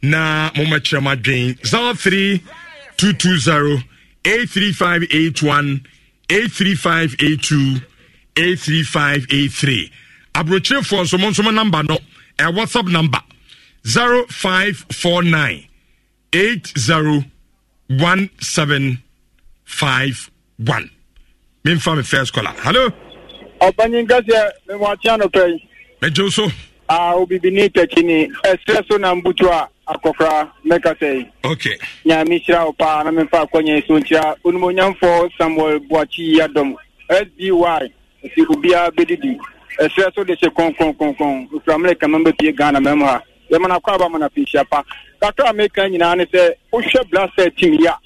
Speaker 2: na mommɛkyerɛ mo adwen 03 220 83581 83582 83583 aburokyerefoɔ nsomonsomo namba no ɛ whatsapp number 0549 801751 memfa me first caller hello ɔbanyin me mewɔ akyea nɔpɛ yi megyew so a obibi ne tɛkyi ni ɛsrɛ so na mbutu a
Speaker 3: akɔkora mɛka sɛ okay. nyame hyira wo paa na memfa akɔnyɛ so nkyira onumonyamfoɔ samuel boakyi yi adɔm sby ɛsi obiaa bɛdidi ɛsrɛ
Speaker 2: so de hyɛ kɔnkɔnkɔnkɔn ofura mmerɛ kama mbɛpie ghana mam ha yɛmana kɔ aba mana pinhyia pa kakra a meka nyinaa ne sɛ wohwɛ blaster team yi a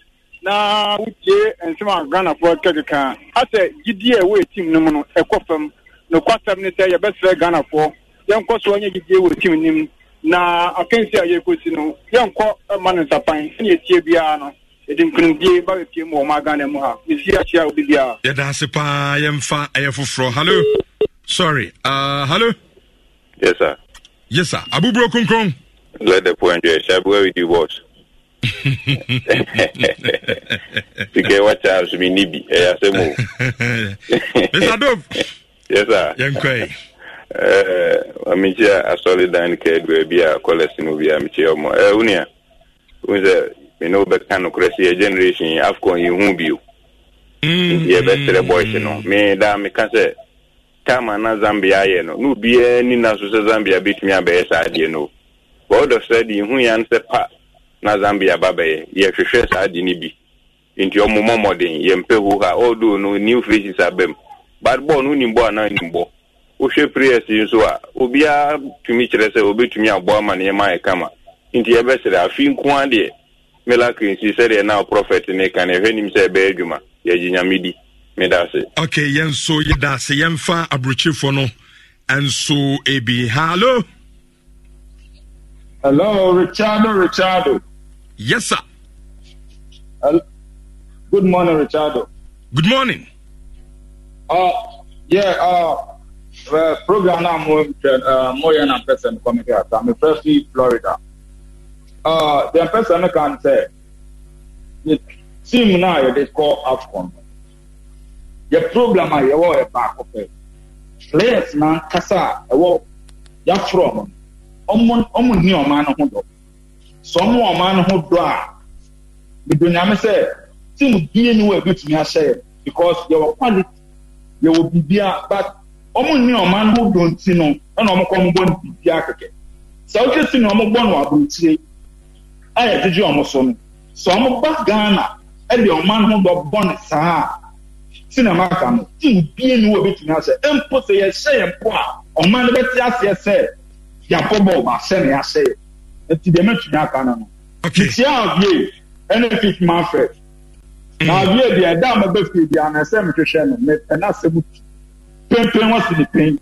Speaker 2: na wotie nsɛm a ghanafoɔ kɛkekaa asɛ gyidie a ɛwɔ yɛ team no mu no ɛkɔ fam nokwasɛm ne sɛ yɛbɛsrɛ ghanafoɔ yɛnkɔ so ɔnyɛ gyidie wɔ tim nim na akansi a yɛkɔsi no yɛnkɔ ma no nsapan sɛne yɛtie biara no yɛde nkonimdie ba bɛpie mu wɔ ma ghana mu ha mesi akyea wobi ha. yɛda ase paa yɛmfa ɛyɛ foforɔ hallo sorry uh, hallo yes sir yes sir abuburo konkron let the point there shabu with you boss wacha mr dove yes sir mekyia asɔredan no kaa dua bi a kɔlɛse no bi a mekyia ɔmɔ wonua wu sɛ mene wobɛka nokorɛ sɛ yɛ generation yi afcon yi hu bio nti yɛbɛserɛ boys no me daa meka sɛ tama na zambia ayɛ e no na obiaa ni na so sɛ zambia bɛtumi abɛyɛ saa deɛ no wɔɔdɔ sɛ de hu ya no sɛ pa na zambia ba bɛyɛ yɛhwehwɛ saa de no bi nti ɔmomɔmɔden yɛmpɛ ho ha ɔdo no new faces abam but bɔɔ no wonim bɔ anaa nim bɔ wohwɛ prayers yi nso a obiara tumi kyerɛ sɛ obɛtumi aboa ma nneɛma yɛ kama nti yɛbɛsrɛ afi nko a deɛ melacle nsi sɛdeɛ na prɔfɛt ne ka ne ɛhwɛ nim sɛ ɛbɛyɛ adwuma yɛgye nyame di meda ase ok yɛn nso yɛda ase yɛmfa aburokyifoɔ no ɛnso ebi hallo hello richardo richardo yes sir hello. good morning richardo good morning uh, yeah uh, Well, program na mo eh, eh, mo yɛ na mpɛsɛ no kɔmɛkɛ ata me fɛ fi florida deɛ mpɛsɛ no kan sɛ team na yɛde kɔ afcon yɛ program a yɛwɔ yɛ baako pɛ players na nkasa a ɛwɔ yɛaforɔ no ɔmo ɔmo ni ɔman no ho dɔ sɛ ɔmo ɔman no ho dɔ a bidu nyame sɛ team bie ni wɔ ebitumi ahyɛ yɛ because yɛwɔ quality yɛwɔ biribi a but ɔmo ne ɔman ho donti no ɛna ɔmo kɔ ɔmo bɔ no bibi akɛkɛ sɛ ɔkye si ne ɔmo bɔ no aburukyire a yɛgyegye ɔmo so no sɛ ɔmo ba ghana ɛde ɔman ho bɔ bɔ no saa si na maka no tin bie ni wo betumi asɛ mpo sɛ yɛhyɛ yɛn po a ɔman no bɛte aseɛ sɛ yabɔ bɔ ɔba ahyɛ ne ahyɛ yɛ ɛti deɛ mɛtumi aka no no titia avie ɛna fit manfred na avie deɛ ɛda a mɛbɛ fie bi a na ɛsɛ mehwehwɛ no ɛna asɛ mu tu pɛmpɛn wasi ne pɛn.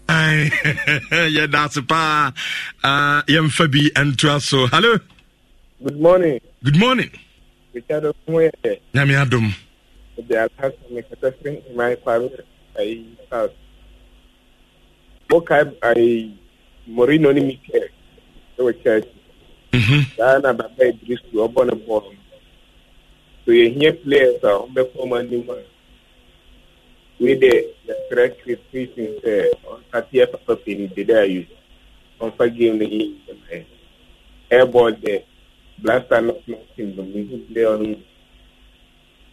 Speaker 2: yɛ daase paa yɛn fa bi ntoa so hello. good morning. good morning. richard okunwe yɛ. nyame adum. ɛdi ata mi kata fi maa ipa ayi pass. mo ka ayi morino ni mi kɛ ɛwɔ church. saa na
Speaker 6: baba idris ɔbɔ ne bɔɔl so yɛ hiɛ players a ɔbɛ fɔm anim a. wede yɛsrɛ kristisin sɛ ɔnkateɛ papa pini dede ayi ɔmfa game no yi ɛmɛ ɛbɔ de
Speaker 5: blasta no tim no mu de ɔno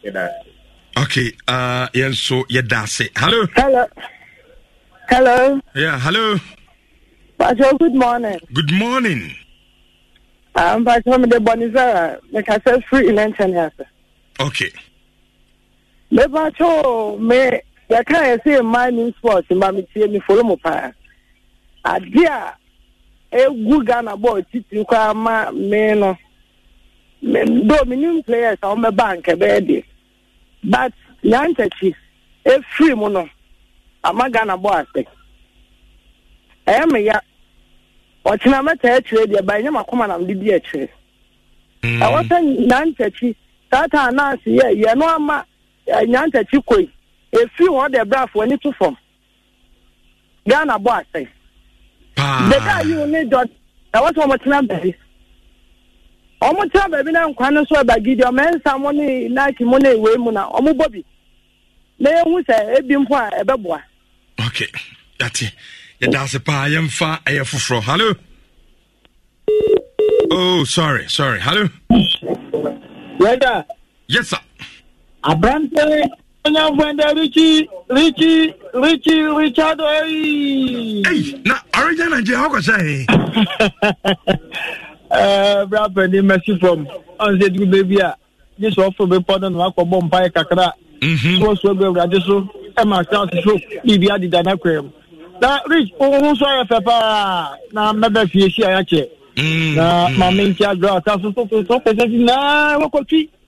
Speaker 5: yɛda ase
Speaker 2: okay uh, yɛn nso yɛda ase hello
Speaker 5: hello hello yeah hello
Speaker 2: Pacho, good morning. Good morning. Um, Pacho, me
Speaker 3: de Bonizera, uh, me kase free in Antenna. Okay. Me Pacho, me yɛka yɛ sɛ mining sport mma metie meforo mu paa ade a ɛgu ghana bɔɔl titiri koraa ma me no do menim players a wɔmɛba anka bɛyɛ de but nyantakyi ɛfiri mu no ama ghana bɔɔl asɛ ɛyɛ me ya ɔkyena mɛta akyerɛ deɛ ba ɛnyɛ makoma na mede di akyerɛ mm. ɛwɔ sɛ nyantakyi saa taa naase yɛ yɛ no ama eh, nyantakyi kɔi efi hɔ de ɛbra afɔ ani to fam ghana bɔ asɛ deka yi wo ne dɔ ɛwɔ sɛ ɔmo tena baabi ɔmo tena na nkwa no nso ɛba gidi ɔmo nsa mo ne nike mo ne ewe mu na ɔmo bɔ bi na ehu sɛ ebi mpo a ɛbɛboa.
Speaker 2: ok yati yɛda ase paa fa ɛyɛ foforɔ hallo oh sorry sorry hallo.
Speaker 3: yɛda. yes sir. aberanteɛ. nya vwende Richie, Richie, Richie, Richard, hey!
Speaker 2: na origin Nigeria, how can I Eh, brapa ni Messi from, on said you baby, ah, this one for me, pardon, wako bom pae kakra, so so be wrade so, e ma chance so, bibi adi dana Na, Rich, ohun so ya fepa, na mebe fie si ayache, na mami nkia dra, ta so so so so, si na, wako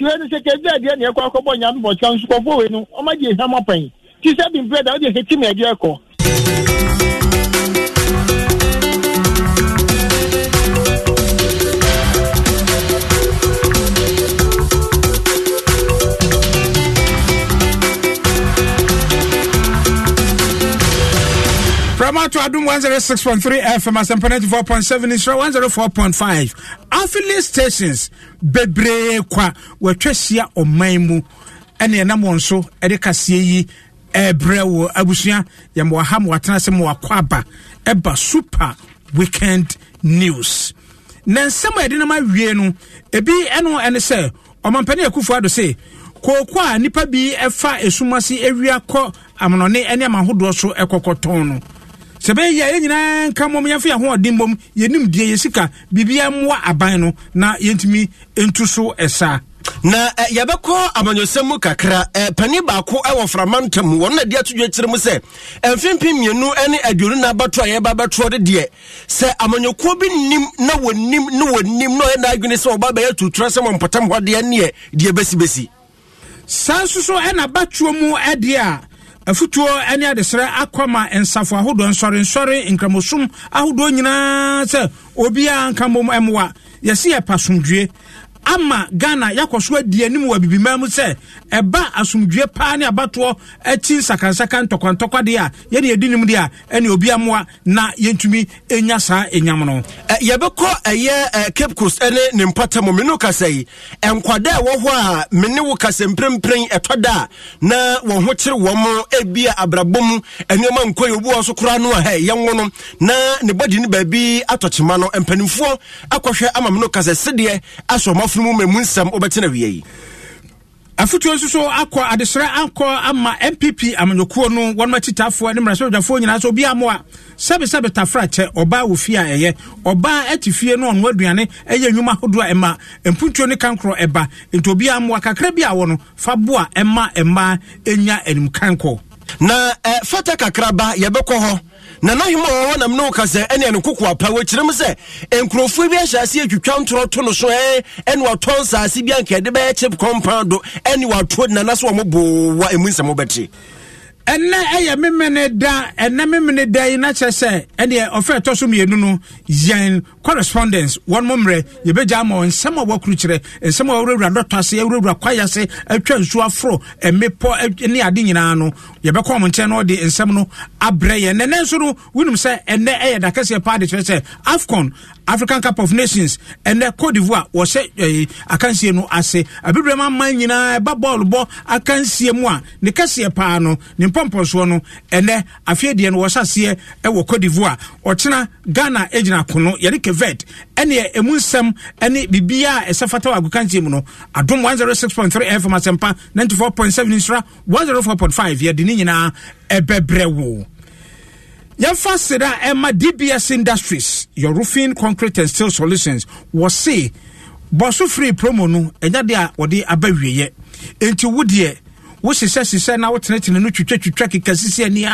Speaker 3: tiwe no sɛ kɛdi adeɛ ne ɛkɔ akɔbɔ nyame bɔnkyɛ nsokɔfoɔ wei no ɔmagye ɛhwam apɛn ti sɛ bi da wode hɛtim adeɛ kɔ
Speaker 6: Ramato Adum 106.3 FM asɛmpa 94.7 Isra 104.5 Affiliate stations bebree kwa wɔatwa hyia ɔman mu ɛne ɛnam wɔn so ɛde kaseɛ yi ɛbrɛ wɔ abusua yɛmma wɔha ma wɔatena sɛ ma wakɔ aba ɛba super weekend news na nsɛm a yɛde nam awie no ebi ɛno ɛne sɛ ɔmampani akufo ado se kooko a nipa bi ɛfa esumasi ewia kɔ amanɔne ɛne amahodoɔ so ɛkɔkɔtɔn no sɛ bɛyɛ yɛ nyinaa nka mmom yɛmfa yɛn ho ɔden mmom yɛnim deɛ yɛsika biribiaa mmoa aban no na yɛntumi ntu so ɛsaa
Speaker 3: na eh, yɛbɛkɔ amanyɔsɛm mu kakra eh, pani baako ɛwɔ eh, frama ntam mu na de ato dwa kyerɛ mu sɛ mfempe mmienu ne aduonu no abɛto a yɛba bɛtoɔ de deɛ sɛ amanyɔkuo bi nnim na wɔnim na wɔnim na ɔyɛ naadwene sɛ wɔba bɛyɛ tutura sɛ wɔmpɔtam hɔ deɛ neɛ deɛ besibesi. saa nso so ɛna batoɔ mu ɛdeɛ a
Speaker 6: afutuo ne adesrɛ akɔ ma nsafo ahodoɔ nsɔrensɔre nkramosom ahodoɔ nyinaa sɛ obiara nka mmom mmoa yɛsi yɛpa somdue ama ghana yɛakɔ so adi anim wɔ abibima mu sɛ ɛba asomdwe paa ne abatoɔ akyi nsakansaka ntɔkwantɔkwa deɛ a yɛne yɛdi nim deɛ a ɛne obi amoa na yɛntumi ɛnya saa
Speaker 3: ɛnyam no yɛbɛkɔ ɛyɛ cape coast ne ne mpata mu mene kasa yi ɛnkwada a ɛwɔ hɔ a mene wo kasa mprempren ɛtɔ da a na wɔn ho kyere wɔ m ɛbi a abrabɔ mu nneɛma nkɔ obi wɔ so koraa no a hɛ yɛnwo no na ne bɔdi ne baabi atɔkyema no mpanimfoɔ akɔhwɛ ama mene kasa sedeɛ asɔ playoff no mu ma mu nsɛm wobɛtena wie yi afotuo nso so akɔ adesrɛ akɔ ama mpp
Speaker 6: amanyɔkuo no wɔnom atitafoɔ ne mmarasɛdwafoɔ nyinaa sɛ obiaa mmoa sɛbesɛbe tafrakyɛ ɔbaa wɔ fie a ɛyɛ ɔbaa ate fie no ɔno aduane ɛyɛ nnwuma ahodoɔ a ɛma mpuntuo ne kankorɔ ɛba nti obiaa mmoa kakra bi a wɔ no fa boa ɛma ɛmmaa ɛnya animkankɔ
Speaker 3: na ɛfata eh, kakraba yɛbɛkɔ hɔ nana hema wɔwɔ nam ne woka sɛ ɛne ɛne koko apa wɔkyerɛ m sɛ nkurɔfoɔ bi ahyɛ ase atwitwa ntorɔ to no so ɛn ɛne watɔ nsase bi anka ɛde bɛyɛ chip compound ɛne watuo nana so wɔmo boowa ɛmu nsɛm wobɛte
Speaker 6: ɛnɛ ɛyɛ memene da ɛnɛ memene da yi na kyerɛ sɛ ɛdeɛ ɔfɛ ɛtɔ so no yɛn correspondence wɔn mo mmerɛ yɛbɛgya ama wɔn nsɛm a wɔkuru kyerɛ nsɛm a wɔwurawura dɔtɔ ase awurawura kwaya ase atwa nsu aforo mmepɔ ne ade nyinaa no yɛbɛkɔ wɔn nkyɛn na wɔde nsɛm no abrɛ yɛn nɛnɛ nso no wunim sɛ ɛnɛ ɛyɛ dakɛseɛ paa kyerɛ sɛ afcon african cup of nations ɛnɛ cote divoire wɔhyɛ ɛɛ akansie no ase abibire mu aman nyinaa ɛba bɔɔlu bɔ akansie mu a ne kɛseɛ paa no ne mpɔmpɔsoɔ no ɛnɛ afei deɛ no wɔhyɛ aseɛ ɛwɔ cote divoire ɔkyena ghana egyina kono yɛde k kevet ɛne ɛmu nsɛm ɛne biribia a ɛsɛ fata wɔ agokantie mu no adom 106.3 fm asɛmpa 94.7 nsra 104.5 yɛde ne nyinaa ɛbɛbrɛ wo yɛmfa sere a ɛma dbs industries your roofing concrete and steel solutions wɔ se bɔso firi promo no ɛnya de a wɔde aba wieɛ enti wo deɛ wo sisɛ sisɛ na wotenetene no twitwatwitwa keka sisi ani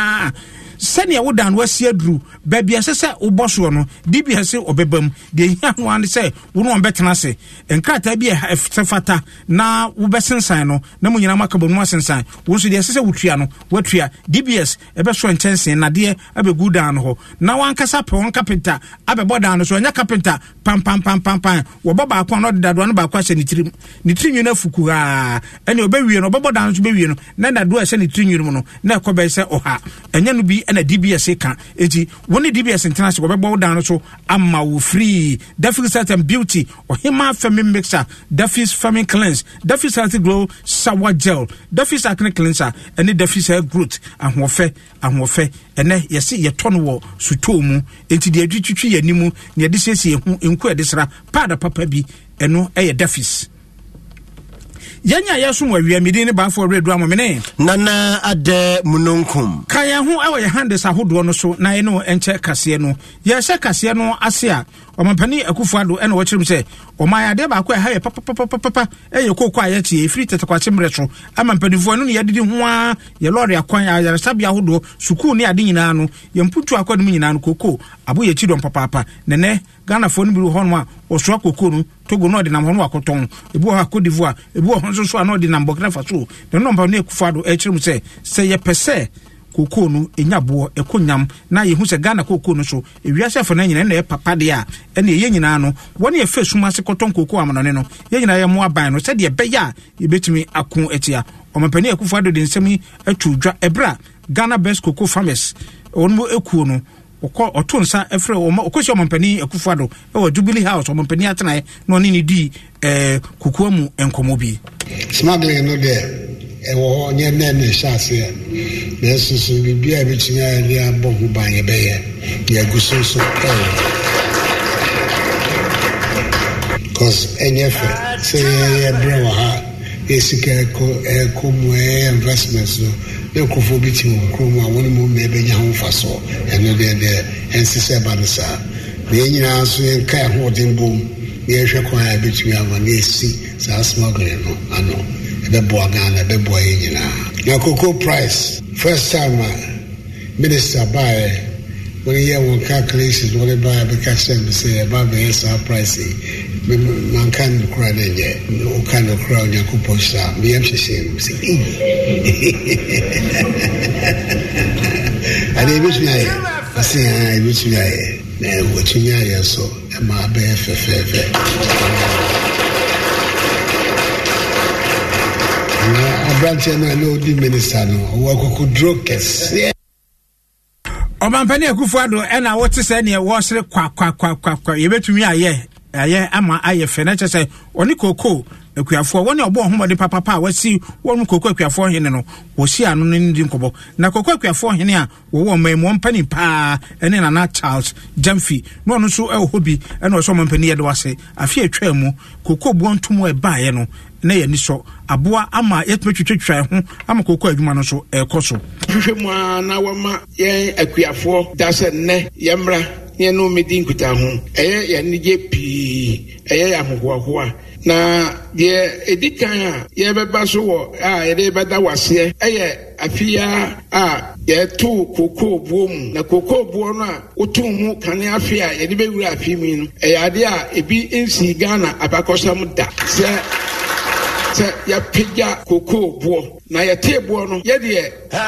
Speaker 6: sɛnea woda no wasi aduru baabi ɛsɛ sɛ wobɔ soɔ no dibia sɛ ɔbɛba mu deɛ ɛhia ho ane sɛ wo ne ɔbɛtena ase nkrataa bi ɛsɛ fata na wobɛsensan no na mu nyinaa maka bɔ mu asensan wo nso deɛ ɛsɛ sɛ wotua no woatua dbs ɛbɛsɔ nkyɛnsee nadeɛ abɛgu dan no hɔ na wankasa pɛ wɔn kapenta abɛbɔ dan no so ɔnyɛ kapenta pampampampampan wɔbɔ baako a na ɔde dadoa no baako ahyɛ ne tirim ne tirinwi no afu kuhaa ɛne ɔbɛwie no ɔbɛbɔ dan no so bɛwie no na dadoa ɛhyɛ ne tirinwi no mu no na ɛkɔ bɛyɛ sɛ ɔha ɛnyɛ no bi ɛna dbs ka eti wɔn ne dbs international wɔbɛbɔ ɔdan no so ama wo free daffy's health and beauty ɔhema fɛmi mixer daffy's fɛmi cleanse daffy's health glow shower gel daffy's acne cleanser ɛne daffy's hair growth ahoɔfɛ ahoɔfɛ ɛnɛ yɛsi yɛtɔ no wɔ sutoo mu eti deɛ ɛdi twitwi yɛ anim yɛde siesie ho nku yɛde sra paada papa bi ɛno ɛyɛ daffy's yɛnyɛ a yɛsom awia medin ne baafo werɛ adua momene nana adɛ munonkum ka yɛn ho ɛwɔ yɛ handes ahodoɔ no so na ɛne ɛnkyɛ kaseɛ no yɛhyɛ kaseɛ no ase a ɔmampani akufo ado ɛna wɔkyerɛ mu sɛ ɔman adeɛ baako a ɛha yɛ papapapapa ɛyɛ kooko a yɛte ɛfiri tɛtɛkwakye mmerɛ so ama mpanimfoɔ no ne yɛdede ho a yɛ lɔre akwan ayaresabea ahodoɔ sukuu ne ade nyinaa no yɛmputu akɔ no mu nyinaa no kooko abo yɛ kyi dɔm papaapa nenɛ ghanafoɔ no bi wɔ hɔnom a ɔsoa kooko no togo na ɔde nam hɔ no wakɔtɔn ebi wɔ hɔ akodivoa ebi wɔ hɔ nso so a na ɔde nam bɔkina fa so na nnɔmpa no akufo ɛkyerɛ mu sɛ sɛ yɛpɛ sɛ kookoo no ɛnya boɔ ɛkɔ nyam na yɛhu sɛ ghana kookoo no so ewiase afɔ no nyina ɛna ɛyɛ papa deɛ a ɛne ɛyɛ nyinaa no wɔne yɛfɛ sum ase kɔtɔn kookoo amanɔne no yɛn nyinaa yɛmmoa ban no sɛdeɛ ɛbɛyɛ a yɛbɛtumi ako atia ɔmapanin akufo ado de nsɛm yi atwo dwa ɛberɛ a ghana best cocoa farmers wɔn mu ekuo no wɔkɔ ɔto nsa ɛfrɛ wɔma ɔkɔsi ɔmampani akufo ado ɛwɔ jubilee house ɔmampanin atenae na ɔne ne dii ɛɛ kukua mu
Speaker 4: nkɔmmɔ bi. smuggling no deɛ ɛwɔ hɔ nyɛ nɛɛ ne ɛhyɛ aseɛ na ɛso so biribi a ɛbɛtumi ayɛ de abɔ ho ban yɛbɛyɛ yɛagu so so ɛwɔ cause ɛnyɛ fɛ sɛ yɛyɛ brɛ wɔ ha yɛ sika ɛkɔ ɛkɔ mu ɛyɛ investment so ne bi tim wɔ kurom a wɔn mu mmaa bɛnya ho mfasoɔ ɛno deɛ deɛ ɛnsesɛ ba no saa na yɛn nyinaa nso yɛnka ɛhoɔden bom na yɛhwɛ kwan a yɛbɛtumi ama na yɛsi saa smuggling no ano ɛbɛboa ghana ɛbɛboa yɛn nyinaa na koko price first time a uh, minister baeɛ wɔreyɛ wɔn calculations wɔde ba abɛka kyerɛ mi sɛ ɛba abɛyɛ saa price yi manka no <laughs> kora ah, no nyɛ woka
Speaker 5: no kora onyankopɔn hyira a meyam hyehyɛ no sɛ ade ɛbɛtumi ayɛ ɔse a ɛbɛtumi ayɛ na wɔtumi ayɛ so ɛma abɛyɛ fɛfɛɛfɛ
Speaker 4: aberanteɛ no a na ɔdi minista no ɔwɔ akokoduro
Speaker 6: kɛseɛ ɔmampani akufo ado ɛna wote sɛ neɛ wɔsere kwakwakwakwakwa yɛbɛtumi ayɛ ayɛ ama ayɛ fɛ na sɛ ɔne koko akuafoɔ wɔne ɔbɔ ɔhomɔde papaapa a wasi wɔn koko akuafoɔ hene no wɔsi ano no ne di nkɔbɔ na koko akuafoɔ hene a wɔwɔ ɔman mu ɔmpani paa ɛne nana charles jamfi na ɔno nso ɛwɔ hɔ bi ɛna ɔsɛ ɔmampani yɛde wase afei mu koko na yɛni sɔ aboa ama yɛtumi twitwitwa ho ama koko adwuma no so ɛrekɔ so.
Speaker 4: hwehwɛ mu a na wama yɛn akuafoɔ da sɛ nnɛ yɛmmra ne yɛn no di nkuta ho ɛyɛ yɛn anigye pii ɛyɛ yɛ ahohoahoa na deɛ ɛdi kan a yɛbɛba so wɔ a yɛde bɛda waseɛ ɛyɛ afia a yɛtoo kokoobuo mu na kokoobuo no a wotoo mu kane afe a yɛde bɛwura afe mu no ɛyɛ adeɛ a ebi nsii ghana abakɔsɛm da sɛ sɛ yɛpagya koko boɔ na yɛtee boɔ no yɛdeɛ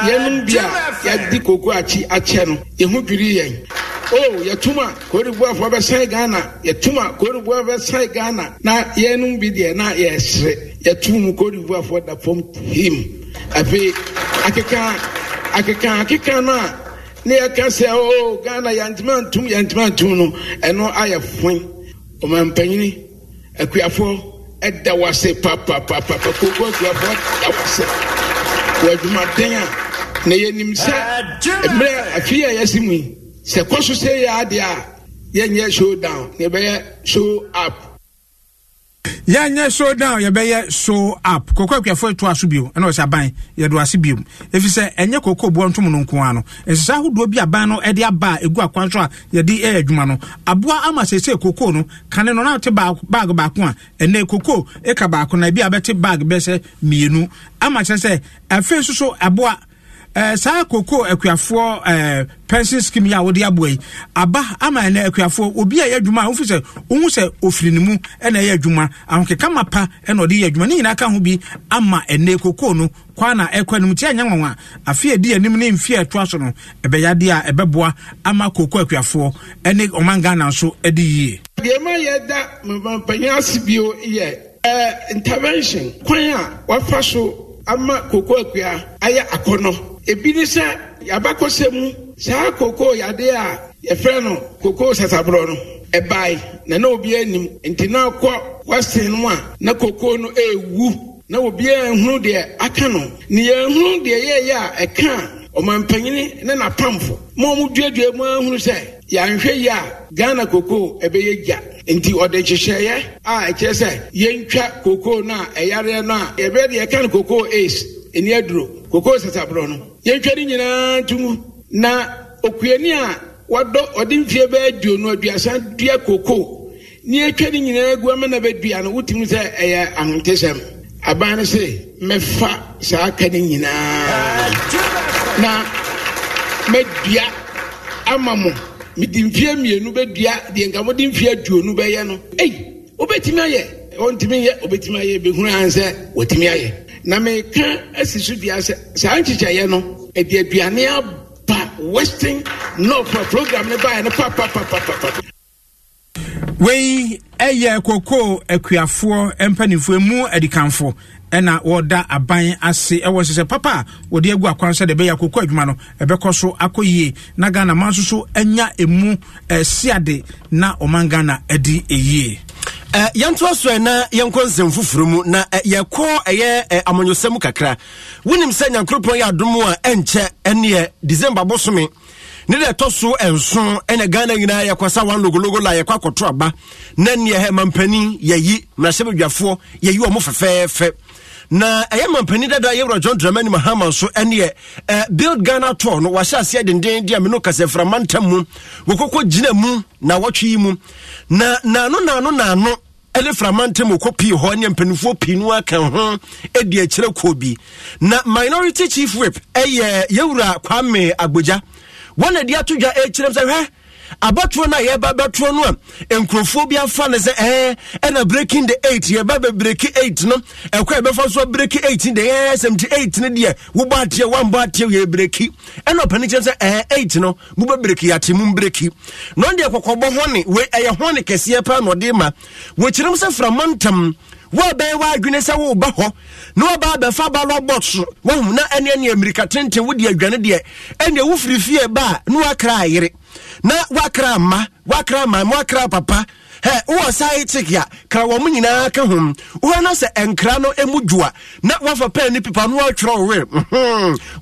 Speaker 4: yɛnom bi a yɛde kokoo akyi akyɛ no yɛho dwirii yɛn o yɛtum a koribuafoɔ bɛsɛe ghana yɛtum a koribuafoɔ bɛsɛe ghana na yɛnom bi deɛ na yɛresere yɛtum mu koribuafoɔ da fam him afei akeka akeka akeka no a ne yɛka sɛ o ghana yɛntuma ntum yɛntuma ntum no ɛno ayɛ foe ɔmampanyini akuafoɔ ɛda wase papapapa kokoa duafoɔ da wase wɔ adwumaden a na yɛnim sɛ mmerɛ afi a yɛsi mu yi sɛ kɔ so yɛ adeɛ a yɛnyɛ show down na yɛbɛyɛ show up yɛnyɛ show down yɛbɛyɛ
Speaker 6: show up koko akuafo ɛto aso bio ɛna ɔsɛ aban yɛde ase bio ɛfiri sɛ ɛnyɛ koko boɔ ntom no nko a no ɛsesa ahodoɔ bi aban no ɛde aba a ɛgu akwan so a yɛde ɛyɛ adwuma no aboa ama sɛsɛ koko no kane no na wote baag baako a ɛnɛ kokoa ɛka baako na ebi a bɛte baag bɛsɛ mmienu ama kyerɛ sɛ afei nso so aboa saa koko akuafoɔ pension scheme yi a wɔde aboa yi aba ama ɛnɛ akuafoɔ obi a ɛyɛ adwuma a wofu sɛ wohu sɛ ofiri ne mu ɛna ɛyɛ adwuma ahokeka ma pa ɛna ɔde yɛ adwuma ne nyinaa ka ho bi ama ɛnɛ koko no kwa na ɛkɔ anim nti ɛnyɛ nwanwa afe a ɛdi anim ne mfe a ɛtoa so no ɛbɛyɛ adeɛ a ɛbɛboa ama koko akuafoɔ ɛne ɔman ghana nso ɛde yie
Speaker 4: deɛ ma yɛda mampanyin ase bio yɛ intervention kwan a wafa so ama koko akua ayɛ akɔnɔ ebi ne sɛ yɛabakɔsɛ mu saa koko yadeɛ a yɛfrɛ no koko sasaborɔ no ɛbae na na obiara nim nti na akɔ wasen no mu a na koko no ewu na obiara nhunu deɛ aka no ne yɛnhunu deɛ yɛyɛ a ɛka a na ne n'apamfo ma ɔmo duadua mu ahunu sɛ yɛanhwɛ yi a ghana koko ɛbɛyɛ gya nti ɔde hyehyɛeɛ a ɛkyerɛ sɛ yɛntwa kokoo no a ɛyareɛ no a yɛbɛyɛ deɛ yɛka no kokoo ace ɛni aduro kokoo sasaborɔ no yɛntwa no nyinaa nto mu na okuani a wadɔ ɔde mfie bɛyɛ duonu aduasa dua kokoo ne yɛtwa no nyinaa gu ama na bɛdua no wotumi sɛ ɛyɛ ahontesɛm aban no se e mɛfa saa ka no nyinaa na mɛdua ama mo mede mfie mmienu bɛdua deɛ nka mode mfie aduonu bɛyɛ no ei wobɛtumi ayɛ ɔntumi yɛ wobɛtumi ayɛ bɛhunu an sɛ watumi ayɛ na meka asi so dua sɛ saa nkyekyɛeɛ no ɛde aduane aba western north program no baeɛ no papapapapapa
Speaker 6: wei ɛyɛ kokoo akuafoɔ mpanimfoɔ mu adikanfoɔ ɛna wɔda aban ase ɛwɔ sɛ sɛ papa a wɔde agu akwan sɛ de ɛbɛyɛ akɔkɔ adwuma no ɛbɛkɔ so akɔ yie na ghana ma nso so anya ɛmu ɛsiade
Speaker 3: na ɔman ghana adi ɛyie Uh, yɛntoa so na yɛnkɔ nsɛm foforɔ mu na uh, yɛkɔ ɛyɛ uh, amanyɔsɛm kakra wonim sɛ nyankoropɔn yɛ adom a ɛnkyɛ ɛneɛ december bosome ne deɛ ɛtɔ so nson ɛna ghana nyinaa yɛkɔsa wan logologo la yɛkɔ akɔto aba na neɛ hɛ mampanin yɛyi mmarahyɛbadwafoɔ yɛyi ɔmo fɛfɛɛfɛ na ɛyɛ mampani dada yɛwura john dramani mahama nso ɛneɛ ɛ build ghana tour no wahyɛ aseɛ denden de a meno kasaframa ntam mu wɔkɔkɔ gyina mu na wɔtwe yi mu na naano naano naano ɛne framantam wɔkɔ pii hɔ ne mpanimfoɔ pii no aka ho ɛdi akyerɛ kɔɔ bi na minority chief whip ɛyɛ yɛwura kwame agbogya wɔn adi ato dwa ɛkyerɛm sɛ hwɛ abatoɔ no a yɛba bɛtoɔ no a nkurɔfoɔ bi afa no sɛ ɛɛ ɛna breaking the eight yɛba bɛbreki eight no ɛkɔ yɛbɛfa so breki eight de ɛɛ seventy eight no deɛ wobɔ ateɛ wambɔ ateɛ yɛ breki ɛna ɔpani kyerɛ sɛ ɛɛ eight no mobɛbreki yɛate mu mbreki na ɔdeɛ kɔkɔbɔ hɔne wei ɛyɛ hɔne kɛseɛ paa na ɔde ma wɔkyerɛm sɛ frama ntam wɔbɛn wɔ adwene sɛ wɔreba hɔ na wɔba abɛfa ballot box wɔhum na ɛne ne mmirika tenten wode adwane deɛ ɛne wo firi fie ba a na wakra ayere na wakra ma wakra ma ma wakra papa hɛ wowɔ sae chick a ka wɔ mo nyinaa ka hom wohɔ no sɛ ɛnkra no mu dwoa na woafa pɛn ne pipa no woatwerɛ wo were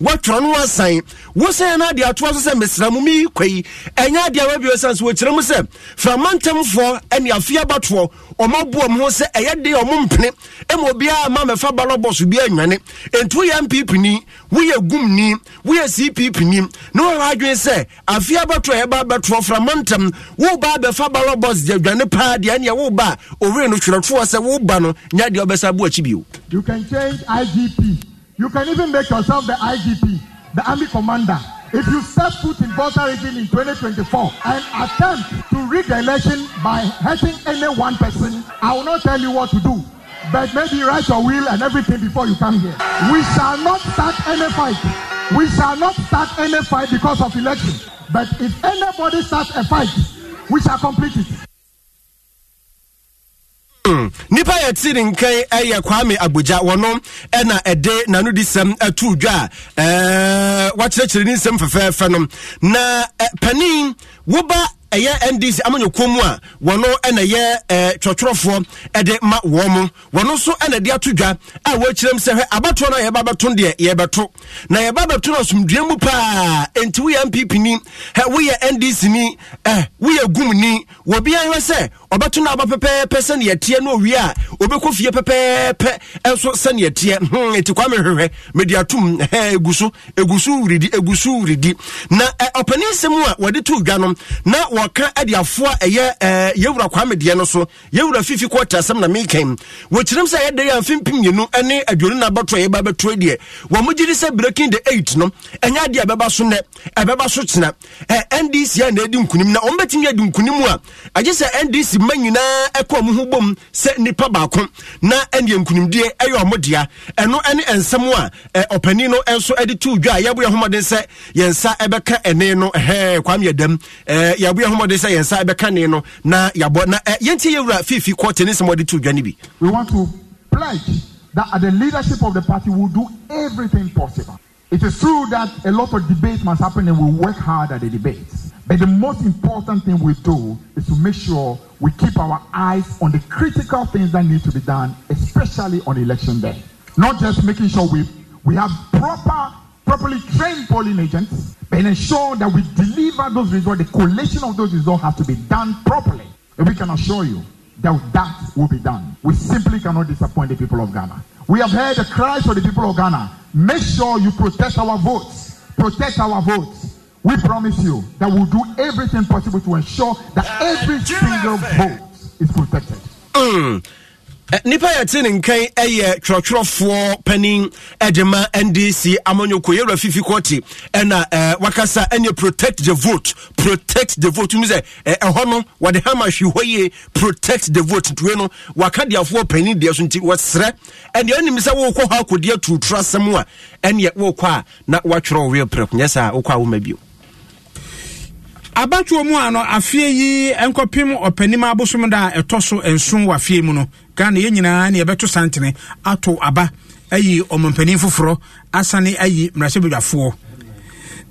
Speaker 3: woatwerɛ no woasan wosɛn no ade atoa so sɛ mesra mu mii kwayi ɛnyɛ adeɛ a wabio sane so wɔkyerɛ mu sɛ framantamfoɔ ne afie abatoɔ ɔma boa mu ho sɛ ɛyɛ de ɔmo mpene ma obiara ma mɛfa balɔbɔ so bi anwane ɛntu yɛ mppni woyɛ gum ni woyɛ cpp ni na wɔwɔ adwene sɛ afe abɛto a yɛba abɛtoɔ framantam woba abɛfa ballot box de adwane paa deɛ ɛneɛ woba a owere no twerɛtoɔ sɛ woba no nya deɛ ɔbɛsa bo akyi bio
Speaker 2: you can change igp you can even make yourself the igp the army commander if you set foot in Volta region in 2024 and attempt to rig the election by hurting any one person i will not tell you what to do but maybe write your will and everything before you come here. We shall not start any fight. We shall not start
Speaker 3: any fight because of election. But if anybody starts a fight, we shall complete it. Hmm. nipa yɛ ti ne nkan yɛ kwame abuja wɔn na ɛde n'ano di sɛm atu dwa a wakyerɛkyerɛ ne nsɛm fɛfɛɛfɛ no na panin woba ɛyɛ ndc amanyɔkuo mu a wɔno ɛna yɛ ɛɛ eh, twɔtwɔrɔfoɔ ma wɔn mo wɔno nso ɛna de ato dwa a wɔakyerɛ mu sɛ hɛ abatoɔ no a yɛba abɛto deɛ yɛbɛto na yɛba abɛto no asomdua mu paa nti woyɛ npp ni hɛ woyɛ ndc ni ɛɛ eh, woyɛ gum ni wɔbi ahwɛ sɛ ɔbɛto no aba pɛpɛɛpɛ sɛne yɛteɛ no owie a ɔbɛkɔ fie pɛpɛɛpɛ ɛnso sɛne yɛteɛ ɛti hmm, kwa mehwehwɛ mede atom ɛgu so ɛgu so wuridi ɛgu so wuridi na ɔpani e, nsɛm a wɔde to dwa no na wɔka e de afoa ɛyɛ e yɛwura kwamedeɛ no so yɛwura fifi kɔɔte asɛm na mekɛn wɔkyerɛm sɛ ɛyɛdɛ yɛ amfe mpimmienu ne aduonu no abɛto a yɛba bɛtoɛ deɛ wɔ mogye de sɛ breaking the eight no ɛnyɛ adeɛ ɛbɛba so nnɛ ɛbɛba so tena ndc a na ɛdi nkonim na ɔmbɛtumi adi nkonim a agye sɛ ndc nti mma nyinaa ɛkɔ ɔmo ho bom sɛ nipa baako na ɛne nkunimdie ɛyɛ ɔmo dea ɛno ɛne nsɛm a ɔpanin no nso ɛde tu dwa a yɛabu yɛ homɔden sɛ yɛn nsa ɛbɛka ɛne no ɛhɛɛ kwam yɛ ɛɛ yɛabu yɛ homɔden sɛ yɛn nsa ɛbɛka ne no na yɛabɔ na ɛ yɛn ti yɛwura fiifi kɔɔte ne nsɛm ɔde tu dwa ne bi. we want to
Speaker 2: pledge that the leadership of the party will do everything possible. It is true that a lot of debate must happen and we work hard at the debates. But the most important thing we do is to make sure we keep our eyes on the critical things that need to be done, especially on election day. Not just making sure we, we have proper, properly trained polling agents, but ensure that we deliver those results. The collation of those results has to be done properly. And we can assure you that that will be done. We simply cannot disappoint the people of Ghana. We have heard the cries for the people of Ghana Make sure you protect our votes. Protect our votes. We promise you that we'll do everything possible to ensure that every
Speaker 3: single vote is protected. Mm. Eh, nipa yɛ te ne nkan yɛ twerɛtwerɛfoɔ panin de ma ndc amanyɔko yɛwura fifi kɔte ɛna eh, wakasa ɛne protect the vote protect the vote mu sɛ eh, ɛhɔ no wɔde hama hwe hɔ yie protect the vote ntue no wakadiafoɔ panin deɛ so nti wɔsrɛ ɛne ɛnim sɛ wokɔ hɔ akɔdeɛ turutura asɛm a ɛneɛ wokɔ a na watwerɛ wo werɛ prɛko nyɛ saa wokɔ a woma bio abatoɔ mu a no afie yi nkɔpem
Speaker 6: ɔpanim abosom da a ɛtɔ so nson wɔ afie mu no ghana yɛn nyinaa ne yɛbɛto santene ato aba ayi ɔmampanin foforɔ asane ayi mmarahyɛbadwafoɔ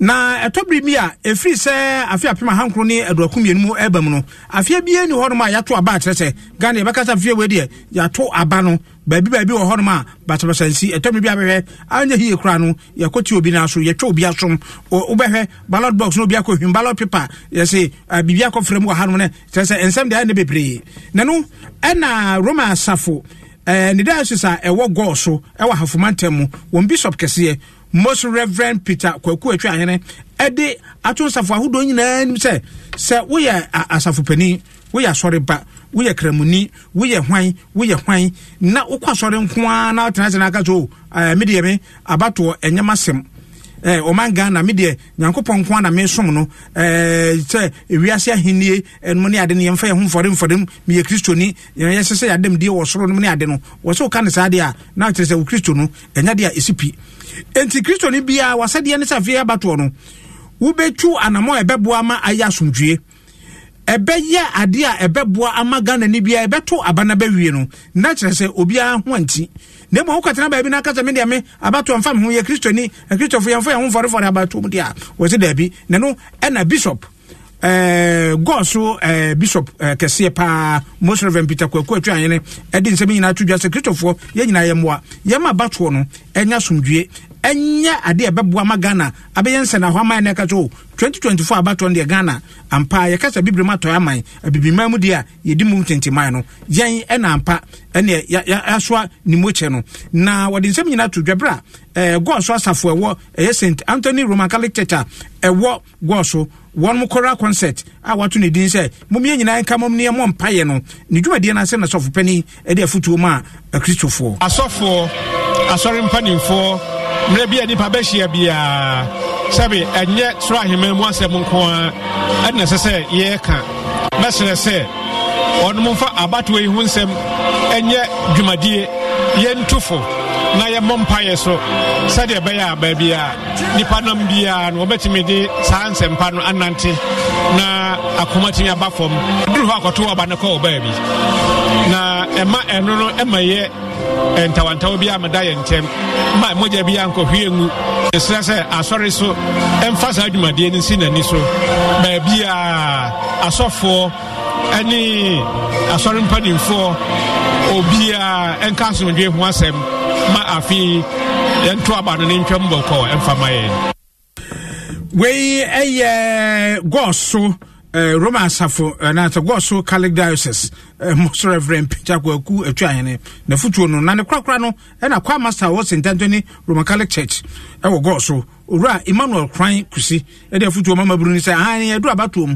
Speaker 6: na ɛtɔbiri bi a efiri sɛ afi apem ahankoro ne aduako mmienu mu ɛba mu no afeɛ biara ni hɔnom a yɛato aba akyerɛ sɛ ghana yɛbɛkasa afeɛ wei deɛ yɛato aba no baabi baabi wɔ hɔnom a basabasa nsi ɛtɔbiri bi abɛhwɛ anya hie kura no yɛkɔti obi na so yɛtwa obi asom wobɛhwɛ ballot box no obi akɔhwim ballot paper yɛse biribi akɔfrɛ mu wɔ hanom no kyerɛ sɛ nsɛm deɛ ɛne bebree na ɛna roma asafo ne diocese a ɛwɔ gɔɔ so ɛwɔ ahafoma ntam mu wɔn bishop kɛseɛ most reverend peter kwaku atwahene ɛde ato nsafo ahodoɔ nyinaa nim sɛ sɛ woyɛ asafo panin woyɛ asɔreba woyɛ kramuni woyɛ hwan woyɛ hwan na wokɔ asɔre nko ara na wotenatena aka so o oh, ɛmedeɛ eh, me abatoɔ ɛnyɛm asɛm ɔman eh, ghana me deɛ nyankopɔn nko na mesom no sɛ eh, ewiase ahennie ɛnom ne ade no yɛmfa yɛ ho mfɔre mfɔrem meyɛ kristoni yɛhyɛ sɛ yɛadam deɛ wɔ soro nom ne ade no wɔ sɛ ne saa deɛ a na kyerɛ sɛ wo kristo no ɛnya eh, deɛ a ɛsi pi enti kristoni biaa wasɛdeɛ ne sɛ afei abatoɔ no wobɛtwu anammɔ ɛbɛboa ma ayɛ asomdwie ɛbɛyɛ adeɛ a ɛbɛboa ama ghana ni biara ɛbɛto abana bɛwie no na kyerɛ sɛ obiara ho anti na mmom wokɔtena baabi no akasa medeɛ me abatoɔ mfa me ho yɛ kristoni kristofo yɛmfa yɛ ho mfɔrefɔre abatoɔ mu deɛ wɔsi daabi na no ɛna bishop Uh, eh, god so eh, bishop uh, kɛseɛ paa most reverend peter kwaku atwa ayene ɛde nsɛm nyinaa to dwa sɛ kristofoɔ yɛn nyinaa yɛmmoa yɛma abatoɔ no ɛnya asomdwie ɛnyɛ adeɛ ɛbɛboa ma ghana abɛyɛ nsɛn ahɔ aman no ɛka kyɛ 2024 abatɔn deɛ ghana ampa yɛkasa bibire ma tɔe aman abibiman mu deɛ a yɛdi mu ntenteman no yɛn ɛna ampa ɛne yɛasoa ne no na wɔde nsɛm nyinaa to dwaberɛ a goa so asafo ɛwɔ ɛyɛ st anthony roman catholic church a ɛwɔ goa wɔn kora concert a wato ne din sɛ mumie nyinaa nka mom ne ɛmɔ mpayɛ no ne dwumadie no asɛ na sɔfo pani ɛde afotuo mu a akristofoɔ asɔfoɔ asɔre mpanimfoɔ mmerɛ bi a nipa bɛhyia biara sɛbi ɛnyɛ soro ahemman mu asɛm nko ara ɛna ɛsɛ sɛ yɛreka bɛsrɛ sɛ ɔnom mfa abatoɔ yi ho nsɛm ɛnyɛ dwumadie yɛntu fo na yɛmmɔ mpaeɛ so sɛdeɛ ɛbɛyɛ a baabiara nipa nam biara no wɔbɛtumi de saa nsɛmpa no anante na akoma tumi aba fam duru hɔ akɔto aba no kɔ wɔ baabi na ɛma ɛno no ɛma yɛ ntawantaw bi a meda yɛ ntɛm ma mogya bi a nkɔhwie ngu ɛsrɛ sɛ asɔre so ɛmfa saa adwumadeɛ no nsi n'ani so baabi a asɔfoɔ ɛne asɔre mpanimfoɔ obiara ɛnka asomdwe ho asɛm ma afei yɛnto aba no ne ntwam bɔkɔ ɛmfa ma yɛn wei ɛyɛ gɔɔso roma asafo ɛnasɛ gɔɔso calic diocese mɔso reverend peter kwaku na nafotuo no na ne korakora no ɛna kwa master wɔ st antony roman catholic church ɛwɔ gɔɔso owura emmanuel kran kusi ɛde afotuo ma maburu no sɛ aha ne yɛduru abatoɔ mu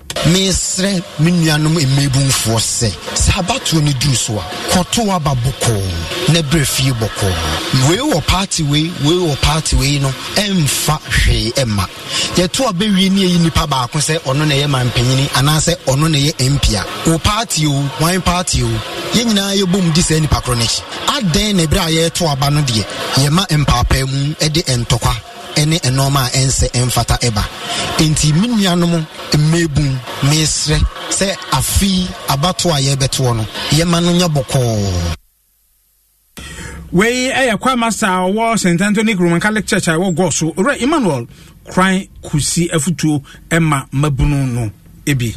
Speaker 3: mesrɛ me nuanom mmɛbumfoɔ sɛ sɛ abatoɔ no duru so a kɔto aba bɔkɔɔ na berɛ fie bɔkɔɔ wei wɔ party wei wei wɔ party wei no ɛmfa hwee ɛma yɛto a bɛwie ne ɛyi nnipa baako sɛ ɔno na ɛyɛ mampanyini anaasɛ ɔno na ɛyɛ mp a wo party o wan party o yɛn nyinaa yɛbom di saa nnipa korɔ no akyi adɛn na ɛberɛ a yɛreto aba no deɛ yɛma mpaapaa mu de ntɔkwa ne nneɛma a ɛnsɛ ɛmfata ɛba nti me nuanom mmebun mesrɛ sɛ afi abatoɔ
Speaker 5: a yɛrebɛtoɔ no yɛma no nyɛ bɔkɔɔ
Speaker 3: wei ɛyɛ
Speaker 6: kwama saa ɔwɔ st anthony roman catholic church a ɛwɔ gɔ so emmanuel kwan kusi
Speaker 3: afutuo ɛma mabunu no ebi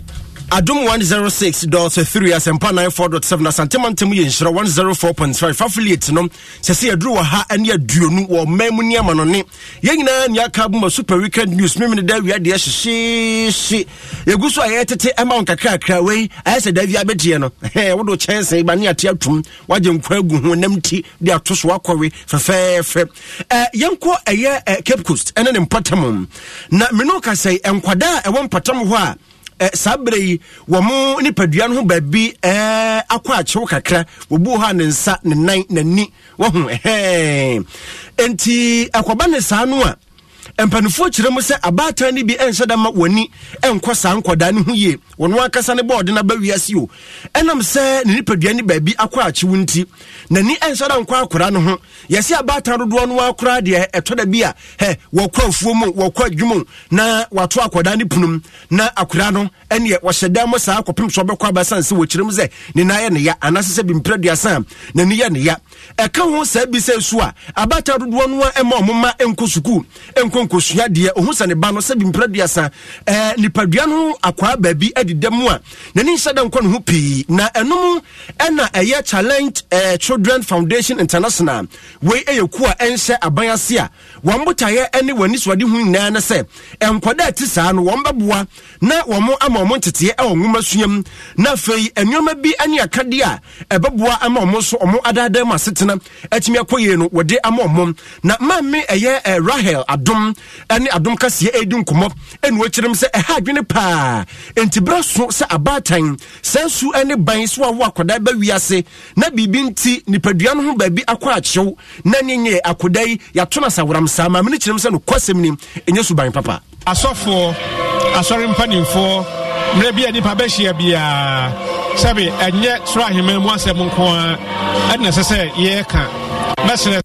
Speaker 3: adom 106.3 asɛmpa 94.7 asantemantam yɛ nhyira 104.5 affiliate no sɛ sɛ yɛduru wɔ ha ne aduonu wɔ ɔman mu nneɛma no ne yɛn nyinaa ne aka boma super weekend news memene da awia deɛ hyehyehye yɛgu so a yɛtete ma wo nkakrakra wei ayɛ sɛ daavia bɛgyeɛ no <laughs> wode kyɛnsee ba ne ate atom woagye nkwa agu ho nam ti de ato so akɔwe fɛfɛɛfɛ yɛnkɔ ɛyɛ cape coast ɛne ne mpatam na mene woka sɛ nkwadaa a ɛwɔ mpatam hɔ a Eh, saa berɛ yi wɔn nipadua no ho baabi eh, akɔ akyew kakra wɔbu hɔ a ne nsa ne nan n'ani wɔho nti akɔba ne saa no a mpanimfoɔ kyerɛ mu sɛ abaatan ni bi nhyɛ dama w'ani nkɔ saa nkɔdaa no ho yie wɔn ankasa ne bɔɔde no aba wiase o ɛnam sɛ ne nipadua ne baabi akɔ akyew nti n'ani nhyɛ da nkɔ akora no ho yɛsɛ abaatan dodoɔ no akora deɛ ɛtɔ da bi a hɛ wɔkɔ afuo mu wɔkɔ adwuma na wato akɔdaa ne punum na akora no ɛneɛ wɔhyɛ dan mu saa kɔpem so ɔbɛkɔ abasan sɛ wɔkyerɛ mu sɛ ne nan yɛ ne ya anaasɛ sɛ bimpire aduasa a n'ani yɛ ne ya ɛka ho saa bi sɛ su a abaatan dodoɔ no ɛma ɔmo ma nkɔ sukuu nkɔ nkosua deɛ ohun sɛ ne ba no sɛbi mpira duasa ɛɛ nipadua no akwaraa baabi ɛde dɛm a n'ani nhyɛ dɛ nkɔ ne ho pii na ɛnum ɛna ɛyɛ challenge ɛɛ children foundation international wei ɛyɛ ku a ɛnhyɛ aban ase a wɔn botaeɛ ɛne wɔn ani soade ho nyinaa ne sɛ nkwadaa ti saa no wɔn bɛboa na wɔn ama wɔn teteɛ ɛwɔ nwoma suam na afei nneɛma bi ɛne akadeɛ a ɛbɛboa ama wɔn so wɔn adaadaa mu asetena ɛtumi akɔ yie no wɔde ama wɔn na maame ɛyɛ ɛɛ rahel adum adom ne adom kaseɛ ɛredi nkɔmmɔ ɛne wakyerɛ m sɛ ɛha adwene paa enti berɛ so sɛ abaatan saa su ne ban so a akwadaa bɛwi na biribi nti nipadua no ho baabi akɔ akyew na ne nyɛ akwadaa yi yɛato no asaworam saa ma mene kyerɛ m sɛ nokwasɛm nim ɛnyɛ suban papa asɔfoɔ
Speaker 6: asɔre mpanimfoɔ mmerɛ bi a nipa bɛhyia biara sɛbe
Speaker 7: ɛnyɛ soro ahemman mu asɛm nko a ɛna ɛsɛ sɛ yɛreka bɛsrɛ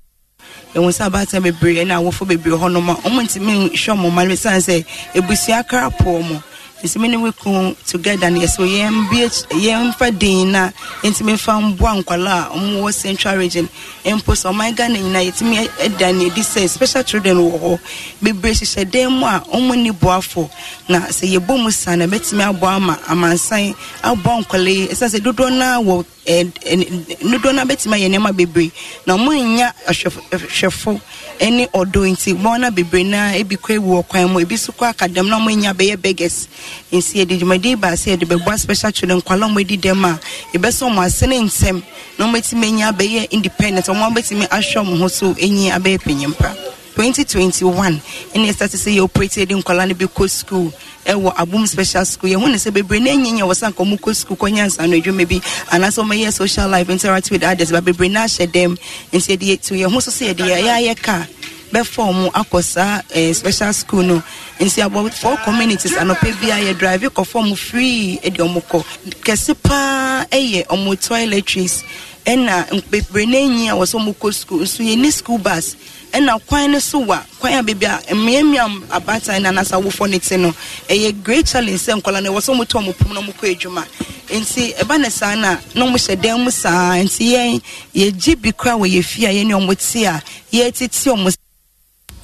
Speaker 7: ɛwɔ sɛ abaatan bebree ɛna awɔfo bebree hɔnom a wɔn ntumi nhwɛ wɔn mma ɛsan sɛ ebusua kra pɔɔ mo nsɛmɛ ne wo kun together na yɛsɛ yɛn bie yɛn fa den na ntumi fa mboa nkwalaa a wɔn wɔ central region mpo sɛ ɔman ghana nyinaa yɛtumi ɛda na yɛdi sɛ special children wɔ hɔ bebree hyehyɛ dan mu a wɔn ni boafo na sɛ yɛbɔ mu saa na bɛtumi aboa ama amansan aboa nkwalaa yi ɛsan sɛ dodoɔ naa wɔ dodoɔ eh, eh, no bɛtumi ayɛ nneɛma bebree na ɔmonya hwɛfo ne ɔdɔ nti wɔn no bebree no ebi kɔ ewu ɔkwan mu ebi so kɔ akadam na ɔmonya bɛyɛ bɛgɛs nti yɛde dwumadie baasa yɛde bɛboa special children nkwalaa ɔmo edi dɛm a ebɛsɛ ɔmo ase ne nsɛm na ɔmo bɛtumi anya bɛyɛ independent ɔmo bɛtumi ahwɛ ɔmo ho so enyi abɛyɛ panyinpa. 2021 ɛna yɛsate sɛ yɛ operated nkɔla no bɛkɔ school ɛwɔ abom special school yɛhu ne sɛ bebree na ɛnyɛnyɛ wɔ sɛ nkɔ mu kɔ school kɔnyɛ nsa no adwuma bi anaasɛ ɔmɛyɛ social life interact with others ba bebree na ahyɛ dɛm nti yɛde yɛtu yɛho so sɛ yɛde yɛayɛ ka bɛfa ɔmo akɔ saa eh, special school no nti four communities anɔpɛ bi a yɛ drive kɔfɔ ɔmo free ɛde ɔmo kɔ kɛse paa ɛyɛ ɔmo toiletries ɛna bebree na ɛnyi a wɔ sɛ ɔmo kɔ school nso yɛni school bus ɛna kwan no so wa kwan a beebi a mmeammea abaatan na anasa awofoɔ ne ti no ɛyɛ great challenge sɛ nkɔla no ɛwɔ sɛ wɔtɔ pom na wɔkɔ adwuma nti ɛba ne saa na na wɔn hyɛ dan mu saa nti yɛn yɛgye bi kora wɔ yɛ fie a yɛn ne wɔn a
Speaker 3: yɛtete wɔn.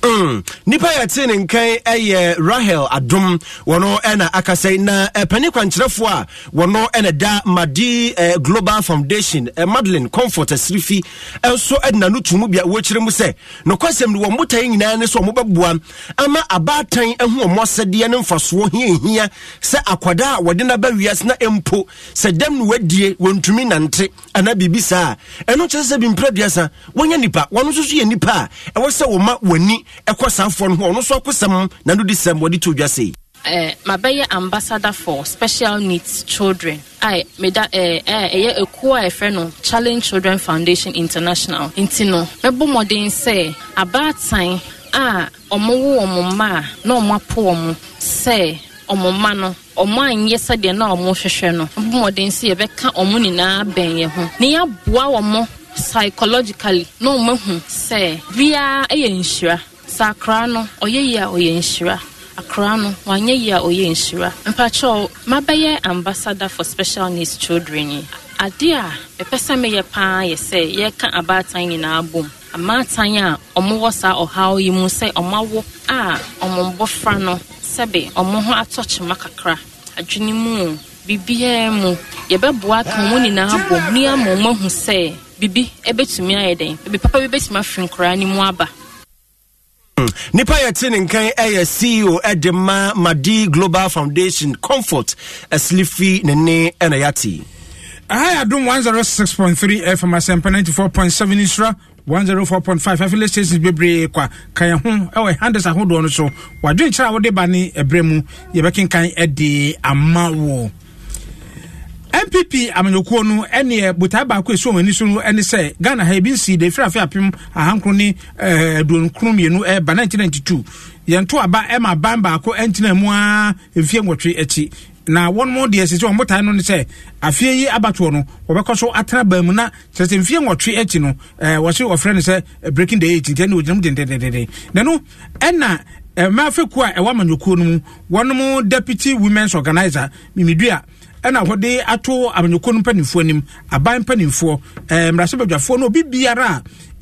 Speaker 3: Mm. nipa yɛ te ne nkan yɛ rahel adom wɔno ɛna akasɛi na ɛpani eh, kwankyerɛfoɔ a wɔno ɛna da madi eh, global foundation eh, madeline comfort asirifi nso ɛdena no tumu bia wɔkyerɛ mu sɛ nokwasɛm no wɔn motae nyinaa ne sɛ wɔn ama abaatan ho wɔn asɛdeɛ ne mfasoɔ hiahia sɛ akwadaa a wɔde naba wiase na mpo sɛ dɛm no wadie wɔntumi nante anaa biribi saa ɛno kyerɛ sɛ bi duasa wɔnyɛ nipa wɔn nso so yɛ nipa a ɛwɔ sɛ wɔma wɔn ɛkɔ sanfoɔ no ho ɔno nso akosɛm nano de sɛm wɔde to dwa sei
Speaker 8: Uh, eh, mabɛyɛ ambassador for special needs children eh, eh, a meda ɛyɛ ekuo a yɛfrɛ no challenge children foundation international nti no mɛbɔ mmɔden sɛ abaatan a ɔmowo wɔn mma a na ɔmo apo wɔn sɛ ɔmo mma no ɔmo anyɛ sɛdeɛ na ɔmo no mɛbɔ mmɔden sɛ yɛbɛka ɔmo nyinaa bɛn yɛn ho ne yɛaboa wɔn psychologically na ɔmo ahu sɛ biara yɛ nhyira sa akra no ɔyɛ yie a ɔyɛ nhyira akra no wanyɛ yie a ɔyɛ nhyira mpakyɛw mabɛyɛ ambassador for special needs children yi ade a mepɛ sɛ meyɛ paa yɛ sɛ yɛka abaatan nyinaa bom amaatan a ɔmowɔ saa ɔhaw yi mu sɛ ɔmawo a ɔmo mbɔfra no sɛbe ɔmo ho atɔ kyema kakra adwene mu biribiara mu yɛbɛboa ka mu nyinaa bom ne ama ɔmo ahu sɛ biribi ɛbɛtumi ayɛ dɛn bibi papa bi bɛtumi afiri nkoraa no mu aba
Speaker 3: Mm. nipa yɛ te ne nkan ɛyɛ ceo ɛde ma madi global foundation comfort asilifi ne ne ɛna yate
Speaker 6: aha yɛ adom 106.3 fm asɛmpa 94.7 nsura 104.5 afile stations bebree kwa kan ho ɛwɔ handles ahodoɔ no so wadwenkyerɛ a wode ba ne ɛberɛ mu yɛbɛkenkan ɛde ama wo npp amanyɔkuo no ɛneɛ eh, botae baako ɛsi wɔn ani so no ɛne sɛ ghana ha ebi nsii de efiri afei apem ahankoro ne ɛɛ eh, aduonukuru mmienu ɛɛba eh, nineteen ninety two yɛn to aba ɛma ban baako ɛntena mu aa efie nwɔtwe akyi na wɔn mo deɛ sisi wɔn botae no ne sɛ afie yi abatoɔ no wɔbɛkɔ so atena ban mu na kyerɛ sɛ mfie nwɔtwe akyi no ɛɛ wɔsi wɔfrɛ ne sɛ breaking the eight ntiɛ ne ogyina mu dendendenden na no ɛna ɛmɛ afɛkuo a ɛwɔ amanyɔkuo no mu wɔn mo deputy women's organizer mimidua ɛna wɔde ato amanyɔkuo no mpanimfoɔ anim aban mpanimfoɔ ɛɛ mmarahyɛbadwafoɔ no obi biara a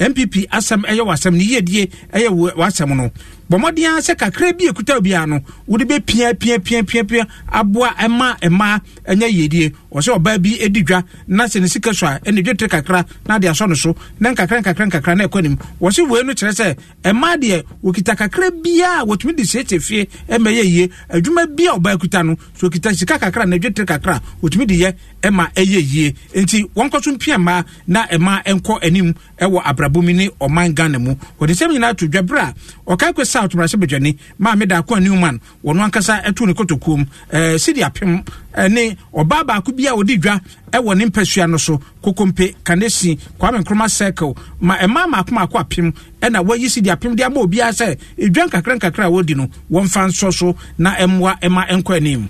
Speaker 6: npp asɛm ɛyɛ wɔ asɛm no yiedie ɛyɛ wɔ asɛm no bɔ mmɔden sɛ kakra bi ekuta obiara no wode bɛ pia pia pia pia pia aboa ɛma ɛma ɛnyɛ yiedie ɔsɛ ɔbaa bi edi dwa na sɛ ne sika so a ɛna dwetire kakra na de asɔ ne so na nkakra nkakra nkakra na ɛkɔ ne mu wɔsi wei no kyerɛ sɛ ɛma deɛ wokita kakra biara wotumi de siesie fie ɛma ɛyɛ yie adwuma biara ɔbaa ekuta no so okita sika kakra na dwetire kakra wotumi de yɛ ɛma ɛyɛ yie nti wɔn kɔ so mpia mmaa na ɛma ɛnkɔ anim ɛwɔ abrabɔmi ne ɔman ghana mu wɔde sɛm nyinaa to dwaberɛ a ɔka kɔ sɛ atomarasɛ badwane maame daako a newman wɔno ankasa ɛtoo ne kotokuom eh, sidi apem eh, ne ɔbaa baako bi a ɔde dwa ɛwɔ ne mpasua no so kokompe kanesi kwame nkroma circle ma ɛma maako maako apem ɛna wɔayi si de apem de ama obiara sɛ edwa nkakra nkakra a wɔdi no wɔmfa nsɔ so na ɛmmoa ɛma ɛnkɔ anim.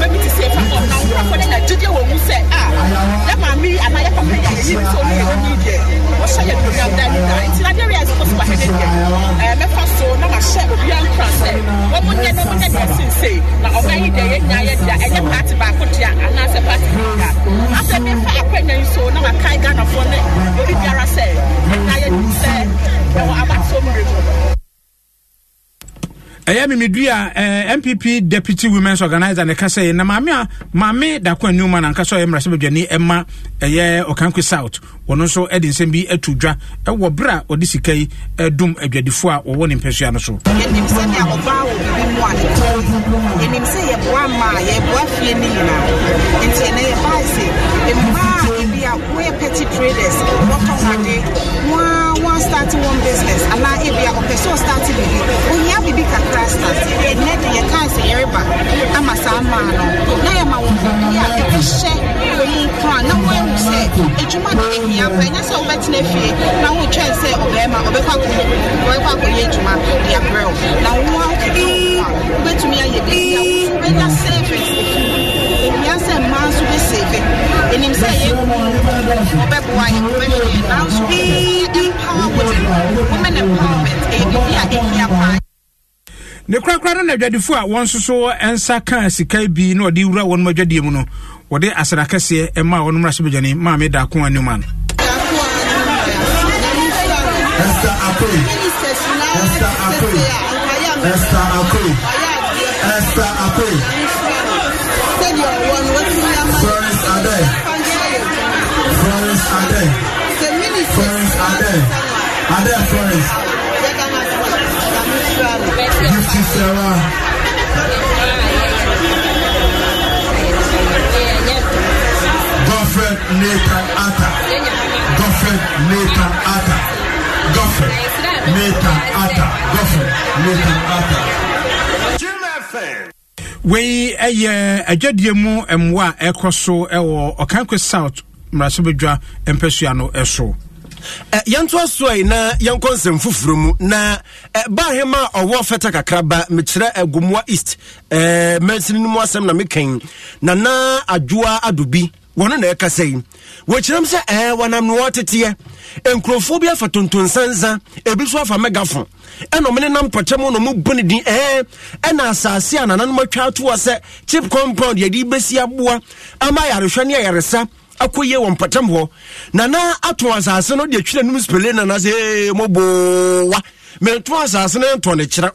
Speaker 7: bɛbi ti sɛ fa ɔna nkorɔfo ne na gyegye wɔ mu sɛ a yɛ maame anaa yɛ papa yɛ yɛyi bi sɛ ɔno yɛ bɛbi
Speaker 3: deɛ wɔhyɛ yɛ duro yɛm dan nyinaa nti na
Speaker 7: deɛ yɛ sɛ ɔsɛ wahɛ ne deɛ ɛɛ mɛfa so na mahyɛ obia nkora sɛ wɔn mo nyɛ na mo nyɛ deɛ sensei na ɔba yi deɛ yɛnya yɛ deɛ ɛnyɛ paati baako deɛ anaasɛ paati deɛ asɛ mi fa akɔnya yi so na wakae ghanafoɔ ne obi biara sɛ ɛnya yɛ sɛ
Speaker 3: ɛwɔ abatɔ mu
Speaker 6: ɛyɛ mimidi a npp deputy women's organiser ne ka sɛ na maame a maame dako anuma na nka sɛ ɔyɛ mmarahyɛ badwani ɛma ɛyɛ ɔkanko south wɔno nso de nsɛm bi atu dwa ɛwɔ berɛ a ɔde sika yi dum adwadifoɔ a wɔwɔ ne mpɛsua no so
Speaker 7: yɛnim sɛnea ɔbaa wɔ bibi mu a ne tɔn yɛnim sɛ yɛboa ma a yɛboa fie no nyinaa nti ɛnɛ yɛbae sɛ mmaa ebi a woyɛ petty traders wɔtɔ wade waa wan start one business anaa ebi a ɔpɛ sɛ ɔstart bibi ohia bibi kakra start ɛnɛ de yɛ kaa sɛ yɛreba ama saa maa no na yɛma wɔn biribi a ɛbɛhyɛ wɔn kora na wɔahu sɛ adwuma no ɛhia pa ɛnyɛ sɛ wobɛtena fie na wotwɛn sɛ ɔbɛrima ɔbɛkɔ akɔyɛ ɔbɛkɔ akɔyɛ adwuma de abrɛ wo na wɔn akɔkɔ wobɛtumi ayɛ biribi a wobɛnya savings ɛhia sɛ mmaa nso bɛsave ɛnim sɛ yɛ ɔbɛboa yɛ ɔbɛhwɛ nanso women empowerment ebibi a ehia paa ne korakora no na adwadifo a wɔn
Speaker 6: nsoso nsa kaa sika bi na ɔde wura wɔn adwadeɛ mu no wɔde asra kɛseɛ ɛma a wɔn mmarahyɛ bɛgyane maame daako a newman
Speaker 7: Florence Ade. Florence Ade. Adé Florence.
Speaker 1: Gifty Sarah.
Speaker 2: Godfred Nathan Atta. Godfred Nathan Atta. Godfred
Speaker 1: Nathan Atta.
Speaker 6: Godfred Nathan Atta.
Speaker 1: Jim FM.
Speaker 6: wei ɛyɛ adwadeɛ mu mmoa a ɛkɔ so ɛwɔ ɔkanko
Speaker 3: south mmarahyɛbadwa mpɛsua no ɛso yɛntoa so yi na yɛnkɔ nsɛm foforɔ mu na bahema a ɔwɔ fɛta kakraba mekyerɛ agomoa east mansini no mu asɛm na mekɛn nana adwoa adobi wɔno na ɛkasa yi wɔkyerɛm sɛ ɛɛ wɔnam no wɔteteɛ nkurɔfoɔ bi afa tontonsansa ebi nso afa megafo ɛna ɔmo nenam pɔkyɛ mu na ɔmo bu ne din ɛɛ ɛna asase a nananom atwa atoɔ sɛ chip compound yɛde besi aboa ama yarehwɛ ne ayaresa akɔyie wɔ mpatam hɔ na na ato asase no de atwiri anum spele na na sɛ mɔbowa mento asase no ntɔ ne kyerɛ